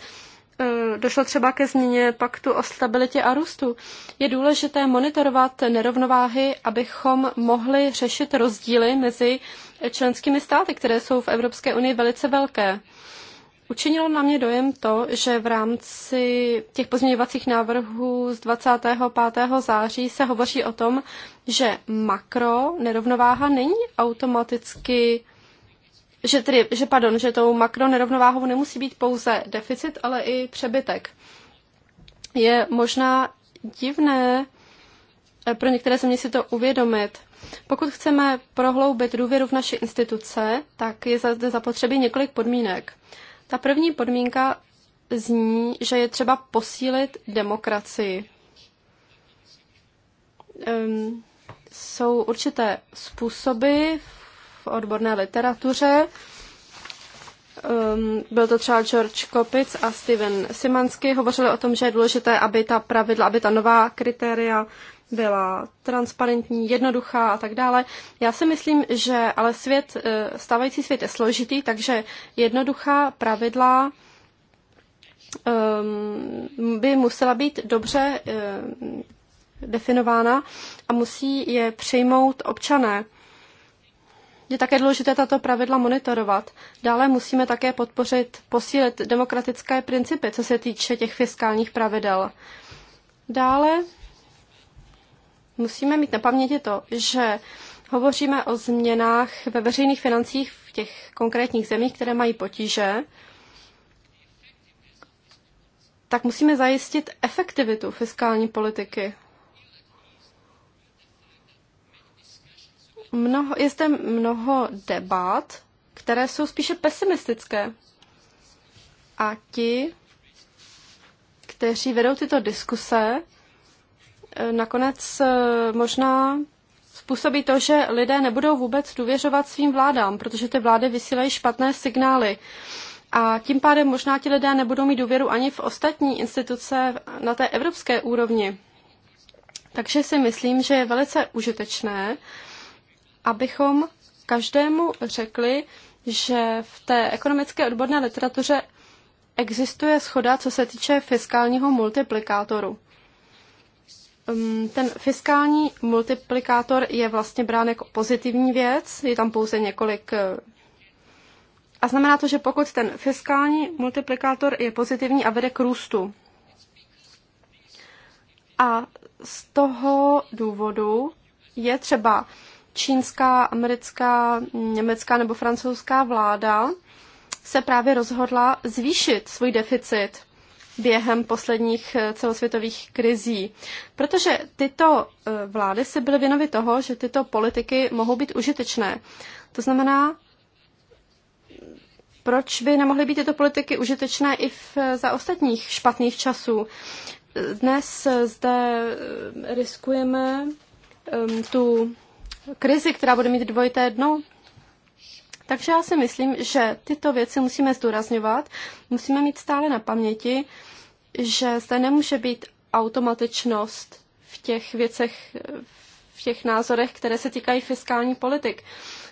Eh, došlo třeba ke změně paktu o stabilitě a růstu. Je důležité monitorovat nerovnováhy, abychom mohli řešit rozdíly mezi členskými státy, které jsou v Evropské unii velice velké. Učinilo na mě dojem to, že v rámci těch pozměňovacích návrhů z 25. září se hovoří o tom, že makro nerovnováha není automaticky že, tedy, že, pardon, že tou makronerovnováhou nemusí být pouze deficit, ale i přebytek. Je možná divné eh, pro některé země si to uvědomit. Pokud chceme prohloubit důvěru v naše instituce, tak je zde zapotřebí několik podmínek. Ta první podmínka zní, že je třeba posílit demokracii. Um, jsou určité způsoby, odborné literatuře. Um, byl to třeba George Kopic a Steven Simansky. Hovořili o tom, že je důležité, aby ta pravidla, aby ta nová kritéria byla transparentní, jednoduchá a tak dále. Já si myslím, že ale svět, eh, stávající svět je složitý, takže jednoduchá pravidla um, by musela být dobře um, definována a musí je přejmout občané. Je také důležité tato pravidla monitorovat. Dále musíme také podpořit, posílit demokratické principy, co se týče těch fiskálních pravidel. Dále musíme mít na paměti to, že hovoříme o změnách ve veřejných financích v těch konkrétních zemích, které mají potíže, tak musíme zajistit efektivitu fiskální politiky mnoho, je zde mnoho debat, které jsou spíše pesimistické. A ti, kteří vedou tyto diskuse, eh, nakonec eh, možná způsobí to, že lidé nebudou vůbec důvěřovat svým vládám, protože ty vlády vysílají špatné signály. A tím pádem možná ti lidé nebudou mít důvěru ani v ostatní instituce na té evropské úrovni. Takže si myslím, že je velice užitečné, abychom každému řekli, že v té ekonomické odborné literatuře existuje schoda, co se týče fiskálního multiplikátoru. Ehm, ten fiskální multiplikátor je vlastně brán jako pozitivní věc, je tam pouze několik. Eh, a znamená to, že pokud ten fiskální multiplikátor je pozitivní a vede k růstu. A z toho důvodu je třeba čínská, americká, německá nebo francouzská vláda se právě rozhodla zvýšit svůj deficit během posledních eh, celosvětových krizí. Protože tyto eh, vlády se byly věnovy toho, že tyto politiky mohou být užitečné. To znamená, proč by nemohly být tyto politiky užitečné i v, eh, za ostatních špatných časů? Dnes zde riskujeme um, tu krizi, která bude mít dvojité dno. Takže já si myslím, že tyto věci musíme zdůrazňovat, musíme mít stále na paměti, že zde nemůže být automatičnost v těch věcech, v těch názorech, které se týkají fiskální politik.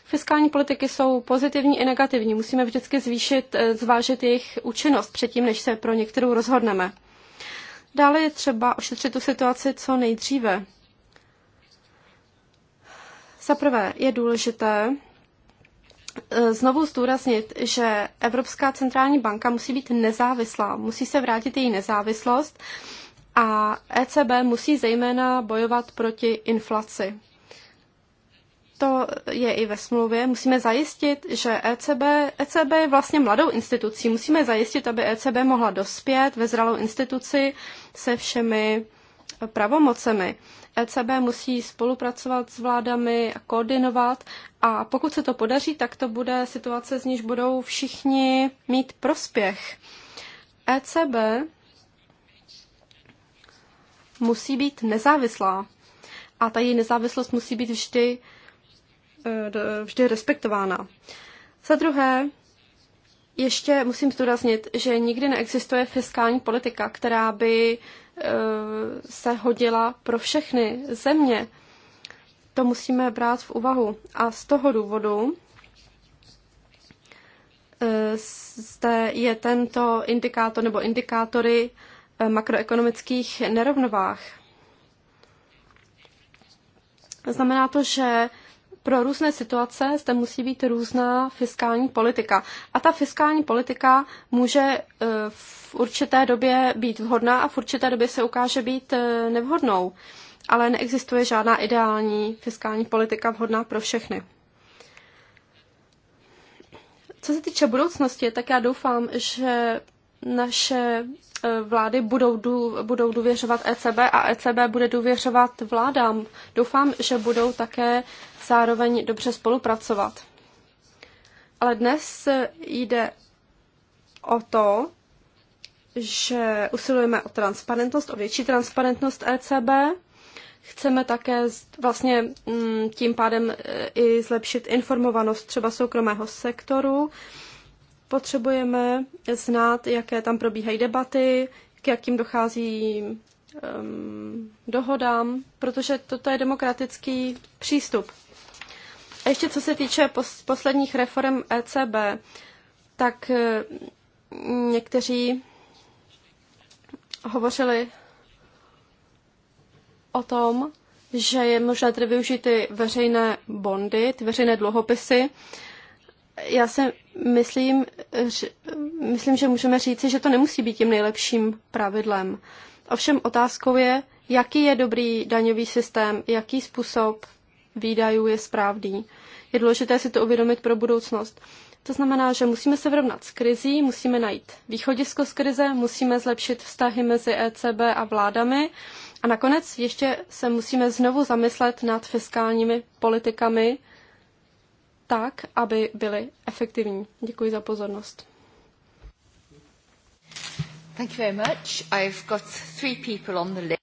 Fiskální politiky jsou pozitivní i negativní. Musíme vždycky zvýšit, eh, zvážit jejich účinnost předtím, než se pro některou rozhodneme. Dále je třeba ošetřit tu situaci co nejdříve. Za prvé je důležité e, znovu zdůraznit, že Evropská centrální banka musí být nezávislá, musí se vrátit její nezávislost a ECB musí zejména bojovat proti inflaci. To je i ve smlouvě. Musíme zajistit, že ECB, ECB je vlastně mladou institucí. Musíme zajistit, aby ECB mohla dospět ve zralou instituci se všemi pravomocemi. ECB musí spolupracovat s vládami a koordinovat a pokud se to podaří, tak to bude situace, z níž budou všichni mít prospěch. ECB musí být nezávislá a ta její nezávislost musí být vždy, e, vždy respektována. Za druhé, ještě musím zdůraznit, že nikdy neexistuje fiskální politika, která by se hodila pro všechny země. To musíme brát v úvahu. A z toho důvodu eh, zde je tento indikátor nebo indikátory eh, makroekonomických nerovnovách. Znamená to, že pro různé situace zde musí být různá fiskální politika. A ta fiskální politika může e, v určité době být vhodná a v určité době se ukáže být e, nevhodnou. Ale neexistuje žádná ideální fiskální politika vhodná pro všechny. Co se týče budoucnosti, tak já doufám, že naše e, vlády budou, dů, budou důvěřovat ECB a ECB bude důvěřovat vládám. Doufám, že budou také zároveň dobře spolupracovat. Ale dnes jde o to, že usilujeme o transparentnost, o větší transparentnost ECB. Chceme také vlastně mm, tím pádem e, i zlepšit informovanost třeba soukromého sektoru. Potřebujeme znát, jaké tam probíhají debaty, k jakým dochází um, dohodám, protože toto je demokratický přístup. A ještě co se týče posledních reform ECB, tak e, někteří hovořili o tom, že je možné tedy využít ty veřejné bondy, ty veřejné dluhopisy. Já si myslím, že, myslím, že můžeme říci, že to nemusí být tím nejlepším pravidlem. Ovšem otázkou je, jaký je dobrý daňový systém, jaký způsob výdajů je správný. Je důležité si to uvědomit pro budoucnost. To znamená, že musíme se vyrovnat s krizí, musíme najít východisko z krize, musíme zlepšit vztahy mezi ECB a vládami a nakonec ještě se musíme znovu zamyslet nad fiskálními politikami tak, aby byly efektivní. Děkuji za pozornost. Thank you very much. I've got three people on the list.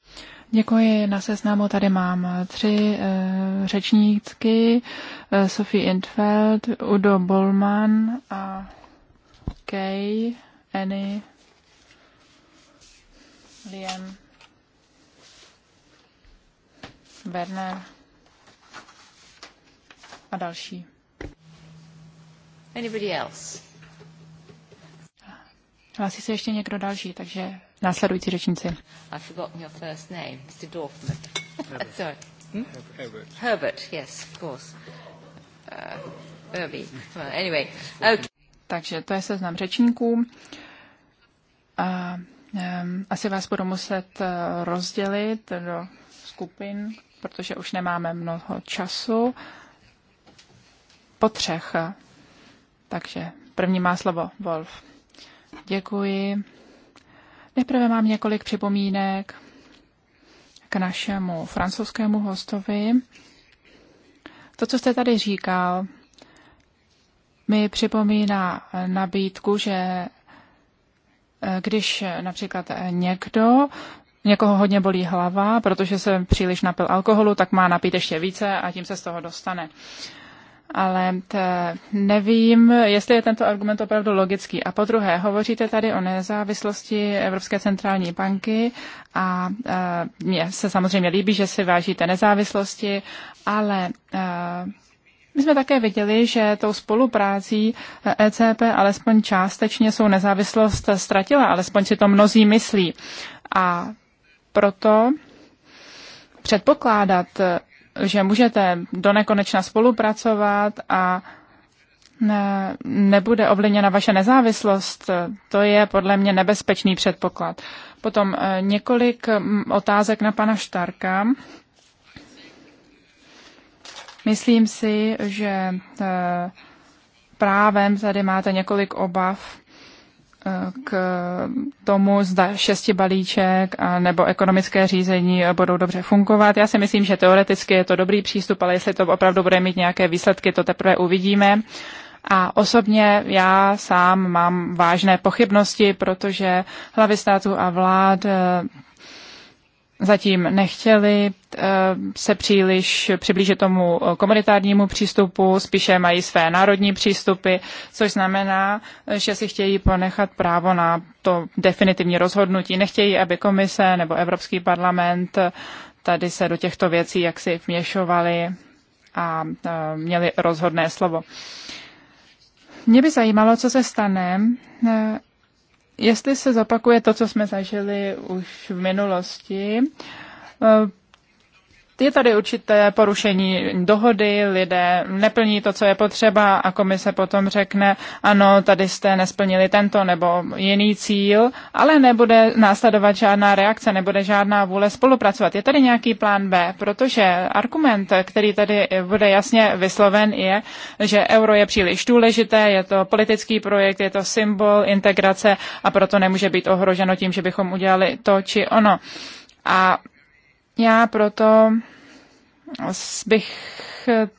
Děkuji. Na seznamu tady mám eh, tři uh, řečníky. Uh, Sophie Intfeld, Udo Bolman a Kay, Annie, Liam, Werner a další. Anybody else? Hlásí se ještě někdo další, takže následující řečníci. Hmm? Uh, hmm. Takže to je seznam řečníků. A, um, asi vás budu muset uh, rozdělit do skupin, protože už nemáme mnoho času. Po třech. Takže první má slovo Wolf. Děkuji. Nejprve mám několik připomínek k našemu francouzskému hostovi. To, co jste tady říkal, mi připomíná nabídku, že eh, když například eh, někdo Někoho hodně bolí hlava, protože se příliš napil alkoholu, tak má napít ještě více a tím se z toho dostane ale nevím, jestli je tento argument opravdu logický. A po druhé, hovoříte tady o nezávislosti Evropské centrální banky a e, mně se samozřejmě líbí, že si vážíte nezávislosti, ale e, my jsme také viděli, že tou spoluprácí ECP e alespoň částečně svou nezávislost ztratila, alespoň si to mnozí myslí. A proto předpokládat, že můžete do nekonečna spolupracovat a ne, nebude ovlivněna vaše nezávislost, to je podle mě nebezpečný předpoklad. Potom eh, několik mm, otázek na pana Štarka. Myslím si, že eh, právem tady máte několik obav k tomu, zda šesti balíček a nebo ekonomické řízení budou dobře fungovat. Já si myslím, že teoreticky je to dobrý přístup, ale jestli to opravdu bude mít nějaké výsledky, to teprve uvidíme. A osobně já sám mám vážné pochybnosti, protože hlavy států a vlád zatím nechtěli eh, se příliš přiblížit tomu eh, komunitárnímu přístupu, spíše mají své národní přístupy, což znamená, eh, že si chtějí ponechat právo na to definitivní rozhodnutí. Nechtějí, aby komise nebo Evropský parlament tady se do těchto věcí jaksi vměšovali a měli rozhodné slovo. Mě by zajímalo, co se stane, jestli se zopakuje to, co jsme zažili už v minulosti, je tady určité porušení dohody, lidé neplní to, co je potřeba a komise potom řekne, ano, tady jste nesplnili tento nebo jiný cíl, ale nebude následovat žádná reakce, nebude žádná vůle spolupracovat. Je tady nějaký plán B, protože argument, který tady bude jasně vysloven, je, že euro je příliš důležité, je to politický projekt, je to symbol integrace a proto nemůže být ohroženo tím, že bychom udělali to či ono. A já proto bych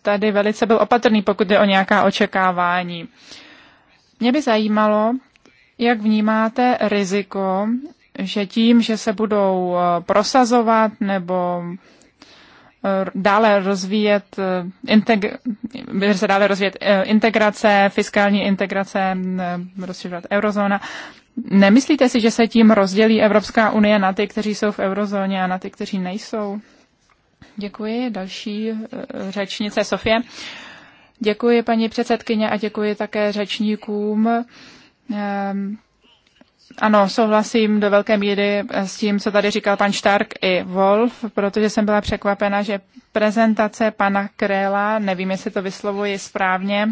tady velice byl opatrný, pokud jde o nějaká očekávání. Mě by zajímalo, jak vnímáte riziko, že tím, že se budou eh, prosazovat nebo eh, dále rozvíjet, eh, integ- se dále rozvíjet integrace, fiskální integrace, rozšiřovat eurozóna, Nemyslíte si, že se tím rozdělí Evropská unie na ty, kteří jsou v eurozóně a na ty, kteří nejsou? Děkuji. Další eh, řečnice Sofie. Děkuji paní předsedkyně a děkuji také řečníkům. Ehm, ano, souhlasím do velké míry eh, s tím, co tady říkal pan Stark i Wolf, protože jsem byla překvapena, že prezentace pana Kréla, nevím, jestli to vyslovuji správně,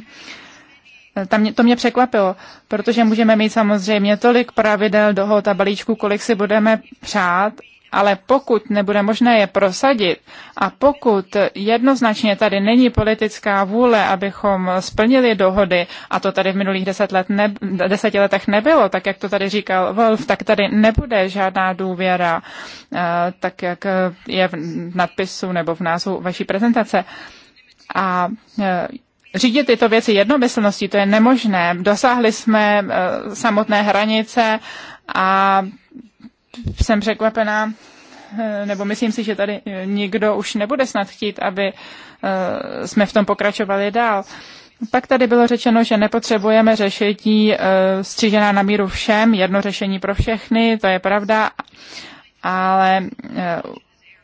Eh, tam to mě překvapilo, protože můžeme mít samozřejmě tolik pravidel, dohod a balíčku kolik si budeme přát, ale pokud nebude možné je prosadit a pokud jednoznačně tady není politická vůle, abychom splnili dohody, a to tady v minulých deset let ne, deseti letech nebylo, tak jak to tady říkal Wolf, tak tady nebude žádná důvěra, eh, tak jak je v nadpisu nebo v názvu vaší prezentace. A eh, řídit tyto věci jednomyslností, to je nemožné. Dosáhli jsme e, samotné hranice a jsem překvapená, e, nebo myslím si, že tady e, nikdo už nebude snad chtít, aby jsme v tom pokračovali dál. Pak tady bylo řečeno, že nepotřebujeme řešení střížená na míru všem, jedno řešení pro všechny, to je pravda, ale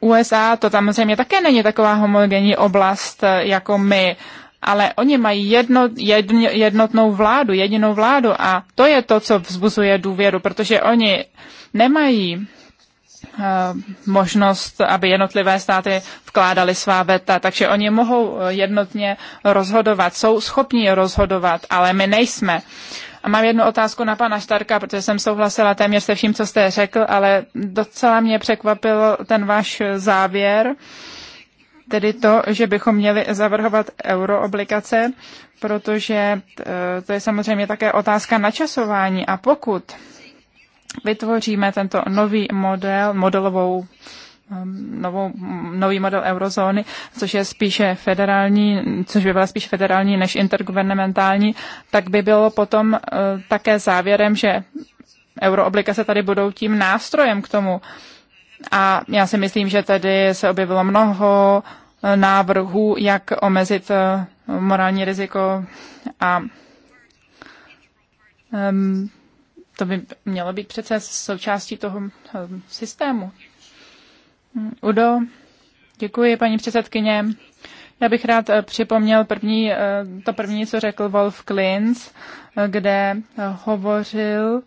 USA to tam zřejmě také není taková homogenní oblast jako my ale oni mají jedno, jedn, jednotnou vládu, jedinou vládu a to je to, co vzbuzuje důvěru, protože oni nemají uh, možnost, aby jednotlivé státy vkládaly svá veta, takže oni mohou eh, jednotně rozhodovat, jsou schopni rozhodovat, ale my nejsme. A mám jednu otázku na pana Štarka, protože jsem souhlasila téměř se vším, co jste řekl, ale docela mě překvapil ten váš závěr. Uh, tedy to, že bychom měli zavrhovat euroobligace, protože e, to je samozřejmě také otázka načasování a pokud vytvoříme tento nový model, modelovou um, novou, nový model eurozóny, což je spíše federální, což by byla spíš federální než intergovernmentální, tak by bylo potom e, také závěrem, že euroobligace tady budou tím nástrojem k tomu. A já si myslím, že tady se objevilo mnoho eh, návrhů, jak omezit eh, morální riziko a um, to by mělo být přece součástí toho ehm, systému. Udo, děkuji paní předsedkyně. Já bych rád eh, připomněl první, to první, co řekl Wolf Klins, kde hovořil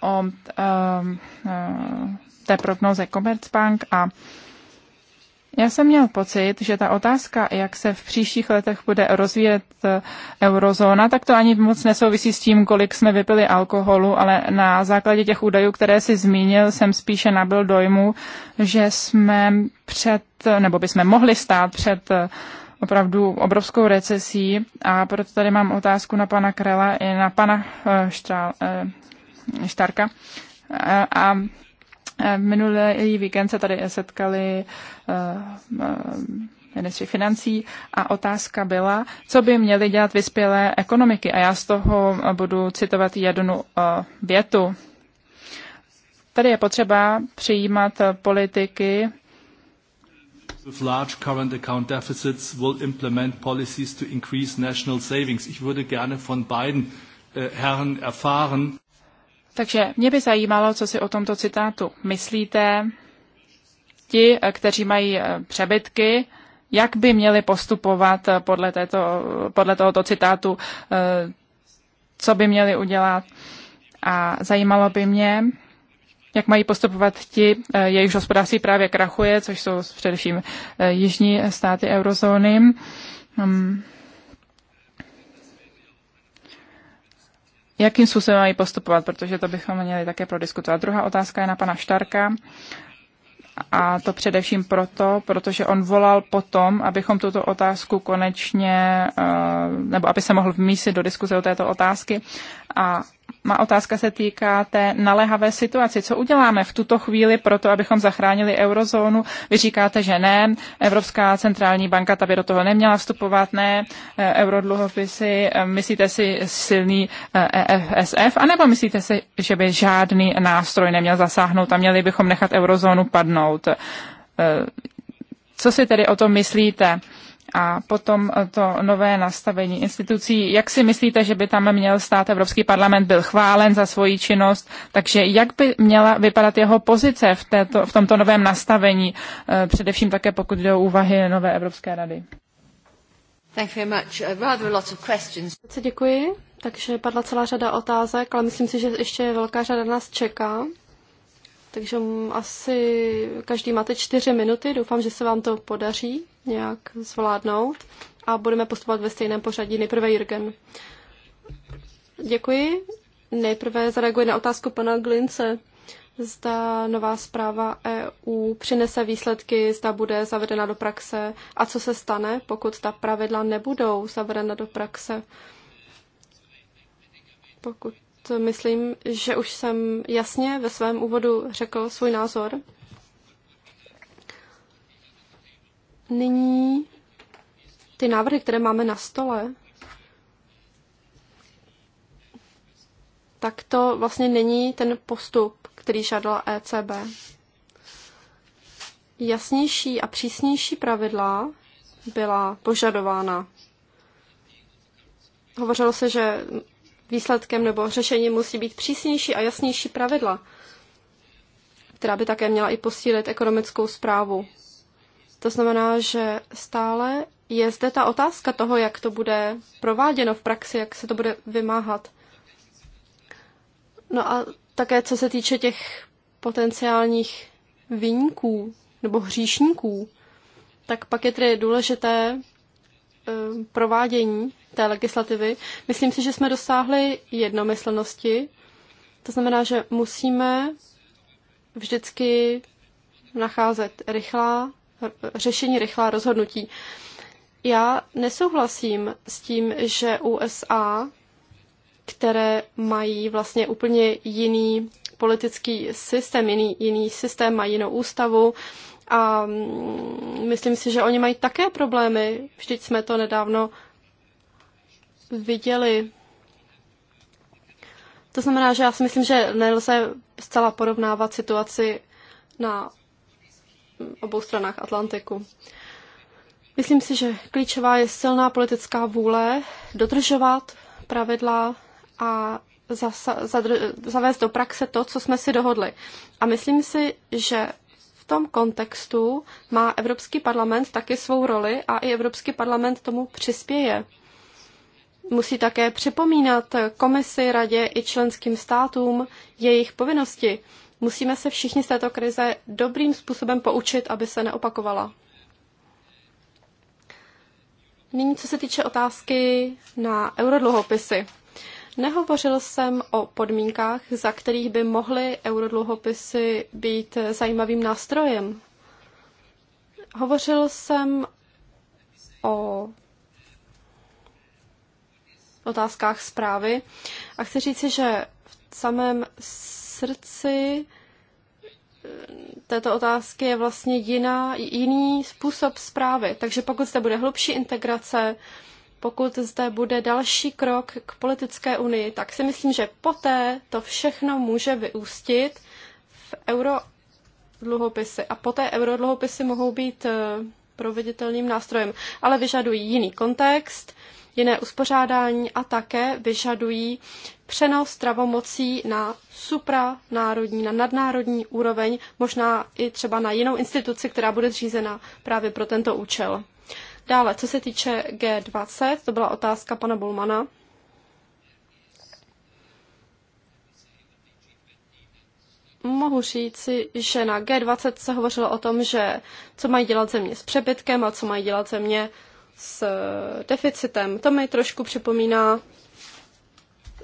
o eh, té prognoze Commerzbank a já jsem měl pocit, že ta otázka, jak se v příštích letech bude rozvíjet eh, eurozóna, tak to ani moc nesouvisí s tím, kolik jsme vypili alkoholu, ale na základě těch údajů, které si zmínil, jsem spíše nabil dojmu, že jsme před, nebo by jsme mohli stát před eh, opravdu obrovskou recesí a proto tady mám otázku na pana Krela i na pana Štrál, Štárka. A minulý víkend se tady setkali eh, eh, ministři financí a otázka byla, co by měly dělat vyspělé ekonomiky. A já z toho budu citovat jednu eh, větu. Tady je potřeba přijímat politiky, large current account deficits will implement policies to increase national savings. Ich würde gerne von beiden äh, Herren erfahren. Takže mě by zajímalo, co si o tomto citátu myslíte. Ti, eh, kteří mají eh, přebytky, jak by měli postupovat eh, podle, této, podle tohoto citátu, co by měli udělat. A zajímalo by mě, jak mají postupovat ti, jejichž hospodářství právě krachuje, což jsou především jižní státy eurozóny. Hmm. jakým způsobem mají postupovat, protože to bychom měli také prodiskutovat. Druhá otázka je na pana Štarka. A to především proto, protože on volal potom, abychom tuto otázku konečně, eh, nebo aby se mohl vmísit do diskuze o této otázky. A má otázka se týká té naléhavé situace. Co uděláme v tuto chvíli pro to, abychom zachránili eurozónu? Vy říkáte, že ne. Evropská centrální banka ta by do toho neměla vstupovat, ne. Eh, eurodluhopisy, eh, myslíte si silný EFSF? Eh, e a nebo myslíte si, že by žádný nástroj neměl zasáhnout a měli bychom nechat eurozónu padnout? Co si tedy o tom myslíte? a potom eh, to nové nastavení institucí. Jak si myslíte, že by tam měl stát Evropský parlament, byl chválen za svoji činnost, takže jak by měla vypadat jeho pozice v, této, v tomto novém nastavení, eh, především také pokud jde o úvahy nové Evropské rady? Thank you very much. Uh, rather a lot of questions. Děkuji. Takže padla celá řada otázek, ale myslím si, že ještě velká řada nás čeká. Takže asi každý máte čtyři minuty, doufám, že se vám to podaří nějak zvládnout a budeme postupovat ve stejném pořadí. Nejprve Jürgen. Děkuji. Nejprve zareaguji na otázku pana Glince. Zda nová zpráva EU přinese výsledky, zda bude zavedena do praxe a co se stane, pokud ta pravidla nebudou zavedena do praxe. Pokud myslím, že už jsem jasně ve svém úvodu řekl svůj názor. Nyní ty návrhy, které máme na stole, tak to vlastně není ten postup, který žádala ECB. Jasnější a přísnější pravidla byla požadována. Hovořilo se, že výsledkem nebo řešením musí být přísnější a jasnější pravidla, která by také měla i posílit ekonomickou zprávu. To znamená, že stále je zde ta otázka toho, jak to bude prováděno v praxi, jak se to bude vymáhat. No a také co se týče těch potenciálních výjimků nebo hříšníků, tak pak je tedy důležité Eh, provádění té legislativy, myslím si, že jsme dosáhli jednomyslnosti. To znamená, že musíme vždycky nacházet rychlá, řešení rychlá rozhodnutí. Já nesouhlasím s tím, že USA, které mají vlastně úplně jiný politický systém, jiný, jiný systém, mají jinou ústavu, a mm, myslím si, že oni mají také problémy. Vždyť jsme to nedávno viděli. To znamená, že já si myslím, že nelze zcela porovnávat situaci na obou stranách Atlantiku. Myslím si, že klíčová je silná politická vůle dodržovat pravidla a zasa, zadr, zavést do praxe to, co jsme si dohodli. A myslím si, že tom kontextu má Evropský parlament taky svou roli a i Evropský parlament tomu přispěje. Musí také připomínat komisi, radě i členským státům jejich povinnosti. Musíme se všichni z této krize dobrým způsobem poučit, aby se neopakovala. Nyní, co se týče otázky na eurodluhopisy. Nehovořil jsem o podmínkách, za kterých by mohly eurodluhopisy být zajímavým nástrojem. Hovořil jsem o otázkách zprávy a chci říci, že v samém srdci eh, této otázky je vlastně jiná, jiný způsob zprávy. Takže pokud zde bude hlubší integrace, pokud zde bude další krok k politické unii, tak si myslím, že poté to všechno může vyústit v eurodluhopisy. A poté eurodluhopisy mohou být eh, proveditelným nástrojem, ale vyžadují jiný kontext, jiné uspořádání a také vyžadují přenos pravomocí na supranárodní, na nadnárodní úroveň, možná i třeba na jinou instituci, která bude zřízena právě pro tento účel. Dále, co se týče G20, to byla otázka pana Bulmana. Mohu říci, že na G20 se hovořilo o tom, že co mají dělat země s přebytkem a co mají dělat země s eh, deficitem. To mi trošku připomíná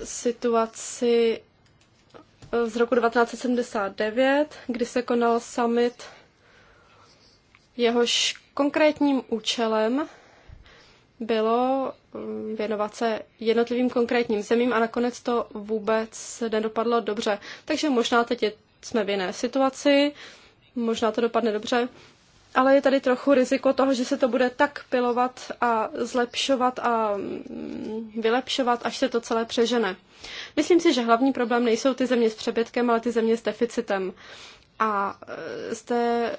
situaci eh, z roku 1979, kdy se konal summit, jehož Konkrétním účelem bylo mm, věnovat se jednotlivým konkrétním zemím a nakonec to vůbec nedopadlo dobře. Takže možná teď jsme v jiné situaci, možná to dopadne dobře, ale je tady trochu riziko toho, že se to bude tak pilovat a zlepšovat a mm, vylepšovat, až se to celé přežene. Myslím si, že hlavní problém nejsou ty země s přebytkem, ale ty země s deficitem. A e, zde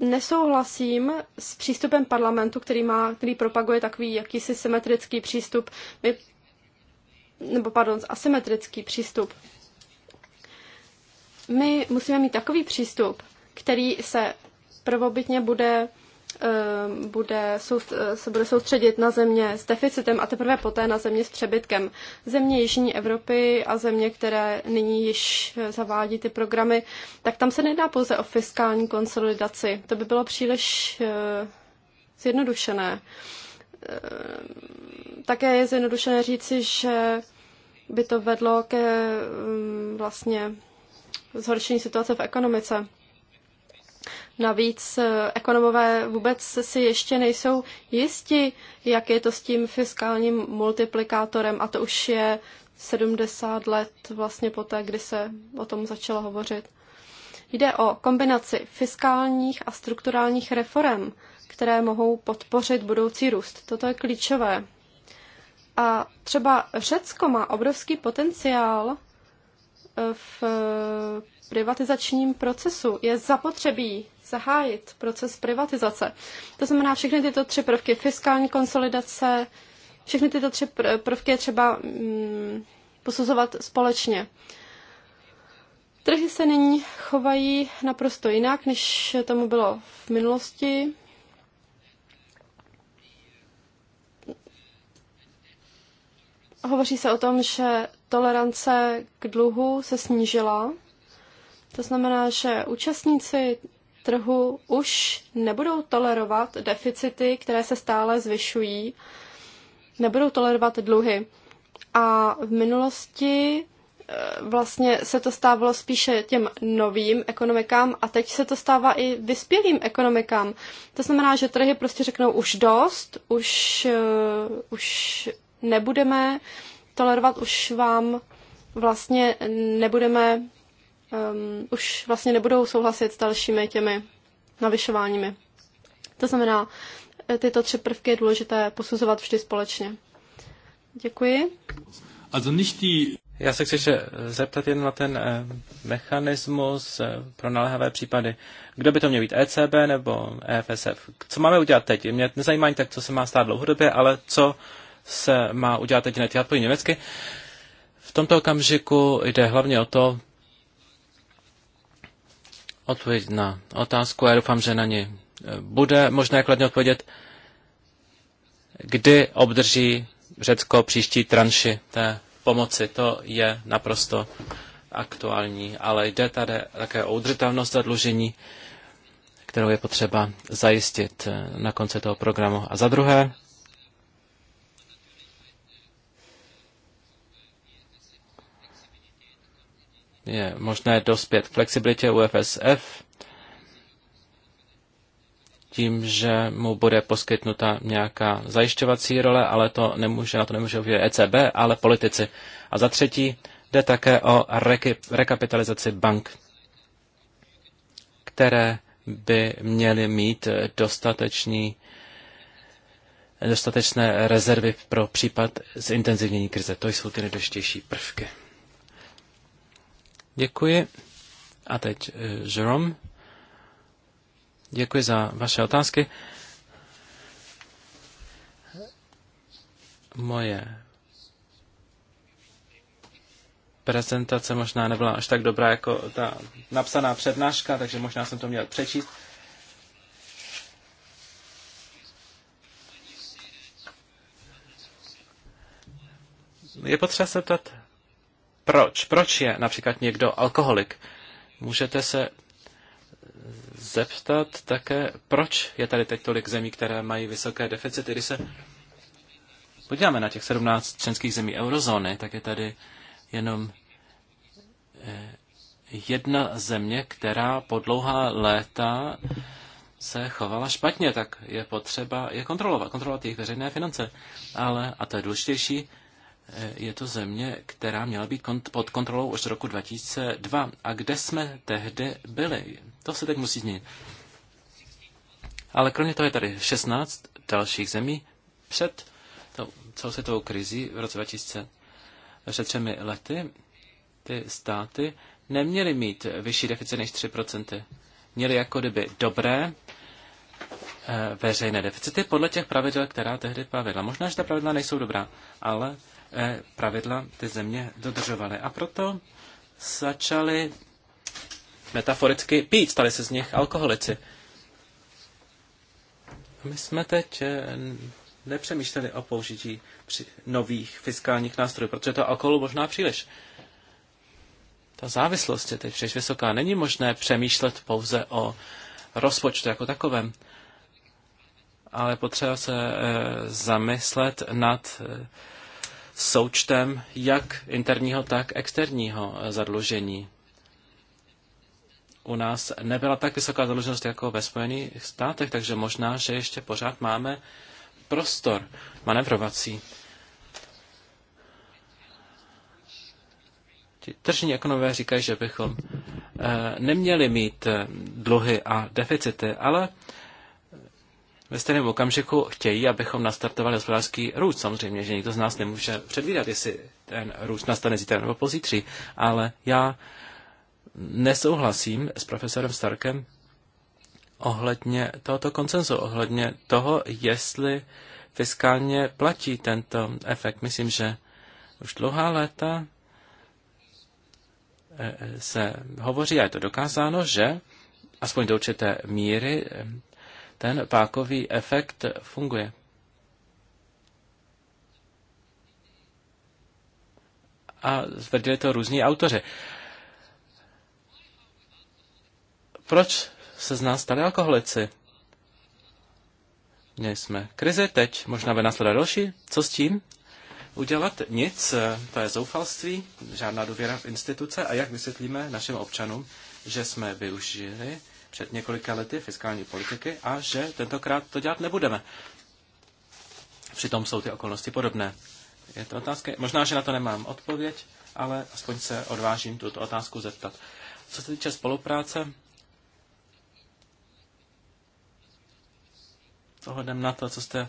nesouhlasím s přístupem parlamentu, který, má, který propaguje takový jakýsi symetrický přístup, my, nebo pardon, asymetrický přístup. My musíme mít takový přístup, který se prvobytně bude Eh, bude, eh, se bude soustředit na země s deficitem a teprve poté na země s přebytkem. Země Jižní Evropy a země, které nyní již eh, zavádí ty programy, tak tam se nedá pouze o fiskální konsolidaci. To by bylo příliš zjednodušené. Také je zjednodušené říci, že by to vedlo ke mm, vlastně zhoršení situace v ekonomice. Navíc eh, ekonomové vůbec si ještě nejsou jisti, jak je to s tím fiskálním multiplikátorem a to už je 70 let vlastně poté, kdy se o tom začalo hovořit. Jde o kombinaci fiskálních a strukturálních reform, které mohou podpořit budoucí růst. Toto je klíčové. A třeba Řecko má obrovský potenciál eh, v eh, privatizačním procesu. Je zapotřebí zahájit proces privatizace. To znamená, všechny tyto tři prvky, fiskální konsolidace, všechny tyto tři prvky je třeba mm, posuzovat společně. Trhy se nyní chovají naprosto jinak, než tomu bylo v minulosti. Hovoří se o tom, že tolerance k dluhu se snížila. To znamená, že účastníci trhu už nebudou tolerovat deficity, které se stále zvyšují, nebudou tolerovat dluhy. A v minulosti eh, vlastně se to stávalo spíše těm novým ekonomikám a teď se to stává i vyspělým ekonomikám. To znamená, že trhy prostě řeknou už dost, už, uh, už nebudeme tolerovat, už vám vlastně nebudeme um, už vlastně nebudou souhlasit s dalšími těmi navyšováními. To znamená, eh, tyto tři prvky je důležité posuzovat vždy společně. Děkuji. Also nicht die... Já se chci ještě zeptat jen na ten eh, mechanismus eh, pro naléhavé případy. Kdo by to měl být? ECB nebo EFSF? Co máme udělat teď? Mě nezajímá tak, co se má stát dlouhodobě, ale co se má udělat teď, hned já německy. V tomto okamžiku jde hlavně o to odpověď na otázku. Já doufám, že na ně eh, bude možné kladně odpovědět, kdy obdrží Řecko příští tranši té pomoci. To je naprosto aktuální, ale jde tady také o udržitelnost zadlužení, kterou je potřeba zajistit eh, na konci toho programu. A za druhé, je možné dospět k flexibilitě UFSF tím, že mu bude poskytnuta nějaká zajišťovací role, ale to nemůže, na to nemůže uvědět ECB, ale politici. A za třetí jde také o rekapitalizaci bank, které by měly mít dostatečný dostatečné rezervy pro případ zintenzivnění krize. To jsou ty nejdůležitější prvky. Děkuji. A teď eh, Jerome. Děkuji za vaše otázky. Moje prezentace možná nebyla až tak dobrá jako ta napsaná přednáška, takže možná jsem to měl přečíst. Je potřeba se ptat proč. Proč je například někdo alkoholik? Můžete se zeptat také, proč je tady teď tolik zemí, které mají vysoké deficity. Když se podíváme na těch 17 členských zemí eurozóny, tak je tady jenom eh, jedna země, která po dlouhá léta se chovala špatně, tak je potřeba je kontrolovat, kontrolovat jejich veřejné finance. Ale, a to je důležitější, Eh, je to země, která měla být kont- pod kontrolou už roku 2002. A kde jsme tehdy byli? To se teď musí změnit. Ale kromě toho je tady 16 dalších zemí před celou světovou krizí v roce 2000, před třemi lety, ty státy neměly mít vyšší deficit než 3%. Měly jako kdyby dobré eh, veřejné deficity podle těch pravidel, která tehdy pravidla. Možná, že ta pravidla nejsou dobrá, ale Eh, pravidla ty země dodržovaly. A proto začaly metaforicky pít, stali se z nich alkoholici. My jsme teď eh, nepřemýšleli o použití nových fiskálních nástrojů, protože to alkoholu možná příliš. Ta závislost je teď příliš vysoká. Není možné přemýšlet pouze o rozpočtu jako takovém, ale potřeba se eh, zamyslet nad součtem jak interního, tak externího eh, zadlužení. U nás nebyla tak vysoká zadluženost jako ve Spojených státech, takže možná, že ještě pořád máme prostor manevrovací. Ti tržní ekonomové říkají, že bychom eh, neměli mít eh, dluhy a deficity, ale ve stejném okamžiku chtějí, abychom nastartovali hospodářský růst. Samozřejmě, že nikdo z nás nemůže předvídat, jestli ten růst nastane zítra nebo pozítří, ale já nesouhlasím s profesorem Starkem ohledně tohoto koncenzu, ohledně toho, jestli fiskálně platí tento efekt. Myslím, že už dlouhá léta eh, se hovoří, a je to dokázáno, že aspoň do určité míry eh, ten pákový efekt funguje. A zvrdili to různí autoři. Proč se z nás stali alkoholici? Měli jsme krizi, teď možná by následovat další. Co s tím? Udělat nic, to je zoufalství, žádná důvěra v instituce. A jak vysvětlíme našim občanům, že jsme využili před několika lety fiskální politiky a že tentokrát to dělat nebudeme. Přitom jsou ty okolnosti podobné. Je to otázka? Možná, že na to nemám odpověď, ale aspoň se odvážím tuto otázku zeptat. Co se týče spolupráce, ohledem na to, co jste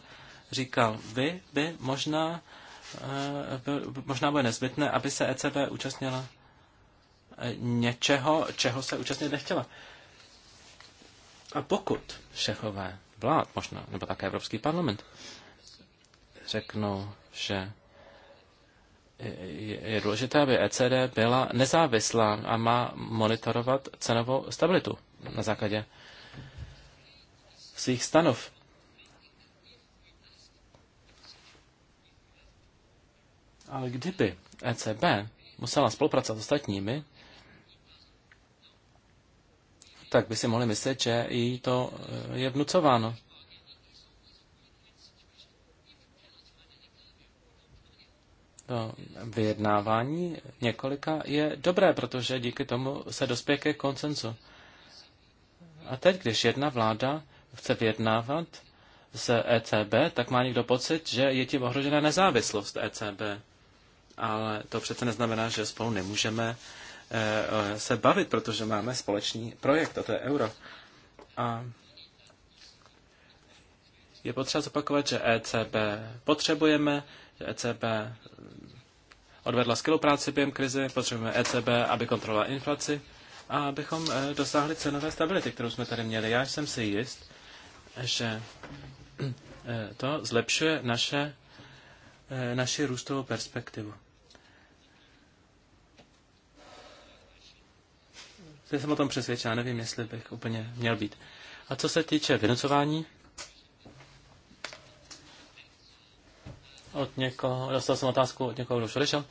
říkal vy, by možná, eh, možná bude nezbytné, aby se ECB účastnila eh, něčeho, čeho se účastnit nechtěla. A pokud šechové vlád, možná, nebo také Evropský parlament, řeknou, že je důležité, aby ECD byla nezávislá a má monitorovat cenovou stabilitu na základě svých stanov. Ale kdyby ECB musela spolupracovat s ostatními tak by si mohli myslet, že jí to eh, je vnucováno. To vyjednávání několika je dobré, protože díky tomu se dospěje ke koncenzu. A teď, když jedna vláda chce vyjednávat s ECB, tak má někdo pocit, že je tím ohrožena nezávislost ECB. Ale to přece neznamená, že spolu nemůžeme Eh, se bavit, protože máme společný projekt, a to je euro. A je potřeba zopakovat, že ECB potřebujeme, že ECB odvedla skvělou práci během krize, potřebujeme ECB, aby kontrolovala inflaci a abychom eh, dosáhli cenové stability, kterou jsme tady měli. Já jsem si jist, že eh, to zlepšuje naše, naši růstovou perspektivu. jsem o tom přesvědčen, nevím, jestli bych úplně měl být. A co se týče vynucování, od někoho, dostal jsem otázku od někoho, kdo už odešel,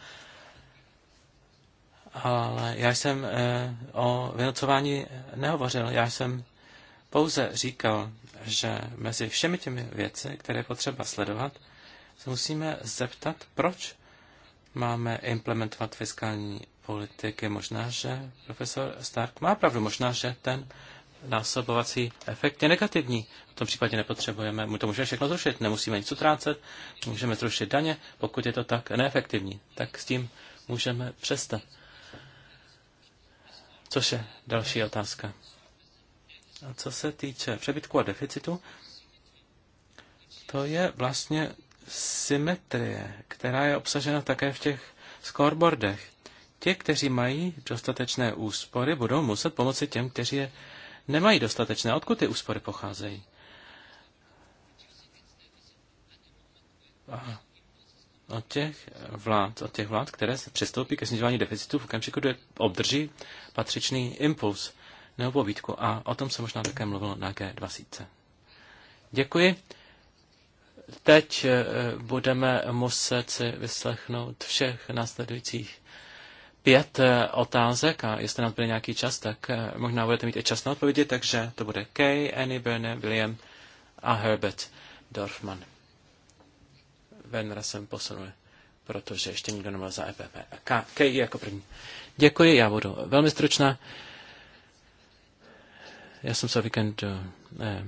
ale já jsem e, o vynucování nehovořil, já jsem pouze říkal, že mezi všemi těmi věci, které je potřeba sledovat, se musíme zeptat, proč máme implementovat fiskální politiky. Možná, že profesor Stark má pravdu, možná, že ten násobovací efekt je negativní. V tom případě nepotřebujeme, my to můžeme všechno zrušit, nemusíme nic utrácet, můžeme zrušit daně, pokud je to tak neefektivní, tak s tím můžeme přestat. Což je další otázka. A co se týče přebytku a deficitu, to je vlastně symetrie, která je obsažena také v těch scoreboardech. Ti, kteří mají dostatečné úspory, budou muset pomoci těm, kteří je nemají dostatečné. Odkud ty úspory pocházejí? Aha. Od těch vlád, od těch vlád, které se přistoupí ke snižování deficitu v okamžiku, kde obdrží patřičný impuls nebo pobídku. A o tom se možná také mluvilo na G20. Děkuji. Teď eh, budeme muset si vyslechnout všech následujících pět eh, otázek a jestli nám bude nějaký čas, tak eh, možná budete mít i čas na odpovědi, takže to bude Kay, Annie, Berne, William a Herbert Dorfman. Venra jsem posunul, protože ještě nikdo nemá za EPP. A Kay jako první. Děkuji, já budu velmi stručná. Já jsem se o víkendu eh,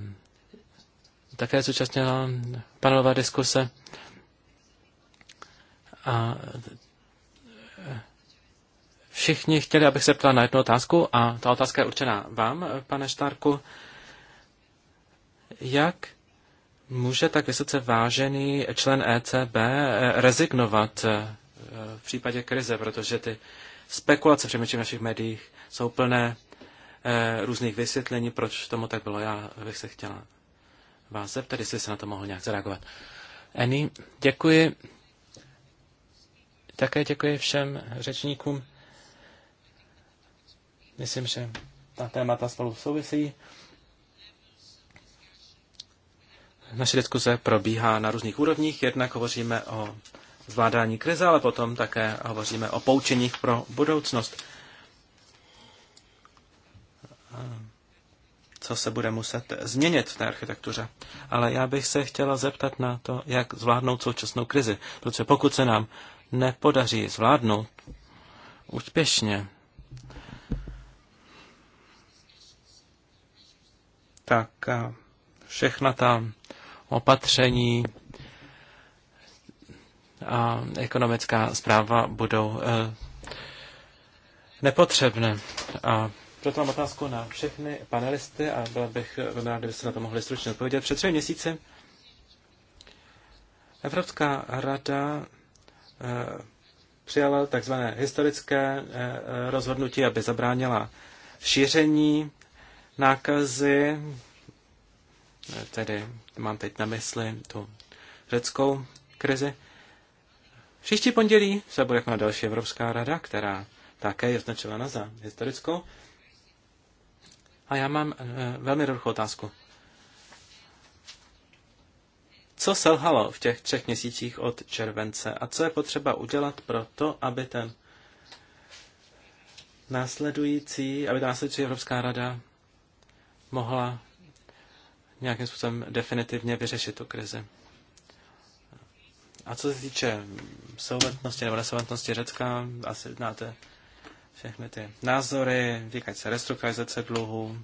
také zúčastnila panelová diskuse a všichni chtěli, abych se ptala na jednu otázku a ta otázka je určená vám, pane Štárku. Jak může tak vysoce vážený člen ECB eh, rezignovat eh, v případě krize, protože ty spekulace přemýšlím v našich médiích jsou plné eh, různých vysvětlení, proč tomu tak bylo. Já bych se chtěla vás zeptat, jestli se na to mohl nějak zareagovat. Eni, děkuji. Také děkuji všem řečníkům. Myslím, že ta témata spolu souvisí. Naše diskuze probíhá na různých úrovních. Jednak hovoříme o zvládání krize, ale potom také hovoříme o poučeních pro budoucnost. Co se bude muset změnit v té architektuře. Ale já bych se chtěla zeptat na to, jak zvládnout současnou krizi. Protože pokud se nám nepodaří zvládnout úspěšně tak eh, všechna ta opatření a ekonomická zpráva budou eh, nepotřebné. A proto mám otázku na všechny panelisty a byla bych ráda, kdybyste na to mohli stručně odpovědět. Před třemi měsíci Evropská rada eh, přijala takzvané historické rozhodnutí, aby zabránila šíření nákazy, tedy mám teď na mysli tu řeckou krizi. Příští pondělí se bude konat další Evropská rada, která také je označována za historickou. A já mám e, velmi jednoduchou otázku. Co selhalo v těch třech měsících od července a co je potřeba udělat pro to, aby ten následující, aby ta následující Evropská rada mohla nějakým způsobem definitivně vyřešit tu krizi. A co se týče solventnosti nebo nesolventnosti Řecka, asi znáte všechny ty názory, týkají se restrukturalizace dluhu,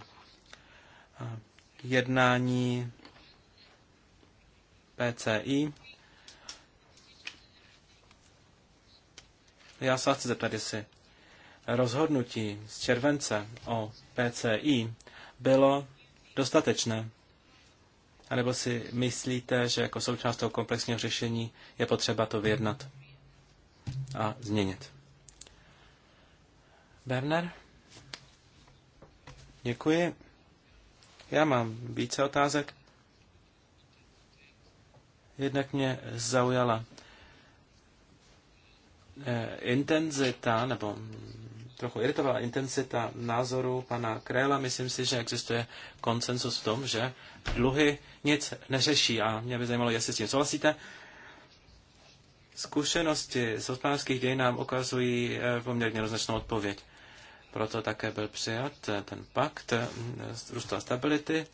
jednání PCI. Já se vás chci zeptat, jestli rozhodnutí z července o PCI bylo dostatečné? A nebo si myslíte, že jako součást toho komplexního řešení je potřeba to vyjednat a změnit? Berner? Děkuji. Já mám více otázek. Jednak mě zaujala eh, intenzita nebo trochu iritovala intenzita názoru pana Kréla. Myslím si, že existuje konsensus v tom, že dluhy nic neřeší a mě by zajímalo, jestli s tím souhlasíte. Zkušenosti z hospodářských dějin nám ukazují eh, poměrně roznačnou odpověď. Proto také byl přijat eh, ten pakt eh, růstu a stability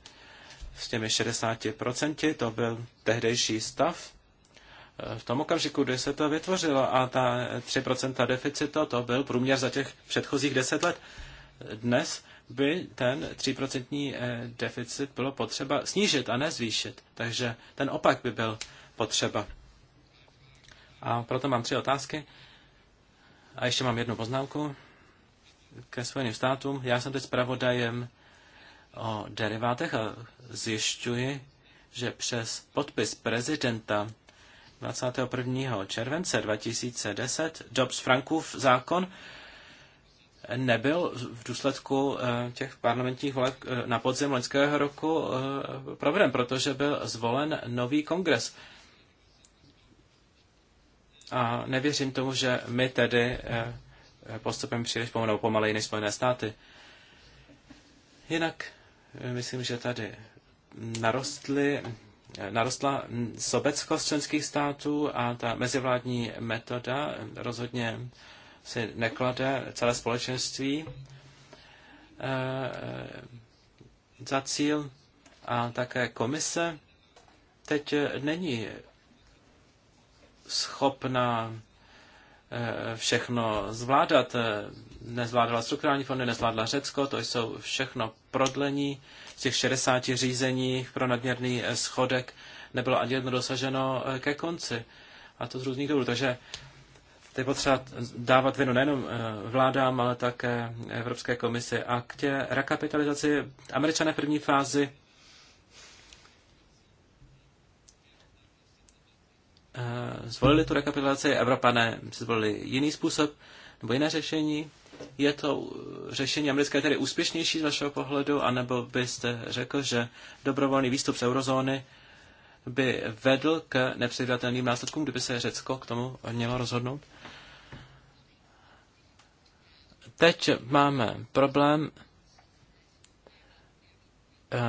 s těmi 60%. To byl tehdejší stav v tom okamžiku, kdy se to vytvořilo a ta 3% deficita, to byl průměr za těch předchozích 10 let. Dnes by ten 3% eh, deficit bylo potřeba snížit a ne zvýšit. Takže ten opak by byl potřeba. A proto mám tři otázky. A ještě mám jednu poznámku ke Spojeným státům. Já jsem teď zpravodajem o derivátech a zjišťuji, že přes podpis prezidenta 21. července 2010 Dobbs-Frankův zákon nebyl v důsledku eh, těch parlamentních voleb eh, na podzim loňského roku eh, proveden, protože byl zvolen nový kongres. A nevěřím tomu, že my tedy postupem příliš pomalu, pomalej pomaleji než Spojené státy. Jinak myslím, že tady narostly narostla sobeckost členských států a ta mezivládní metoda rozhodně si neklade celé společenství eh, eh, za cíl a také komise teď není schopna eh, všechno zvládat. Nezvládala strukturální fondy, nezvládla Řecko, to jsou všechno prodlení z těch 60 řízení pro nadměrný eh, schodek nebylo ani jedno dosaženo eh, ke konci. A to z různých důvodů. Takže to je potřeba dávat vinu nejenom eh, vládám, ale také Evropské komisi. A k té rekapitalizaci američané v první fázi zvolili tu rekapitulaci, Evropané zvolili jiný způsob nebo jiné řešení. Je to uh, řešení americké tedy úspěšnější z vašeho pohledu, anebo byste řekl, že dobrovolný výstup z eurozóny by vedl k nepředvídatelným následkům, kdyby se Řecko k tomu mělo rozhodnout? Teď máme problém, eh,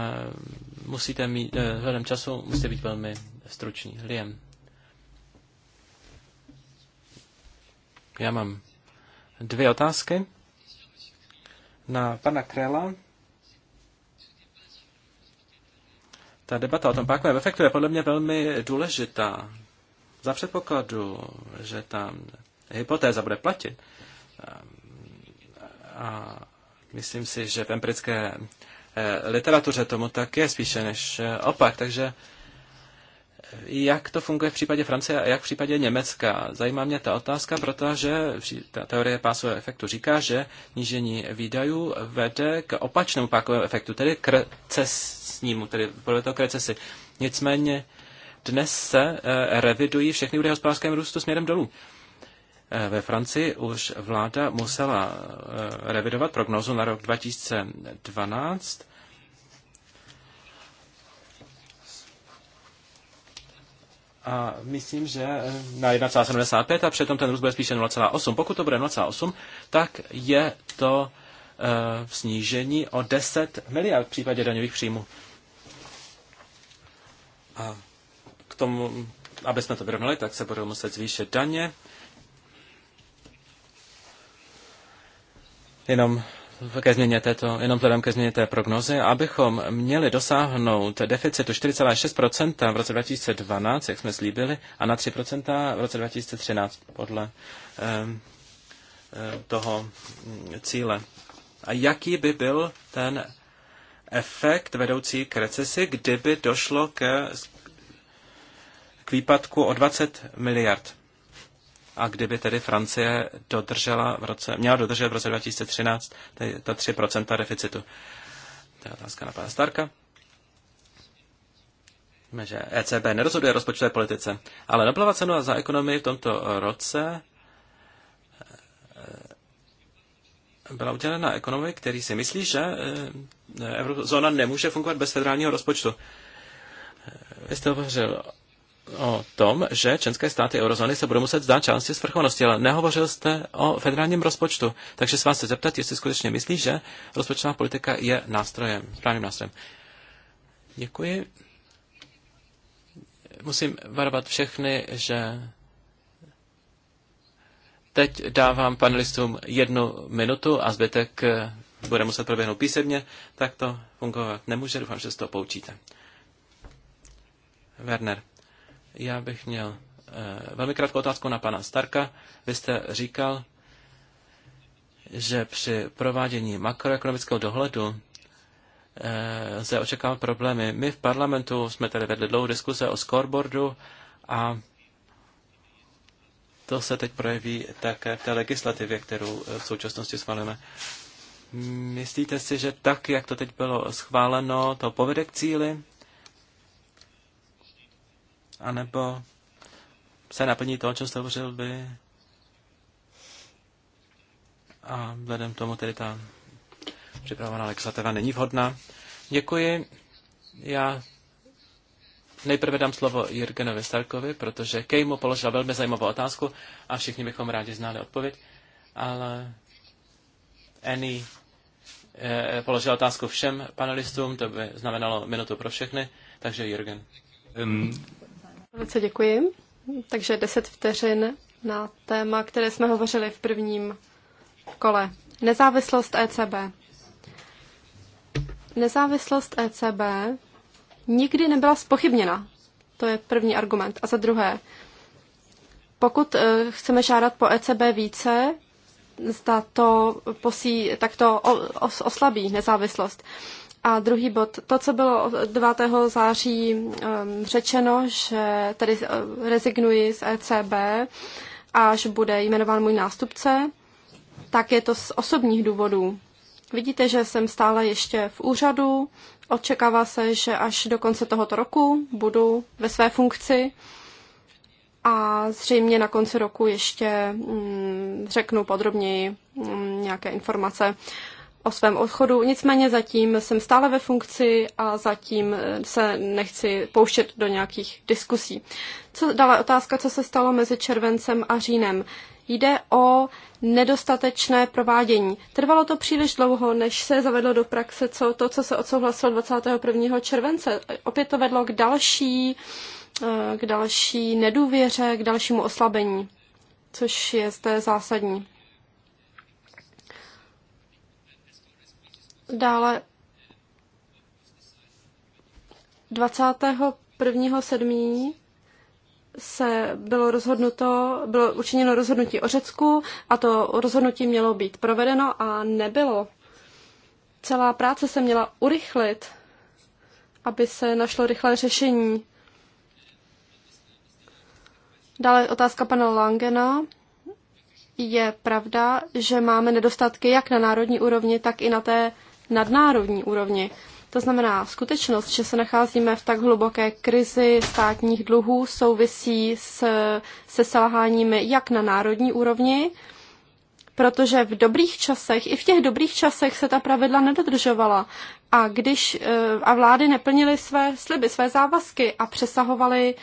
musíte mít, eh, vzhledem času, musíte být velmi stručný. Liam. Já mám dvě otázky na pana Krela. Ta debata o tom pákovém efektu je podle mě velmi důležitá. Za předpokladu, že ta hypotéza bude platit, ehm, a myslím si, že v empirické eh, literatuře tomu tak je spíše než eh, opak, takže jak to funguje v případě Francie a jak v případě Německa. Zajímá mě ta otázka, protože ta teorie pásového efektu říká, že nížení výdajů vede k opačnému pákovému efektu, tedy k recesnímu, tedy podle toho k recesi. Nicméně dnes se eh, revidují všechny údaje hospodářském růstu směrem dolů. Eh, ve Francii už vláda musela eh, revidovat prognozu na rok 2012 A myslím, že na 1,75 a přitom ten růst bude spíše 0,8. Pokud to bude 0,8, tak je to v eh, snížení o 10 miliard v případě daňových příjmů. A k tomu, aby jsme to vyrovnali, tak se budou muset zvýšit daně. Jenom ke změně této, jenom vzhledem ke změně té prognozy, abychom měli dosáhnout deficitu 4,6% v roce 2012, jak jsme slíbili, a na 3% v roce 2013 podle eh, toho mm, cíle. A jaký by byl ten efekt vedoucí k recesi, kdyby došlo ke, k výpadku o 20 miliard? a kdyby tedy Francie dodržela v roce, měla dodržet v roce 2013 ta 3% deficitu. To je otázka na pana Starka. Víme, že ECB nerozhoduje rozpočtové politice, ale Nobelova cena za ekonomii v tomto roce eh, eh, byla udělena ekonomii, který si myslí, že eh, eurozóna nemůže fungovat bez federálního rozpočtu. Vy jste hovořil o tom, že členské státy eurozóny se budou muset zdát části svrchovanosti, ale nehovořil jste o federálním rozpočtu. Takže se vás chci zeptat, jestli skutečně myslí, že rozpočtová politika je nástrojem, správným nástrojem. Děkuji. Musím varovat všechny, že teď dávám panelistům jednu minutu a zbytek eh, bude muset proběhnout písemně, tak to fungovat nemůže. Doufám, že se z toho poučíte. Werner. Já bych měl eh, velmi krátkou otázku na pana Starka. Vy jste říkal, že při provádění makroekonomického dohledu eh, se očekávat problémy. My v parlamentu jsme tady vedli dlouhou diskuse o scoreboardu a to se teď projeví také v té legislativě, kterou eh, v současnosti schválíme. Myslíte si, že tak, jak to teď bylo schváleno, to povede k cíli? anebo se naplní to, o čem jste hovořil vy. A vzhledem k tomu tedy ta připravená legislativa není vhodná. Děkuji. Já nejprve dám slovo Jirgenovi Starkovi, protože Kej mu položil velmi zajímavou otázku a všichni bychom rádi znali odpověď, ale Annie eh, položil otázku všem panelistům, to by znamenalo minutu pro všechny, takže Jirgen. Velice děkuji. Takže 10 vteřin na téma, které jsme hovořili v prvním kole. Nezávislost ECB. Nezávislost ECB nikdy nebyla spochybněna. To je první argument. A za druhé, pokud eh, chceme žádat po ECB více, zda to posí, tak to oslabí nezávislost. A druhý bod, to, co bylo 9. září um, řečeno, že tedy eh, rezignuji z ECB, až bude jmenován můj nástupce, tak je to z osobních důvodů. Vidíte, že jsem stále ještě v úřadu. Očekává se, že až do konce tohoto roku budu ve své funkci a zřejmě na konci roku ještě mm, řeknu podrobněji mm, nějaké informace o svém odchodu. Nicméně zatím jsem stále ve funkci a zatím eh, se nechci pouštět do nějakých diskusí. Co, dále otázka, co se stalo mezi červencem a říjnem. Jde o nedostatečné provádění. Trvalo to příliš dlouho, než se zavedlo do praxe co, to, co se odsouhlasilo 21. července. Opět to vedlo k další, eh, k další nedůvěře, k dalšímu oslabení, což je zde zásadní. Dále 21.7. se bylo rozhodnuto, bylo učiněno rozhodnutí o Řecku a to rozhodnutí mělo být provedeno a nebylo. Celá práce se měla urychlit, aby se našlo rychlé řešení. Dále otázka pana Langena. Je pravda, že máme nedostatky jak na národní úrovni, tak i na té nadnárodní úrovni. To znamená, skutečnost, že se nacházíme v tak hluboké krizi státních dluhů, souvisí s, se selháními jak na národní úrovni, protože v dobrých časech, i v těch dobrých časech se ta pravidla nedodržovala. A když eh, a vlády neplnily své sliby, své závazky a přesahovaly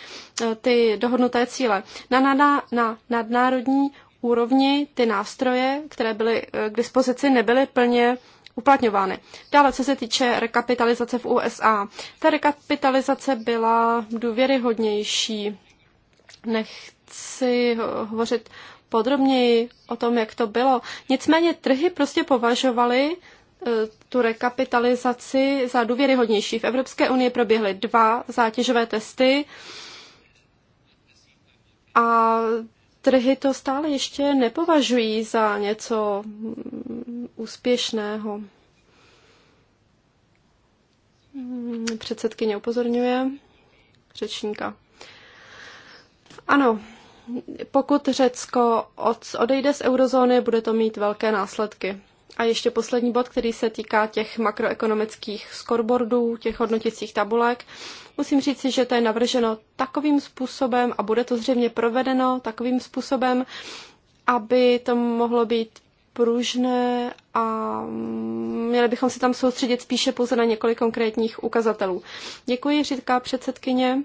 eh, ty dohodnuté cíle. Na, na, na, na nadnárodní úrovni ty nástroje, které byly eh, k dispozici, nebyly plně uplatňovány. Dále, co se týče rekapitalizace v USA. Ta rekapitalizace byla důvěryhodnější. Nechci hovořit podrobněji o tom, jak to bylo. Nicméně trhy prostě považovaly e, tu rekapitalizaci za důvěryhodnější. V Evropské unii proběhly dva zátěžové testy a trhy to stále ještě nepovažují za něco úspěšného. Předsedkyně upozorňuje řečníka. Ano, pokud Řecko odejde z eurozóny, bude to mít velké následky. A ještě poslední bod, který se týká těch makroekonomických scoreboardů, těch hodnoticích tabulek. Musím říci, že to je navrženo takovým způsobem a bude to zřejmě provedeno takovým způsobem, aby to mohlo být pružné a měli bychom se tam soustředit spíše pouze na několik konkrétních ukazatelů. Děkuji, říká předsedkyně.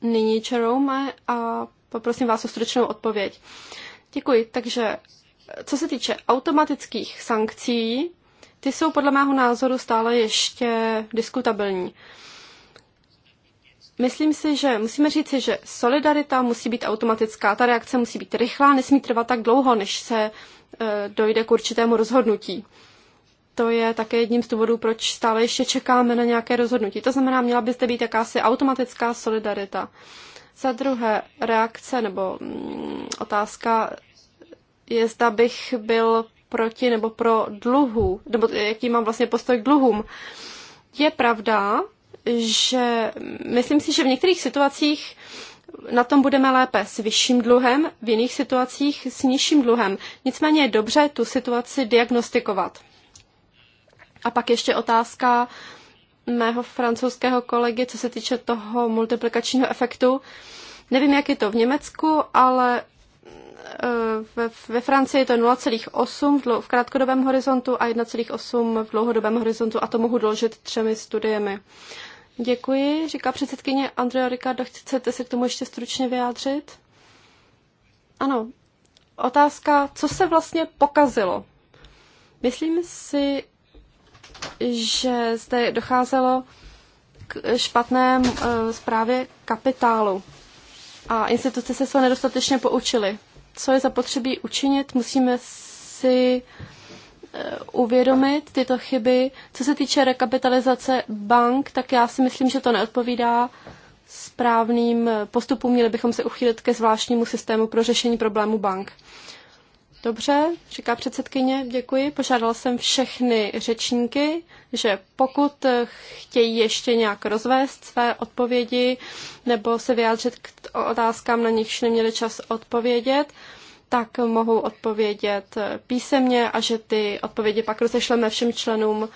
Nyní Jerome a poprosím vás o stručnou odpověď. Děkuji. Takže co se týče automatických sankcí, ty jsou podle mého názoru stále ještě diskutabilní. Myslím si, že musíme říci, že solidarita musí být automatická, ta reakce musí být rychlá, nesmí trvat tak dlouho, než se e, dojde k určitému rozhodnutí. To je také jedním z důvodů, proč stále ještě čekáme na nějaké rozhodnutí. To znamená, měla by zde být jakási automatická solidarita. Za druhé, reakce nebo mm, otázka je, zda bych byl proti nebo pro dluhu, nebo jaký mám vlastně postoj k dluhům. Je pravda, že myslím si, že v některých situacích na tom budeme lépe s vyšším dluhem, v jiných situacích s nižším dluhem. Nicméně je dobře tu situaci diagnostikovat. A pak ještě otázka mého francouzského kolegy, co se týče toho multiplikačního efektu. Nevím, jak je to v Německu, ale Eh, ve, ve Francii je to 0,8 v krátkodobém horizontu a 1,8 v dlouhodobém horizontu a to mohu doložit třemi studiemi. Děkuji, říká předsedkyně Andrea Ricardo, Chcete se k tomu ještě stručně vyjádřit? Ano. Otázka, co se vlastně pokazilo? Myslím si, že zde docházelo k špatné eh, zprávě kapitálu a instituce se své nedostatečně poučily co je zapotřebí učinit, musíme si eh, uvědomit tyto chyby. Co se týče rekapitalizace bank, tak já si myslím, že to neodpovídá správným eh, postupům. Měli bychom se uchýlit ke zvláštnímu systému pro řešení problému bank. Dobře, říká předsedkyně, děkuji. Požádal jsem všechny řečníky, že pokud chtějí ještě nějak rozvést své odpovědi nebo se vyjádřit k otázkám, na nichž neměli čas odpovědět, tak mohou odpovědět písemně a že ty odpovědi pak rozešleme všem členům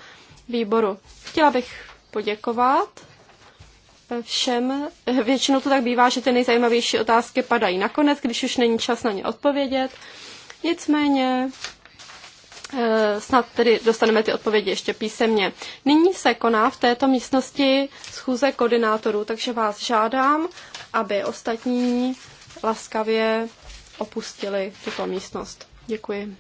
výboru. Chtěla bych poděkovat všem. Většinou to tak bývá, že ty nejzajímavější otázky padají nakonec, když už není čas na ně odpovědět. Nicméně eh, snad tedy dostaneme ty odpovědi ještě písemně. Nyní se koná v této místnosti schůze koordinátorů, takže vás žádám, aby ostatní laskavě opustili tuto místnost. Děkuji.